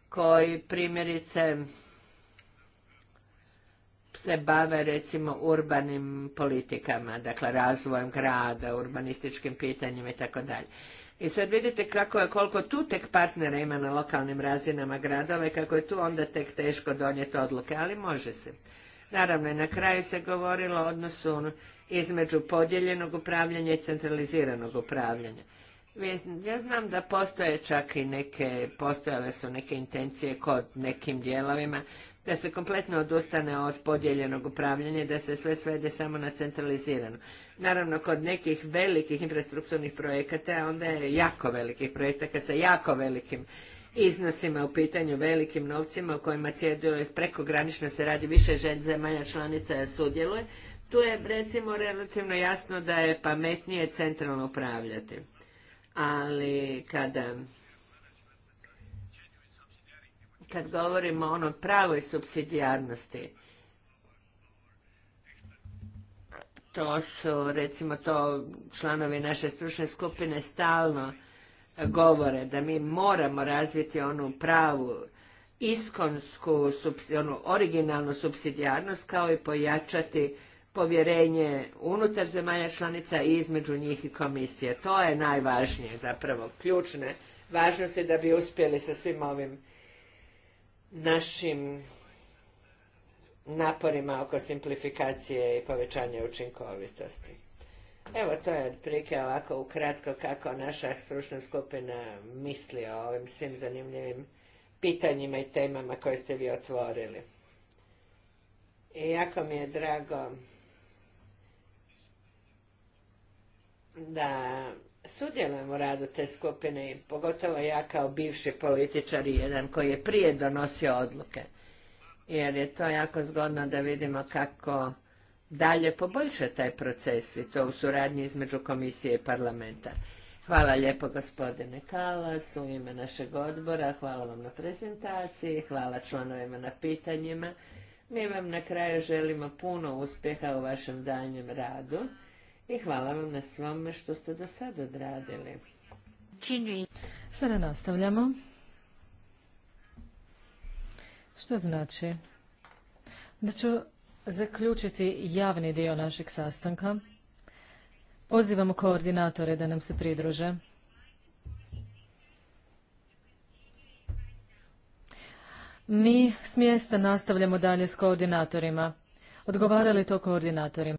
koji primjerice se bave recimo urbanim politikama, dakle razvojem grada, urbanističkim pitanjima i tako dalje. I sad vidite kako je, koliko tu tek partnera ima na lokalnim razinama gradova i kako je tu onda tek teško donijeti odluke, ali može se. Naravno na kraju se govorilo o odnosu između podijeljenog upravljanja i centraliziranog upravljanja. Ja znam da postoje čak i neke, postojale su neke intencije kod nekim dijelovima da se kompletno odustane od podijeljenog upravljanja, da se sve svede samo na centralizirano. Naravno, kod nekih velikih infrastrukturnih projekata, onda je jako velikih projekata sa jako velikim iznosima u pitanju, velikim novcima u kojima cijeduje prekogranično se radi više zemalja članica sudjeluje, tu je recimo relativno jasno da je pametnije centralno upravljati. Ali kada kad govorimo o onoj pravoj subsidijarnosti, to su recimo to članovi naše stručne skupine stalno govore da mi moramo razviti onu pravu iskonsku, onu originalnu subsidijarnost kao i pojačati povjerenje unutar zemalja članica i između njih i komisije. To je najvažnije zapravo ključne važnosti da bi uspjeli sa svim ovim našim naporima oko simplifikacije i povećanja učinkovitosti. Evo, to je otprilike ovako ukratko kako naša stručna skupina misli o ovim svim zanimljivim pitanjima i temama koje ste vi otvorili. I jako mi je drago da sudjelujem u radu te skupine, pogotovo ja kao bivši političar i jedan koji je prije donosio odluke. Jer je to jako zgodno da vidimo kako dalje poboljša taj proces i to u suradnji između komisije i parlamenta. Hvala lijepo gospodine Kalas u ime našeg odbora, hvala vam na prezentaciji, hvala članovima na pitanjima. Mi vam na kraju želimo puno uspjeha u vašem daljnjem radu i hvala vam na svome što ste do sada odradili. Sada nastavljamo. Što znači da ću zaključiti javni dio našeg sastanka. Pozivamo koordinatore da nam se pridruže. Mi s mjesta nastavljamo dalje s koordinatorima. Odgovarali to koordinatorima?